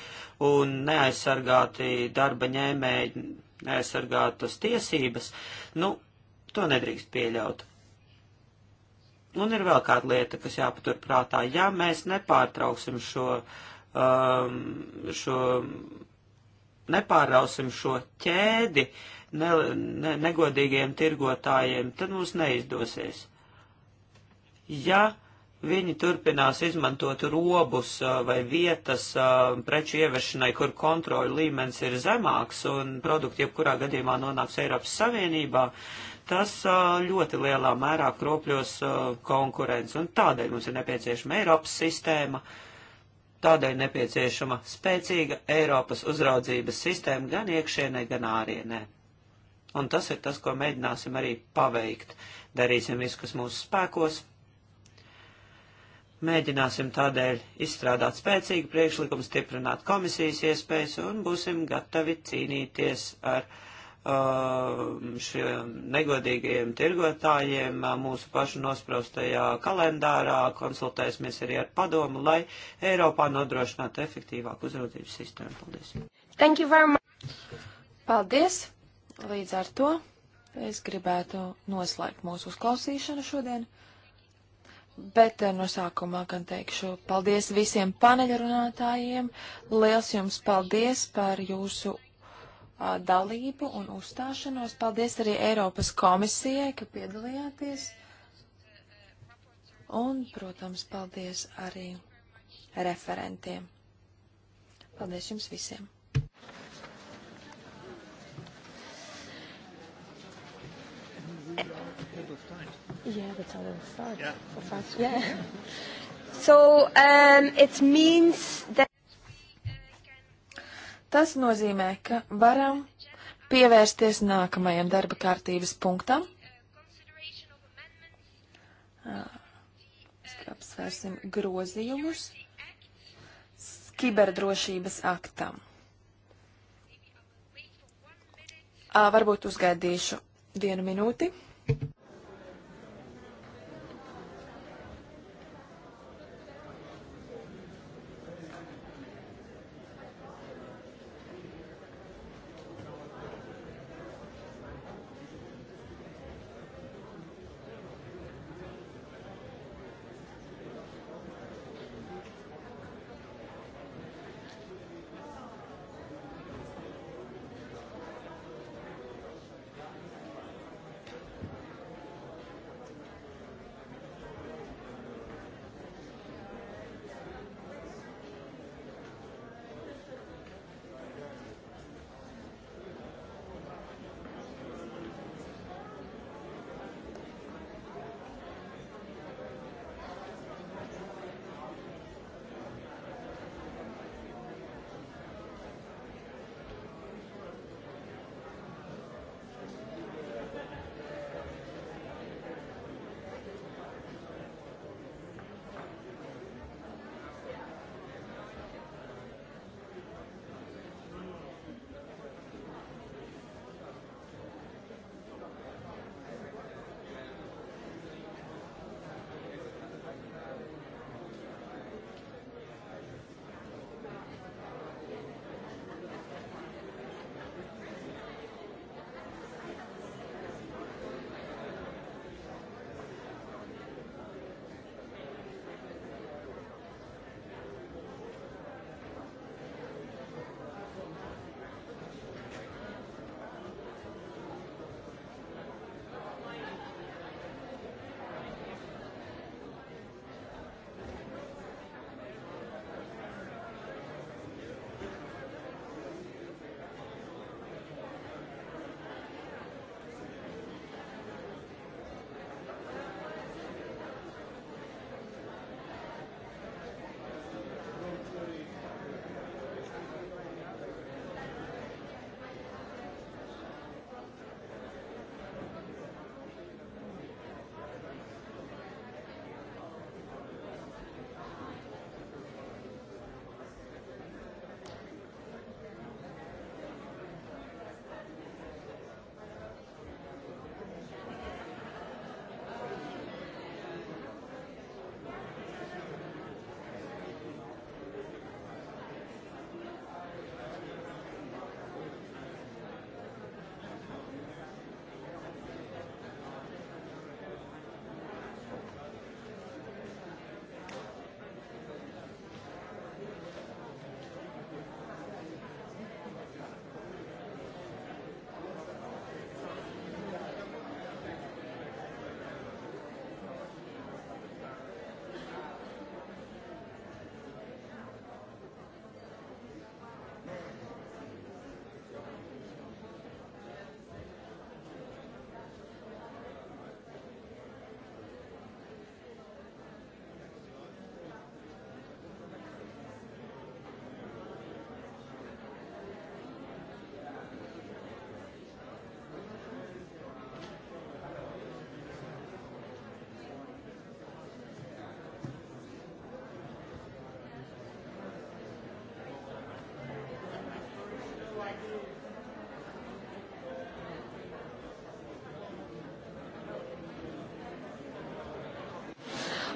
un neaizsargāti darba ņēmēji, neaizsargātas tiesības, nu, To nedrīkst pieļaut. Un ir vēl kāda lieta, kas jāpatur prātā. Ja mēs nepārtrauksim šo, um, šo nepārrausim šo ķēdi ne, ne, negodīgiem tirgotājiem, tad mums neizdosies. Ja viņi turpinās izmantot robus uh, vai vietas uh, preču ievešanai, kur kontroļu līmenis ir zemāks un produkti jebkurā gadījumā nonāks Eiropas Savienībā, uh, tas ļoti lielā mērā kropļos konkurence, un tādēļ mums ir nepieciešama Eiropas sistēma, tādēļ nepieciešama spēcīga Eiropas uzraudzības sistēma gan iekšienē, gan ārienē. Un tas ir tas, ko mēģināsim arī paveikt. Darīsim visu, kas mūsu spēkos. Mēģināsim tādēļ izstrādāt spēcīgu priekšlikumu, stiprināt komisijas iespējas un būsim gatavi cīnīties ar uh, Uh, šiem negodīgajiem tirgotājiem uh, mūsu pašu nospraustajā kalendārā, konsultēsimies arī ar padomu, lai Eiropā nodrošinātu efektīvāku uzraudzības sistēmu. Paldies! Thank you very much! Paldies! Līdz ar to es gribētu noslēgt mūsu uzklausīšanu šodien, bet uh, no sākumā gan teikšu paldies visiem paneļrunātājiem. Liels jums paldies par jūsu dalību un uzstāšanos. Paldies arī Eiropas komisijai, ka piedalījāties. Un, protams, paldies arī referentiem. Paldies jums visiem! Yeah, that's how they start. Yeah. For five. Yeah. So um, it means that. Tas nozīmē, ka varam pievērsties nākamajam darba kārtības punktam. Apsvērsim grozījumus kiberdrošības aktam. Varbūt uzgaidīšu vienu minūti.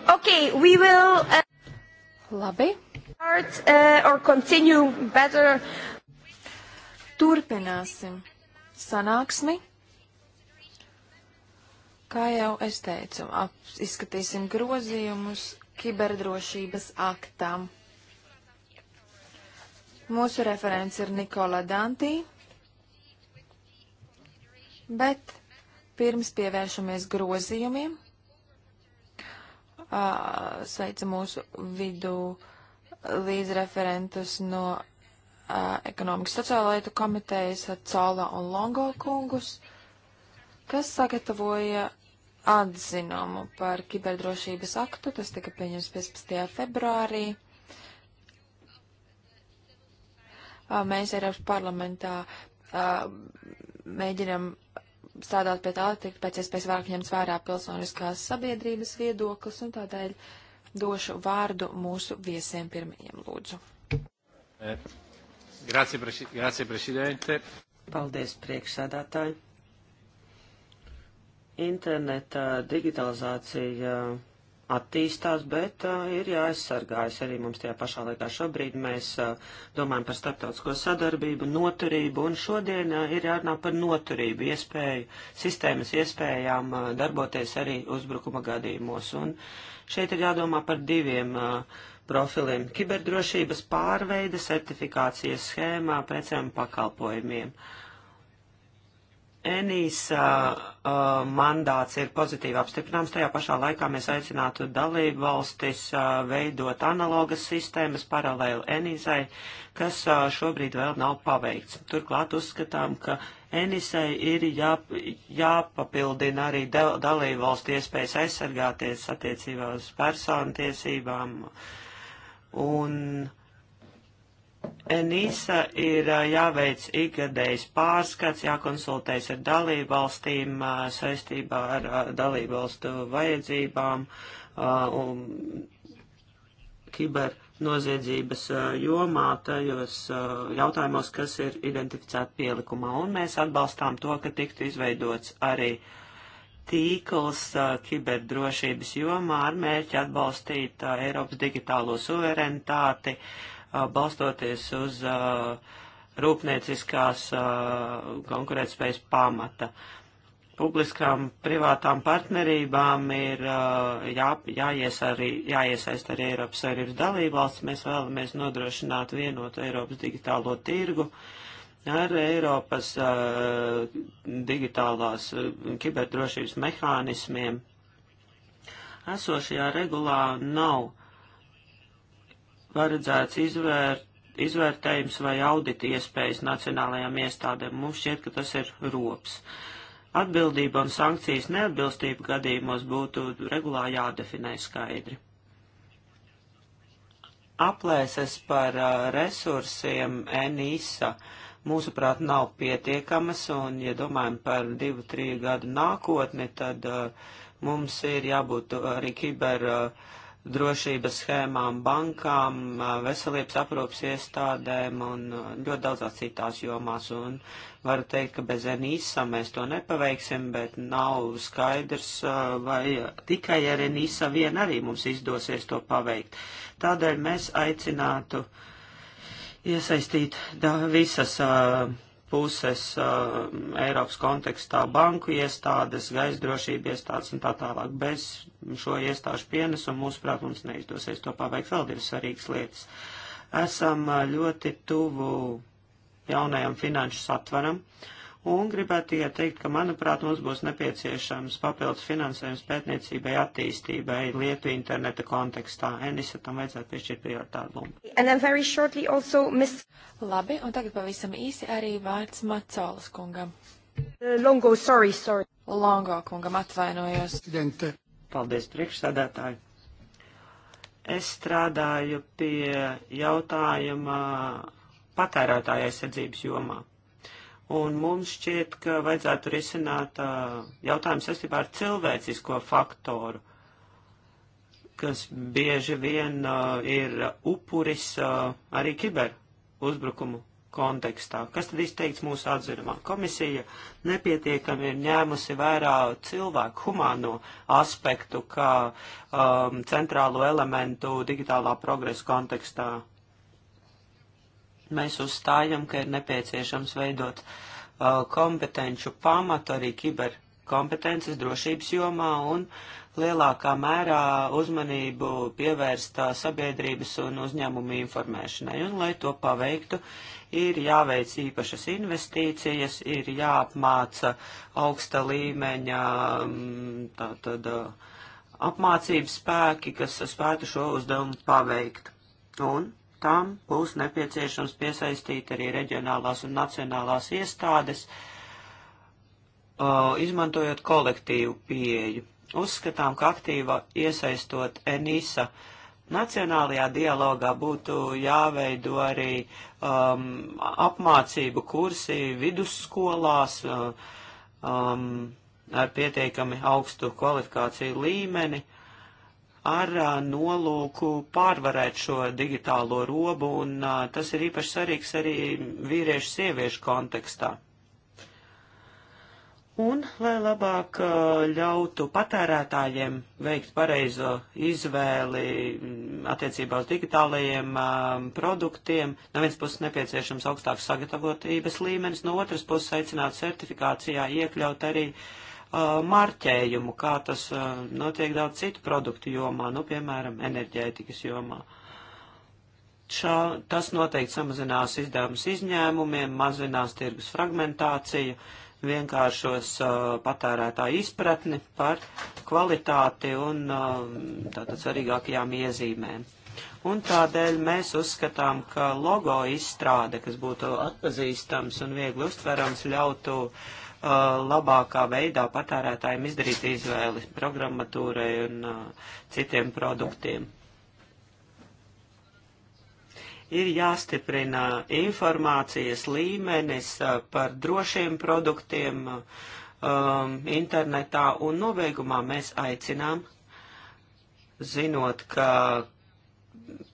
Okay, we will. Uh, Labi. Start, uh, or continue better. Turpināsim sanāksmi. Kā jau es teicu, ap, izskatīsim grozījumus kiberdrošības aktam. Mūsu referents ir Nikola Dantī, bet pirms pievēršamies grozījumiem, sveicu mūsu vidū līdzreferentus no ekonomikas sociālo lietu komitejas Cola un Longo kungus, kas sagatavoja atzinumu par kiberdrošības aktu, tas tika pieņems 15. februārī. Mēs Eiropas parlamentā mēģinam strādāt pie tā, tikt pēc iespējas vairāk ņemts vērā pilsoniskās sabiedrības viedoklis, un tādēļ došu vārdu mūsu viesiem pirmajiem lūdzu. Eh, grazie, presi, grazie presidente. Paldies, priekšsēdētāji. Interneta digitalizācija attīstās, bet uh, ir jāaizsargājas arī mums tajā pašā laikā. Šobrīd mēs uh, domājam par starptautisko sadarbību, noturību, un šodien uh, ir jārunā par noturību, iespēju, sistēmas iespējām uh, darboties arī uzbrukuma gadījumos. Un šeit ir jādomā par diviem uh, profiliem - kiberdrošības pārveida, certifikācijas schēmā, precēm pakalpojumiem. Uh, Enīsa uh, mandāts ir pozitīvi apstiprināms, tajā pašā laikā mēs aicinātu dalību valstis uh, veidot analogas sistēmas paralēli Enīzai, kas uh, šobrīd vēl nav paveikts. Turklāt uzskatām, ka Enīzai ir jā, jāpapildina arī dalību valstu iespējas aizsargāties attiecībā uz personu tiesībām un uh, Enisa ir jāveic ikgadējs pārskats, jākonsultējas ar dalību valstīm saistībā ar dalību valstu vajadzībām un kiber noziedzības jomā, tajos jautājumos, kas ir identificēti pielikumā. Un mēs atbalstām to, ka tiktu izveidots arī tīkls kiberdrošības jomā ar mērķi atbalstīt Eiropas digitālo suverenitāti. Uh, balstoties uz rūpnieciskās konkurētspējas pamata. Publiskām privātām partnerībām ir jā, jāies arī, jāiesaist arī Eiropas Savienības dalībvalsts. Mēs vēlamies nodrošināt vienotu Eiropas digitālo tirgu ar Eiropas uh, digitālās uh, kiberdrošības mehānismiem. Esošajā regulā nav uh, paredzēts izvērt, izvērtējums vai audita iespējas nacionālajām iestādēm. Mums šķiet, ka tas ir rops. Atbildība un sankcijas neatbilstība gadījumos būtu regulā jādefinē skaidri. Aplēses par uh, resursiem NISA mūsuprāt nav pietiekamas, un, ja domājam par divu, trīs gadu nākotni, tad uh, mums ir jābūt arī kiber uh, drošības schēmām, bankām, veselības aprūpas iestādēm un ļoti daudzās citās jomās. Un varu teikt, ka bez NISA mēs to nepaveiksim, bet nav skaidrs, vai tikai ar NISA vien arī mums izdosies to paveikt. Tādēļ mēs aicinātu iesaistīt visas. Uh, puses uh, Eiropas kontekstā banku iestādes, gaisa drošība iestādes un tā tālāk. Bez šo iestāžu pienesumu, mūsuprāt, mums neizdosies to paveikt. Vēl divas svarīgas lietas. Esam eh, ļoti tuvu jaunajam finanšu satvaram. Uh, un gribētu ieteikt, ka, manuprāt, mums būs nepieciešams papildus finansējums pētniecībai, attīstībai, lietu interneta kontekstā. Enisa tam vajadzētu piešķirt prioritātu lomu. Miss... Labi, un tagad pavisam īsi arī vārds Macolas kungam. Uh, Longo, sorry, sorry. Longo kungam atvainojos. Presidente. Paldies, priekšsādātāji. Es strādāju pie jautājuma patērētāja aizsardzības jomā. Un mums šķiet, ka vajadzētu risināt uh, jautājumu saistībā ar cilvēcisko faktoru, kas bieži vien uh, ir upuris uh, arī kiber uzbrukumu kontekstā. Kas tad izteikts mūsu atzinumā? Komisija nepietiekami ir ņēmusi vērā cilvēku humāno aspektu kā um, centrālo elementu digitālā progresa kontekstā Mēs uzstājam, ka ir nepieciešams veidot uh, kompetenču pamatu arī kiberkompetences drošības jomā un lielākā mērā uzmanību pievērst uh, sabiedrības un uzņēmumu informēšanai. Un, lai to paveiktu, ir jāveic īpašas investīcijas, ir jāapmāca augsta līmeņa um, tātad, uh, apmācības spēki, kas spētu šo uzdevumu paveikt. Un Tām būs nepieciešams piesaistīt arī reģionālās un nacionālās iestādes, uh, izmantojot kolektīvu pieeju. Uzskatām, ka aktīva iesaistot ENISA nacionālajā dialogā būtu jāveido arī um, apmācību kursi vidusskolās um, ar pietiekami augstu kvalifikāciju līmeni. Uh, ar nolūku pārvarēt šo digitālo robu, un tas ir īpaši svarīgs arī vīriešu sieviešu kontekstā. Un, lai labāk ļautu patērētājiem veikt pareizo izvēli attiecībā uz digitālajiem um, produktiem, no vienas puses nepieciešams augstāks sagatavotības līmenis, no otras puses aicināt certifikācijā iekļaut arī uh, Uh, marķējumu, kā tas uh, notiek daudz citu produktu jomā, nu, piemēram, enerģētikas jomā. Šā, tas noteikti samazinās izdevumus izņēmumiem, mazinās tirgus fragmentāciju, vienkāršos uh, patērētāju izpratni par kvalitāti un uh, tātad svarīgākajām iezīmēm. Un tādēļ mēs uzskatām, ka logo izstrāde, kas būtu atpazīstams un viegli uztverams, ļautu uh, labākā veidā patērētājiem izdarīt izvēli programmatūrai un uh, citiem produktiem. Ir jāstiprina informācijas līmenis uh, par drošiem produktiem um, internetā, un nobeigumā mēs aicinām zinot, ka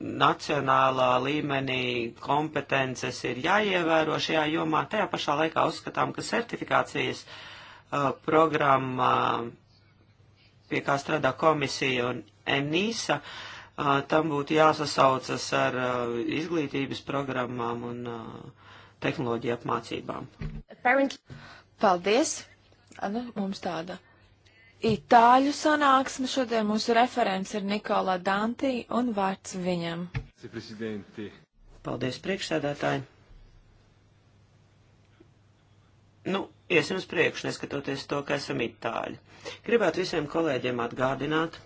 nacionālā līmenī kompetences ir jāievēro šajā jomā. Tajā pašā laikā uzskatām, ka certifikācijas uh, programma, pie kā strādā komisija un ENISA, uh, tam būtu jāsasaucas ar uh, izglītības programmām un uh, tehnoloģiju apmācībām. Paldies! Nu, mums tāda itāļu sanāksme. Šodien mūsu referents ir Nikola Dantī un vārds viņam. Paldies, priekšsēdētāji. Nu, iesim uz priekšu, neskatoties to, ka esam itāļi. Gribētu visiem kolēģiem atgādināt,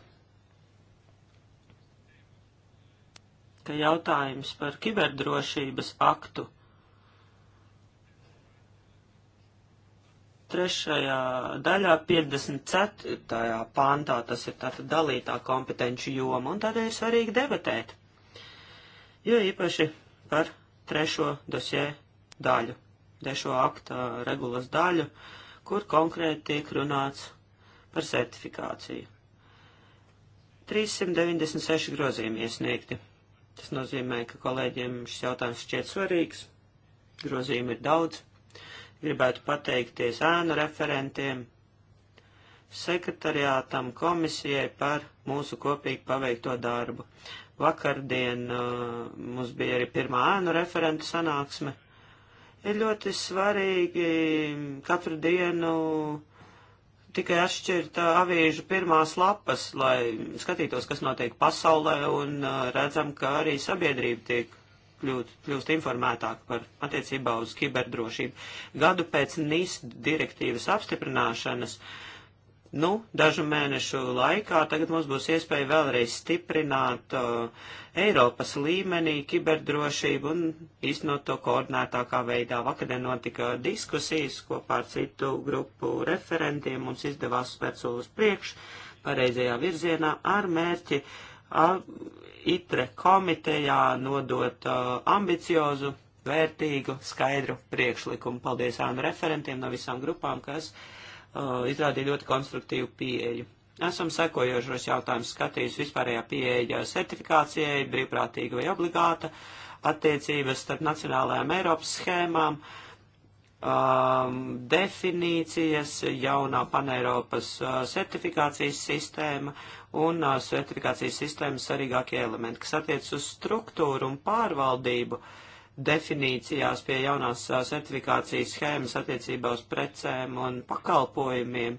ka jautājums par kiberdrošības aktu trešajā daļā, 54. pāntā, tas ir tātad dalītā kompetenci joma, un tādēļ ir svarīgi debatēt, jo īpaši par trešo dosē daļu, trešo akta regulas daļu, kur konkrēti tiek runāts par certifikāciju. 396 grozījumi iesniegti. Tas nozīmē, ka kolēģiem šis jautājums šķiet svarīgs, grozījumi ir daudz. Gribētu pateikties ēnu referentiem, sekretariātam, komisijai par mūsu kopīgi paveikto darbu. Vakardien uh, mums bija arī pirmā ēnu referentu sanāksme. Ir ļoti svarīgi katru dienu tikai atšķirt uh, avīžu pirmās lapas, lai skatītos, kas notiek pasaulē, un uh, redzam, ka arī sabiedrība tiek kļūt, kļūst informētāk par attiecībā uz kiberdrošību. Gadu pēc NIS direktīvas apstiprināšanas, nu, dažu mēnešu laikā tagad mums būs iespēja vēlreiz stiprināt uh, Eiropas līmenī kiberdrošību un iznot to koordinētākā veidā. Vakardien notika diskusijas kopā ar citu grupu referentiem, mums izdevās spērt solis priekš pareizajā virzienā ar mērķi uh, ITRE komitejā nodot uh, ambiciozu, vērtīgu, skaidru priekšlikumu. Paldies ānu referentiem no visām grupām, kas uh, izrādīja ļoti konstruktīvu pieeju. Esam sekojošos jautājumus skatījuši vispārējā pieeja certifikācijai, brīvprātīga vai obligāta, attiecības starp nacionālajām Eiropas schēmām, um, definīcijas, jaunā paneiropas uh, certifikācijas sistēma un uh, certifikācijas sistēmas svarīgākie elementi, kas attiec uz struktūru un pārvaldību definīcijās pie jaunās uh, certifikācijas schēmas attiecībā uz precēm un pakalpojumiem.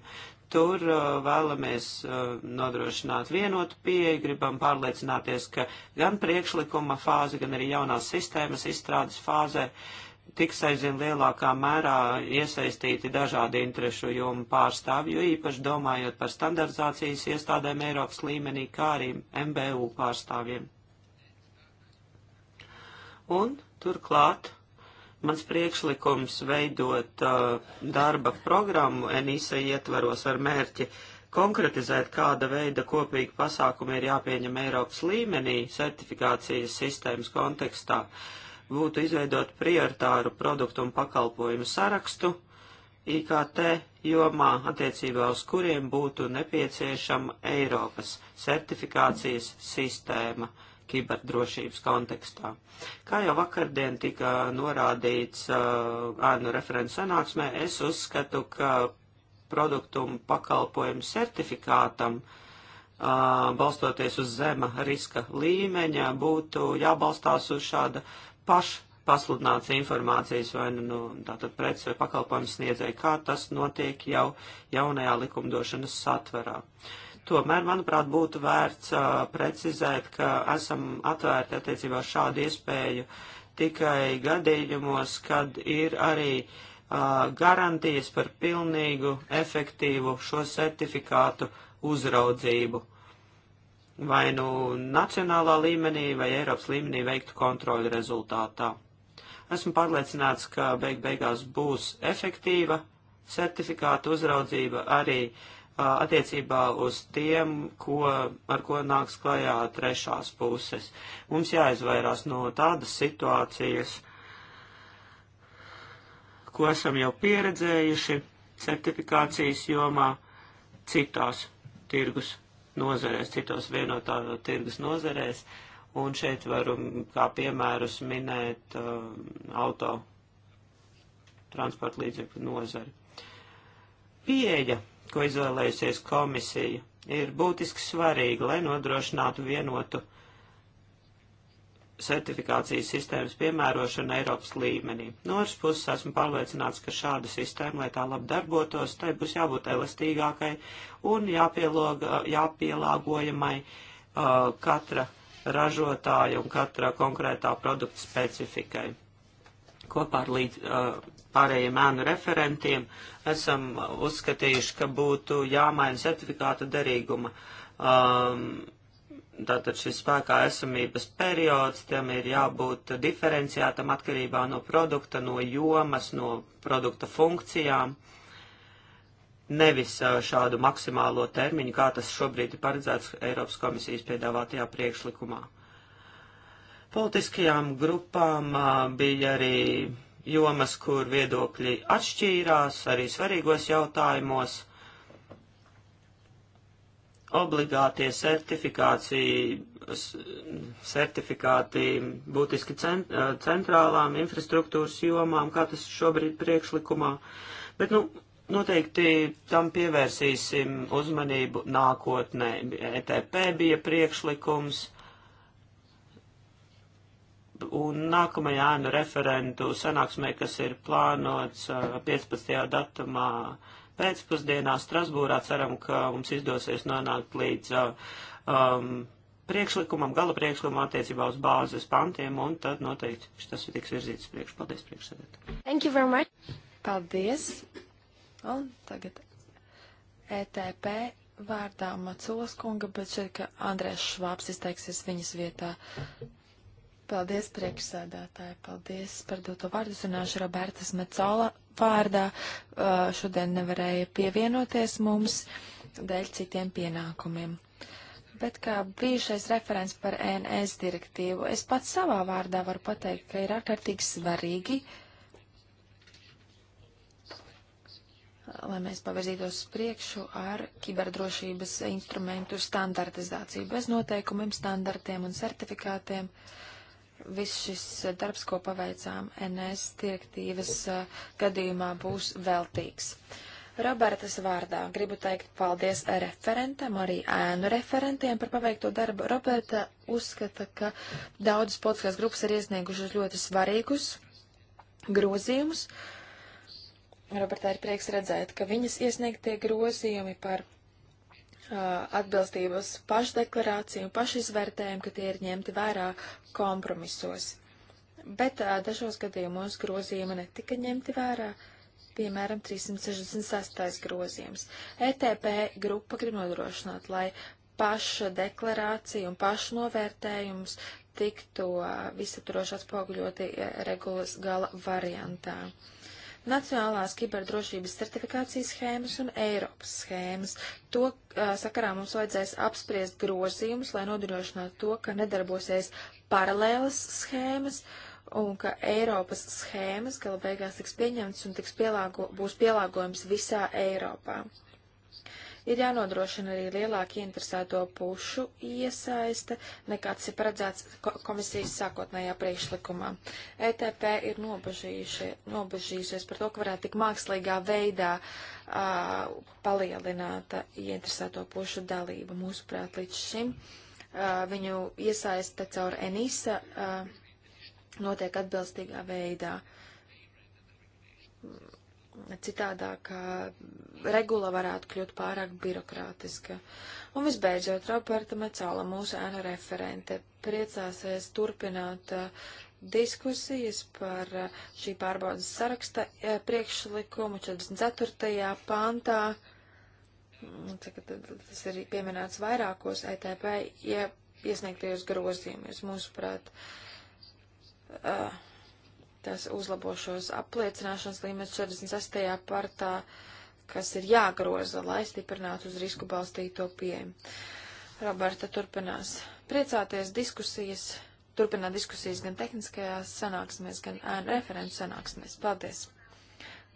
Tur uh, vēlamies uh, nodrošināt vienotu pieeju, gribam pārliecināties, ka gan priekšlikuma fāze, gan arī jaunās sistēmas izstrādes fāzē uh, tiks aizvien lielākā mērā iesaistīti dažādi interešu jomu pārstāvju, īpaši domājot par standartizācijas iestādēm Eiropas līmenī, kā arī MBU pārstāvjiem. Un turklāt mans priekšlikums veidot uh, darba programmu NISA ietvaros ar mērķi konkretizēt, kāda veida kopīgi pasākumi ir jāpieņem Eiropas līmenī certifikācijas sistēmas kontekstā. Uh, būtu izveidot prioritāru produktu un pakalpojumu sarakstu IKT jomā, attiecībā uz kuriem būtu nepieciešama Eiropas certifikācijas sistēma kiberdrošības kontekstā. Kā jau vakardien tika norādīts uh, ēnu referents sanāksmē, es uzskatu, ka produktu un pakalpojumu certifikātam uh, balstoties uz zema riska līmeņa, būtu jābalstās uz šāda paš pasludināts informācijas vai nu, nu tātad preces vai pakalpojums sniedzēja, kā tas notiek jau jaunajā likumdošanas satverā. Tomēr, manuprāt, būtu vērts uh, precizēt, ka esam atvērti attiecībā šādu iespēju tikai gadījumos, kad ir arī uh, garantijas par pilnīgu, efektīvu šo certifikātu uzraudzību vai nu nacionālā līmenī, vai Eiropas līmenī veiktu kontroli rezultātā. Esmu pārliecināts, ka beig beigās būs efektīva certifikāta uzraudzība arī a, attiecībā uz tiem, ko, ar ko nāks klajā trešās puses. Mums jāizvairās no tādas situācijas, ko esam jau pieredzējuši certifikācijas jomā citās tirgus nozarēs, citos vienotā tirgus nozarēs. Un šeit varu kā piemērus minēt uh, auto transporta līdzekļu nozari. Pieeja, ko izvēlējusies komisija, ir būtiski svarīga, lai nodrošinātu vienotu uh, certifikācijas sistēmas piemērošana Eiropas līmenī. No otras puses esmu pārliecināts, ka šāda sistēma, lai tā labi darbotos, tai būs jābūt elastīgākai un jāpieloga, jāpielāgojamai uh, katra ražotāja un katra konkrētā produkta specifikai. Kopā ar līdz, uh, pārējiem ēnu referentiem esam uzskatījuši, ka būtu jāmaina certifikāta derīguma. Um, Tātad šis spēkā esamības periods, tam ir jābūt diferenciētam atkarībā no produkta, no jomas, no produkta funkcijām, nevis šādu maksimālo termiņu, kā tas šobrīd ir paredzēts Eiropas komisijas piedāvātajā priekšlikumā. Politiskajām grupām bija arī jomas, kur viedokļi atšķīrās, arī svarīgos jautājumos obligātie certifikāti būtiski cent, centrālām infrastruktūras jomām, kā tas šobrīd priekšlikumā. Bet, nu, noteikti tam pievērsīsim uzmanību nākotnē. ETP bija priekšlikums. Un nākamajā ēnu referentu sanāksmē, kas ir plānots 15. datumā, uh, pēcpusdienā Strasbūrā. Ceram, ka mums izdosies nonākt līdz uh, um, priekšlikumam, gala priekšlikumam attiecībā uz bāzes pantiem, un tad noteikti tas tiks virzīts priekš. Paldies, priekšsēdētāji. Thank you very much. Paldies. Un tagad ETP vārdā Maculas kunga, bet šeit, ka Andrēs Švāps izteiksies viņas vietā. Paldies, priekšsēdētāji, paldies par doto vārdu. Runāšu Robertas Macola vārdā šodien nevarēja pievienoties mums dēļ citiem pienākumiem. Bet kā bijušais referents par NS direktīvu, es pats savā vārdā varu pateikt, ka ir ārkārtīgi svarīgi, lai mēs pavirzītos uz priekšu ar kiberdrošības instrumentu standartizāciju bez noteikumiem, standartiem un certifikātiem. Uh, viss šis darbs, ko paveicām NS direktīvas eh, gadījumā, būs veltīgs. Robertas vārdā gribu teikt paldies referentam, arī ēnu referentiem par paveikto darbu. Roberta uzskata, ka daudzas politiskās grupas ir iesniegušas ļoti svarīgus grozījumus. Robertā ir prieks redzēt, ka viņas iesniegtie grozījumi par atbilstības pašdeklarāciju un pašizvērtējumu, ka tie ir ņemti vērā kompromisos. Bet dažos gadījumos grozījumi netika ņemti vērā, piemēram, 366. grozījums. ETP grupa grib nodrošināt, lai paša deklarācija un paša novērtējums tiktu visaturoši atspoguļoti regulas gala variantā. Uh, nacionālās kiberdrošības certifikācijas schēmas un Eiropas schēmas. To uh, sakarā mums vajadzēs apspriest grozījumus, lai nodrošinātu to, ka nedarbosies paralēlas schēmas un ka Eiropas schēmas gala beigās tiks pieņemts un tiks pielāgo, būs pielāgojums visā Eiropā. Uh, Ir jānodrošina arī lielāka interesēto pušu iesaiste, nekā tas ir paredzēts komisijas sākotnējā priekšlikumā. ETP ir nobežījusies par to, ka varētu tik mākslīgā veidā uh, palielināt ieinteresēto pušu dalību. Mūsuprāt, līdz šim uh, viņu iesaiste caur ENISA uh, notiek atbilstīgā veidā Citādāk regula varētu kļūt pārāk birokrātiska. Un visbeidzot, Roberta Mecāla, mūsu ēna referente, priecāsies turpināt uh, diskusijas par uh, šī pārbaudas saraksta uh, priekšlikumu 44. pāntā. Mm, tas ir pieminēts vairākos ETP iesniegtajos grozījumus. Mūsuprāt, uh, tas uzlabošos apliecināšanas līmenis 48. partā, kas ir jāgroza, lai stiprinātu uz risku balstīto pieeju. Roberta turpinās priecāties diskusijas, turpināt diskusijas gan tehniskajās sanāksmēs, gan ēnu referentu sanāksmēs. Paldies!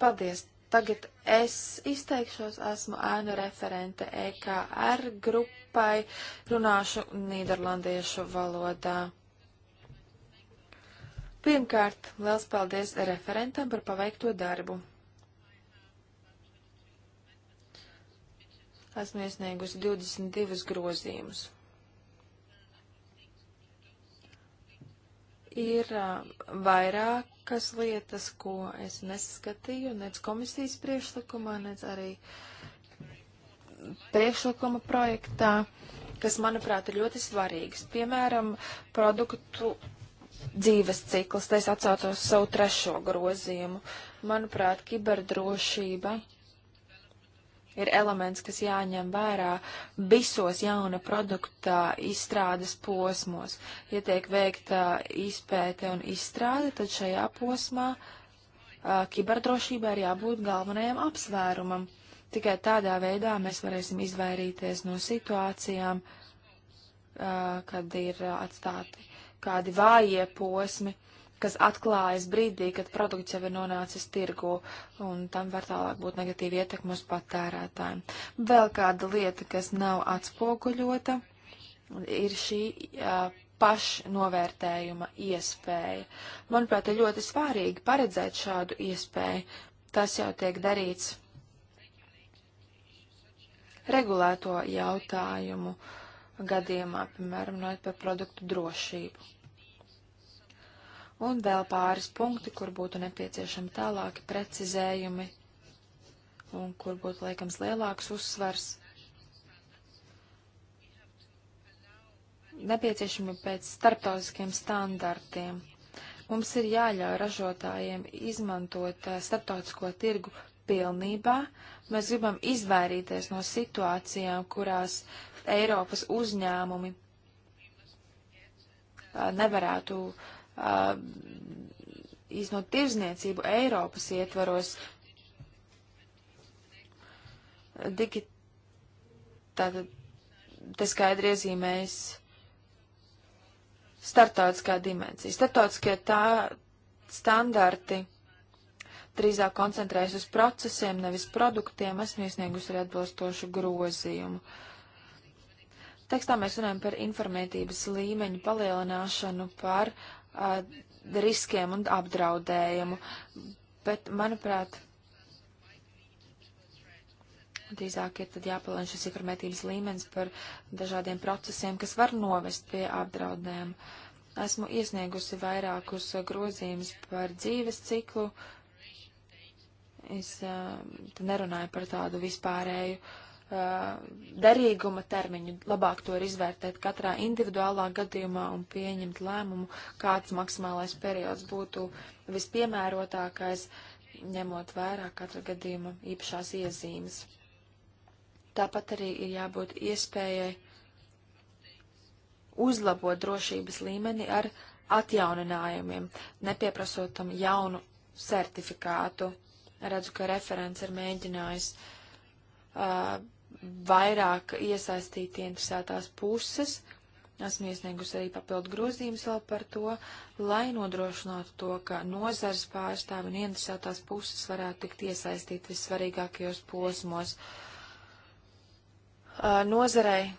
Paldies! Tagad es izteikšos, esmu ēnu referente EKR grupai, runāšu Nīderlandiešu valodā. Pirmkārt, liels paldies referentam par paveikto darbu. Esmu iesniegusi 22 grozījumus. Ir vairākas lietas, ko es neskatīju, nec komisijas priekšlikumā, nec arī priekšlikuma projektā, kas, manuprāt, ir ļoti svarīgas. Piemēram, produktu dzīves cikls. Te es atsaucos savu trešo grozījumu. Manuprāt, kiberdrošība ir elements, kas jāņem vērā visos jauna produkta izstrādes posmos. Ja tiek veikta izpēte un izstrāde, tad šajā posmā a, kiberdrošībai ir jābūt galvenajam apsvērumam. Tikai tādā veidā mēs varēsim izvairīties no situācijām, a, kad ir atstāti kādi vājie posmi, kas atklājas brīdī, kad produkts jau ir nonācis tirgu, un tam var tālāk būt negatīva ietekma uz patērētājiem. Vēl kāda lieta, kas nav atspoguļota, ir šī uh, pašnovērtējuma iespēja. Manuprāt, ir ļoti svarīgi paredzēt šādu iespēju. Tas jau tiek darīts regulēto jautājumu uh, gadījumā, piemēram, runājot par produktu drošību. Un vēl pāris punkti, kur būtu nepieciešami tālāki precizējumi un kur būtu liekams lielāks uzsvars. Nepieciešami pēc starptautiskiem standartiem. Mums ir jāļauj ražotājiem izmantot eh, starptautisko tirgu pilnībā. Mēs gribam izvairīties no situācijām, kurās uh, Eiropas uzņēmumi nevarētu īstenot tirzniecību Eiropas ietvaros. Digi... Tātad te skaidri iezīmējas startautiskā dimensija. Startautiskie tā standarti drīzāk koncentrējas uz procesiem, nevis produktiem. Esmu iesniegusi arī atbilstošu grozījumu. Uh, Tekstā mēs runājam par informētības līmeņu palielināšanu, par uh, riskiem un apdraudējumu, bet, manuprāt, drīzāk ir tad jāpalielina šis informētības līmenis par dažādiem procesiem, kas var novest pie apdraudējumu. Esmu iesniegusi vairākus grozījumus par dzīves ciklu. Es uh, nerunāju par tādu vispārēju uh, Uh, derīguma termiņu, labāk to ir izvērtēt katrā individuālā gadījumā un pieņemt lēmumu, kāds maksimālais periods būtu vispiemērotākais, ņemot vērā katra gadījuma īpašās iezīmes. Tāpat arī ir jābūt iespējai uzlabot drošības līmeni ar atjauninājumiem, nepieprasot tam jaunu certifikātu. Redzu, ka referents ir mēģinājis uh, vairāk iesaistīt interesētās puses. Esmu iesniegusi arī papildu grozījumus vēl par to, lai nodrošinātu to, ka nozars pārstāvi un interesētās puses varētu tikt iesaistīt vissvarīgākajos posmos. Nozarei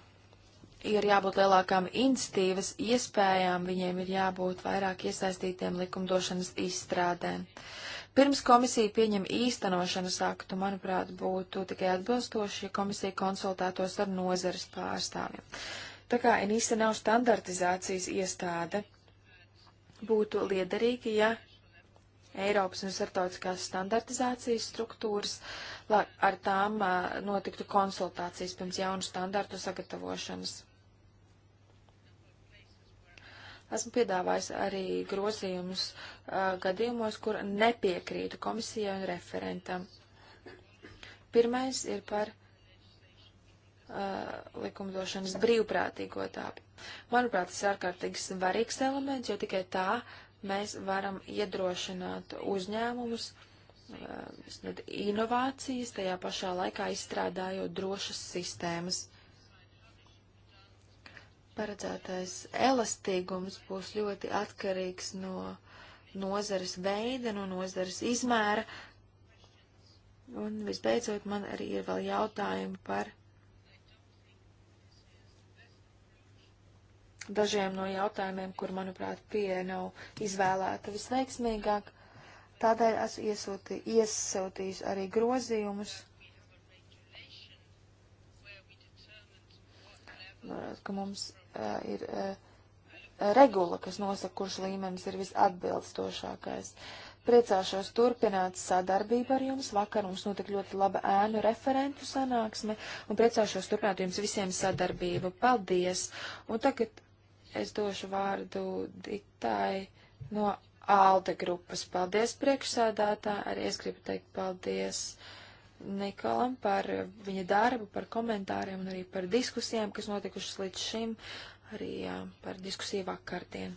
ir jābūt lielākām inicitīvas iespējām, viņiem ir jābūt vairāk iesaistītiem likumdošanas izstrādēm. Uh, Pirms komisija pieņem īstenošanas aktu, manuprāt, būtu tikai atbilstoši, ja komisija konsultētos ar nozares pārstāvjiem. Tā kā NISA nav standartizācijas iestāde, būtu liederīgi, ja Eiropas un starptautiskās standartizācijas struktūras, lai ar tām notiktu konsultācijas pirms jaunu standartu sagatavošanas. Esmu piedāvājis arī grozījumus uh, gadījumos, kur nepiekrītu komisijai un referentam. Pirmais ir par uh, likumdošanas brīvprātīgo tāpu. Manuprāt, tas ir ārkārtīgi svarīgs elements, jo tikai tā mēs varam iedrošināt uzņēmumus, uh, inovācijas, tajā pašā laikā izstrādājot drošas sistēmas. Uh, paredzētais elastīgums būs ļoti atkarīgs no nozares veida, no nozares izmēra. Un visbeidzot, man arī ir vēl jautājumi par dažiem no jautājumiem, kur, manuprāt, pieeja nav izvēlēta visveiksmīgāk. Tādēļ esmu iesūti, iesūtījis arī grozījumus, ka mums Eh, ir eh, regula, kas nosaka, kurš līmenis ir visatbilstošākais. Priecāšos turpināt sadarbību ar jums. Vakar mums notika ļoti laba ēnu referentu sanāksme, un priecāšos turpināt jums visiem sadarbību. Paldies! Un tagad es došu vārdu Ditai no Alde grupas. Paldies priekšsādātā, arī es gribu teikt paldies. Uh, Nikolam par viņa darbu, par komentāriem un arī par diskusijām, kas notikušas līdz šim, arī jā, par diskusiju vakardien.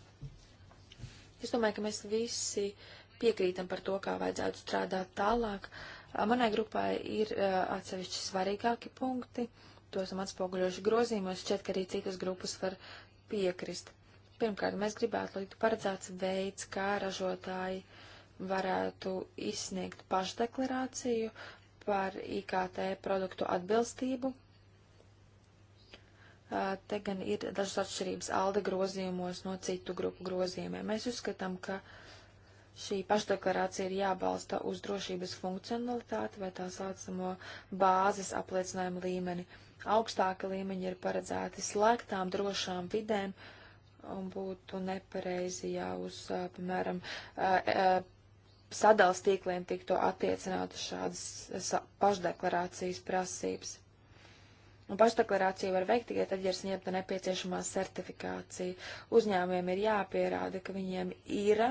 Es domāju, ka mēs visi piekrītam par to, kā vajadzētu strādāt tālāk. Manai grupai ir atsevišķi svarīgāki punkti, to esam atspoguļojuši grozījumos, šķiet, ka arī citas grupas var piekrist. Pirmkārt, mēs gribētu likt paredzēts veids, kā ražotāji varētu izsniegt pašdeklarāciju par IKT produktu atbilstību. Te gan ir dažas atšķirības ALDE grozījumos no citu grupu grozījumiem. Mēs uzskatām, ka šī pašdeklarācija ir jābalsta uz drošības funkcionalitāti vai tā saucamo bāzes apliecinājumu līmeni. Augstāka līmeņa ir paredzēti slēgtām, drošām vidēm un būtu nepareizi, ja uz, piemēram, sadals tīkliem tiktu attiecinātas šādas pašdeklarācijas prasības. Un pašdeklarāciju var veikt tikai tad, ja ir sniegta nepieciešamā certifikācija. Uzņēmumiem ir jāpierāda, ka viņiem ir,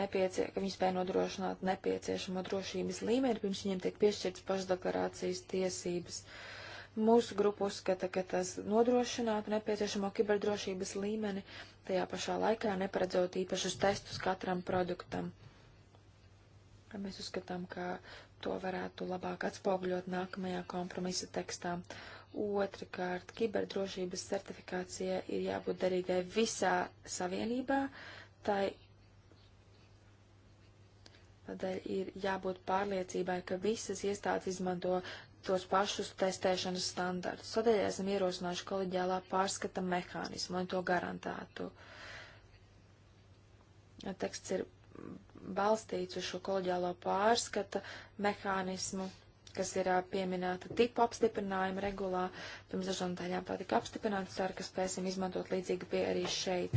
nepiecie, ka viņi spēj nodrošināt nepieciešamo drošības līmeni, pirms viņiem tiek piešķirts pašdeklarācijas tiesības. Mūsu grupa uzskata, ka tas nodrošinātu nepieciešamo kiberdrošības līmeni, tajā pašā laikā neparedzot īpašus testus katram produktam. Mēs uzskatām, ka to varētu labāk atspoguļot nākamajā kompromisa tekstā. Otrakārt, kiberdrošības certifikācija ir jābūt derīgai visā savienībā, tai tādēļ ir jābūt pārliecībai, ka visas iestādes izmanto tos pašus testēšanas standartus. Tādēļ esam ierosinājuši kolēģiālā pārskata mehānismu, lai to garantētu. Teksts ir balstīts uz šo kolģiālo pārskata mehānismu, kas ir pieminēta tipu apstiprinājuma regulā. Pirms dažām daļām tā tika apstiprināta, ceru, ka spēsim izmantot līdzīgi pie arī šeit.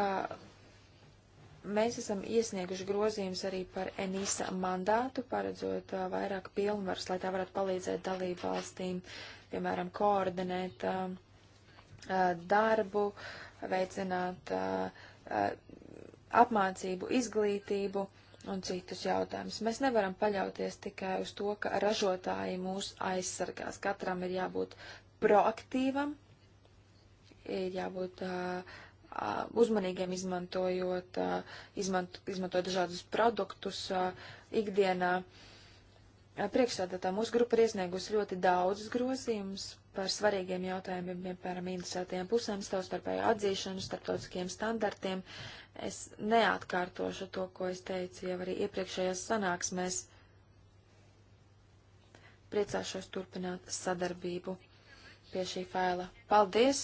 Uh, mēs esam iesnieguši grozījumus arī par ENISA mandātu, paredzot uh, vairāk pilnvaras, lai tā varētu palīdzēt dalību valstīm, piemēram, koordinēt uh, darbu, veicināt uh, apmācību, izglītību un citus jautājumus. Mēs nevaram paļauties tikai uz to, ka ražotāji mūs aizsargās. Katram ir jābūt proaktīvam, ir jābūt uh, uzmanīgiem izmantojot, uh, izmanto, izmantojot dažādus produktus uh, ikdienā. Uh, Eh, Priekšsādātā mūsu grupa ir iesniegusi ļoti daudzus grozījumus par svarīgiem jautājumiem, piemēram, interesētajām pusēm, savstarpēju atzīšanu, starptautiskiem standartiem. Es neatkārtošu to, ko es teicu jau arī iepriekšējās sanāksmēs. Priecāšos turpināt sadarbību pie šī faila. Paldies!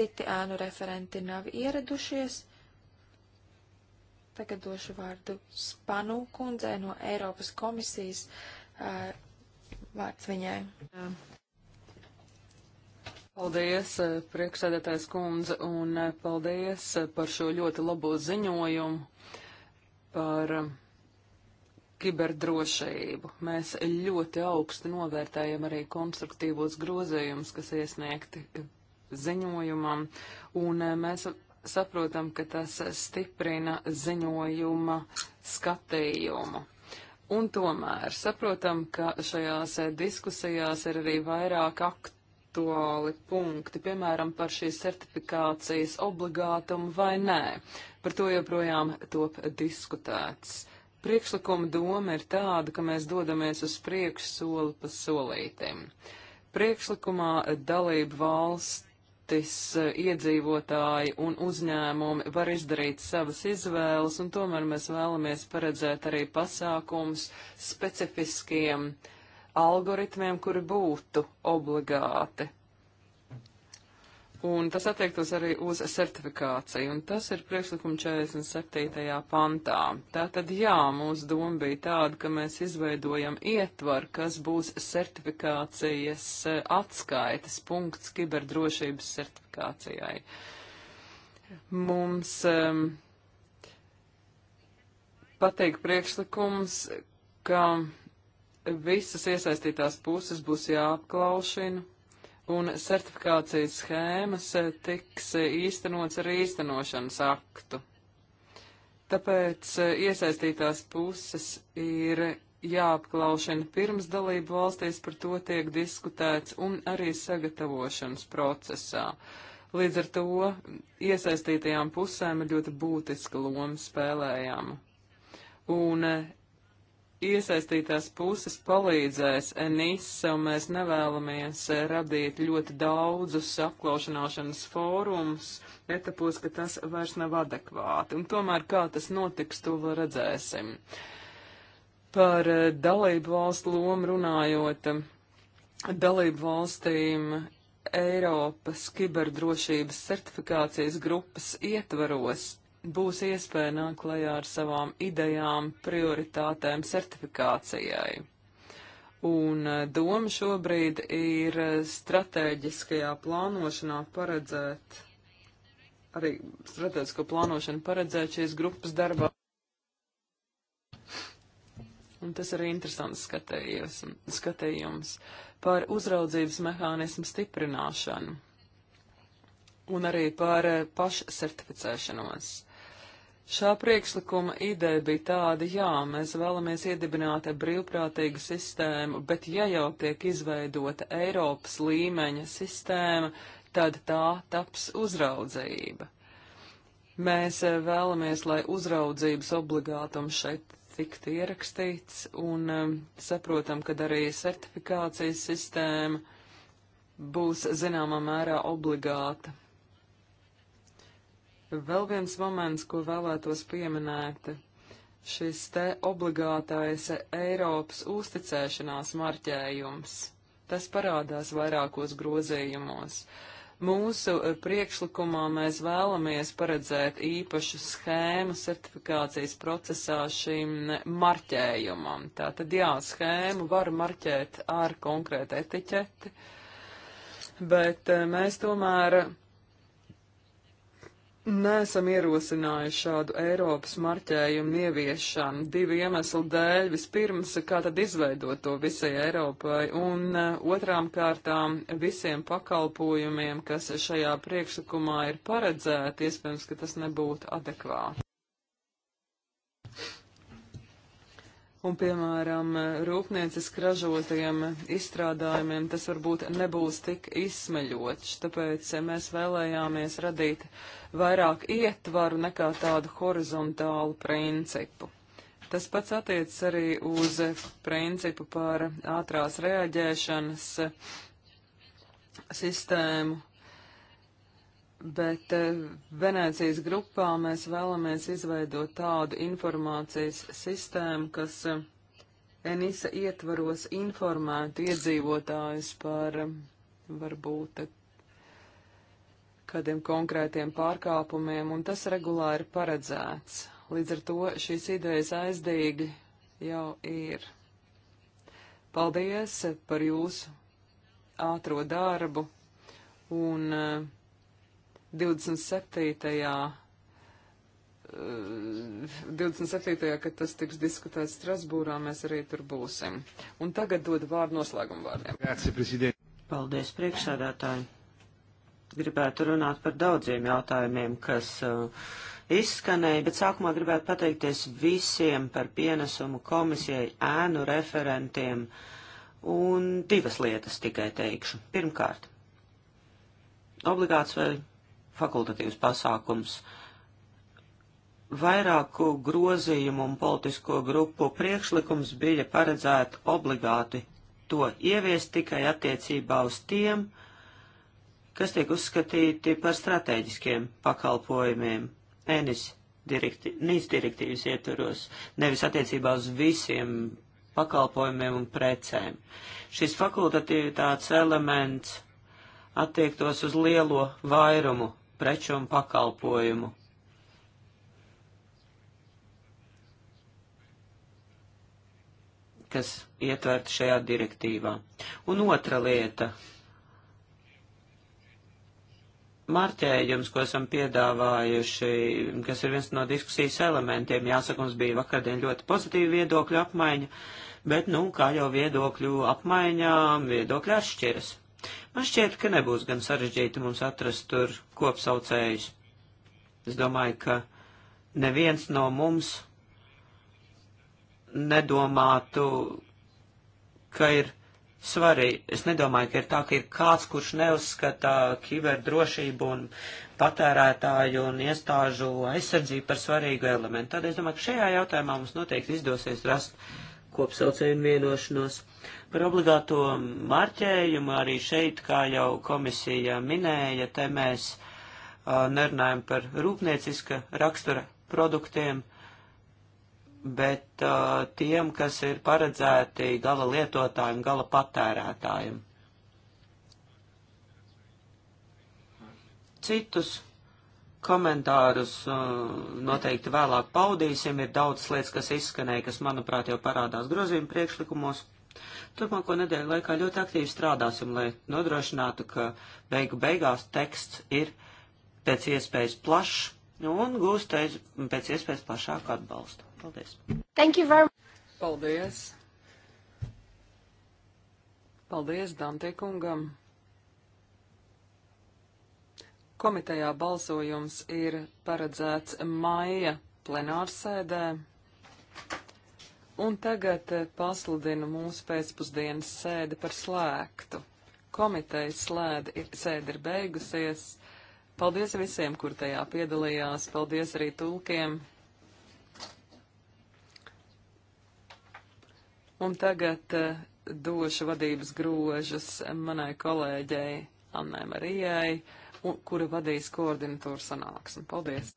Citi ēnu referenti nav ieradušies. Tagad došu vārdu Spanu kundzē no Eiropas komisijas. Vārds viņai. Jā. Paldies, priekšsēdētājs kundze, un paldies par šo ļoti labo ziņojumu par kiberdrošību. Mēs ļoti augstu novērtējam arī konstruktīvos grozījumus, kas iesniegti ziņojumam, un mēs saprotam, ka tas stiprina ziņojuma skatījumu. Un tomēr saprotam, ka šajās diskusijās ir arī vairāk aktuāli punkti, piemēram, par šīs certifikācijas obligātumu vai nē. Par to joprojām top diskutēts. Priekšlikuma doma ir tāda, ka mēs dodamies uz priekšu soli pa solītim. Priekšlikumā dalību valsts valstis, eh, iedzīvotāji un uzņēmumi var izdarīt savas izvēles, un tomēr mēs vēlamies paredzēt arī pasākums specifiskiem algoritmiem, kuri būtu obligāti un tas attiektos arī uz certifikāciju, un tas ir priekšlikuma 47. pantā. Tātad, jā, mūsu doma bija tāda, ka mēs izveidojam ietvaru, kas būs certifikācijas eh, atskaites punkts kiberdrošības certifikācijai. Mums um, pateik priekšlikums, ka visas iesaistītās puses būs jāapklaušina, un certifikācijas schēmas eh, tiks eh, īstenots ar īstenošanas aktu. Tāpēc eh, iesaistītās puses ir jāapklaušana pirms dalību valstīs par to tiek diskutēts un arī sagatavošanas procesā. Līdz ar to iesaistītajām pusēm ir ļoti būtiska loma spēlējama. Un iesaistītās puses palīdzēs NISA, un mēs nevēlamies eh, radīt ļoti daudzus apklaušanāšanas fórumus etapos, ka tas vairs nav adekvāti. Un tomēr, kā tas notiks, to vēl redzēsim. Par eh, dalību valstu lomu runājot, dalību valstīm Eiropas kiberdrošības certifikācijas grupas ietvaros būs iespēja nākt klajā ar savām idejām, prioritātēm, certifikācijai. Un e, doma šobrīd ir e, strateģiskajā plānošanā paredzēt, arī strateģisko plānošanu paredzēt šīs grupas darbā. Un tas arī interesants skatējums, skatējums par uzraudzības mehānismu stiprināšanu un arī par e, pašsertificēšanos. Šā priekšlikuma ideja bija tāda, jā, mēs vēlamies iedibināt brīvprātīgu sistēmu, bet ja jau tiek izveidota Eiropas līmeņa sistēma, tad tā taps uzraudzība. Mēs vēlamies, lai uzraudzības obligātums šeit tiktu ierakstīts un um, saprotam, ka arī certifikācijas sistēma būs zināmā mērā obligāta. Vēl viens moments, ko vēlētos pieminēt, šis te obligātais Eiropas uzticēšanās marķējums. Tas parādās vairākos grozījumos. Mūsu priekšlikumā mēs vēlamies paredzēt īpašu schēmu certifikācijas procesā šim marķējumam. Tātad, jā, schēmu var marķēt ar konkrētu etiķeti, bet eh, mēs tomēr Nesam ierosinājuši šādu Eiropas marķējumu ieviešanu divu iemeslu dēļ. Vispirms, kā tad izveidot to visai Eiropai, un eh, otrām kārtām visiem pakalpojumiem, kas šajā priekšlikumā ir paredzēti, iespējams, ka tas nebūtu adekvāti un, piemēram, rūpnieciski ražotajiem izstrādājumiem tas varbūt nebūs tik izsmeļots. Tāpēc mēs vēlējāmies radīt vairāk ietvaru nekā tādu horizontālu principu. Tas pats attiecas arī uz principu par ātrās reaģēšanas sistēmu Bet eh, Venēcijas grupā mēs vēlamies izveidot tādu informācijas sistēmu, kas eh, Enisa ietvaros informētu iedzīvotājus par eh, varbūt kādiem konkrētiem pārkāpumiem, un tas regulāri paredzēts. Līdz ar to šīs idejas aizdīgi jau ir. Paldies par jūsu ātro darbu, un uh, 27. 27. Eh, kad tas tiks diskutēts Strasbūrā, mēs arī tur būsim. Un tagad dodu vārdu noslēgumu vārdiem. Paldies, priekšsādātāji. Gribētu runāt par daudziem jautājumiem, kas uh, izskanēja, bet sākumā gribētu pateikties visiem par pienesumu komisijai, ēnu referentiem. Un divas lietas tikai teikšu. Pirmkārt, obligāts vai fakultatīvs pasākums. Vairāku grozījumu un politisko grupu priekšlikums bija paredzēt obligāti to ieviest tikai attiecībā uz tiem, kas tiek uzskatīti par strateģiskiem pakalpojumiem ENIS direkti, direktīvas ietvaros, nevis attiecībā uz visiem pakalpojumiem un precēm. Šis fakultatīvitātes elements attiektos uz lielo vairumu preču un pakalpojumu. kas ietverta šajā direktīvā. Un otra lieta marķējums, ko esam piedāvājuši, kas ir viens no diskusijas elementiem, jāsaka, mums bija vakardien ļoti pozitīva viedokļu apmaiņa, bet, nu, kā jau viedokļu apmaiņā, viedokļi atšķiras. Man šķiet, ka nebūs gan sarežģīti mums atrast tur kopsaucējus. Es domāju, ka neviens no mums nedomātu, ka ir svarīgi. Es nedomāju, ka ir tā, ka ir kāds, kurš neuzskata kiberdrošību un patērētāju un iestāžu aizsardzību par svarīgu elementu. Tad es domāju, ka šajā jautājumā mums noteikti izdosies rast kopsaucēju vienošanos. Par obligāto marķējumu arī šeit, kā jau komisija minēja, te mēs uh, nerunājam par rūpnieciska rakstura produktiem, bet uh, tiem, kas ir paredzēti gala lietotājiem, gala patērētājiem. Citus komentārus noteikti vēlāk paudīsim. Ir daudz lietas, kas izskanēja, kas, manuprāt, jau parādās grozījuma priekšlikumos. Turpmāko nedēļu laikā ļoti aktīvi strādāsim, lai nodrošinātu, ka beigu beigās teksts ir pēc iespējas plašs un gūst pēc iespējas plašāku atbalstu. Paldies! Thank you very much! Paldies! Paldies Dante kungam! Komitejā balsojums ir paredzēts maija plenārsēdē. Un tagad eh, pasludinu mūsu pēcpusdienas sēdi par slēgtu. Komitejas slēdi ir, sēdi ir beigusies. Paldies visiem, kur tajā piedalījās. Paldies arī tulkiem. Un tagad uh, došu vadības grožas manai kolēģei Annai Marijai, un, kura vadīs koordinatoru sanāksmi. Paldies!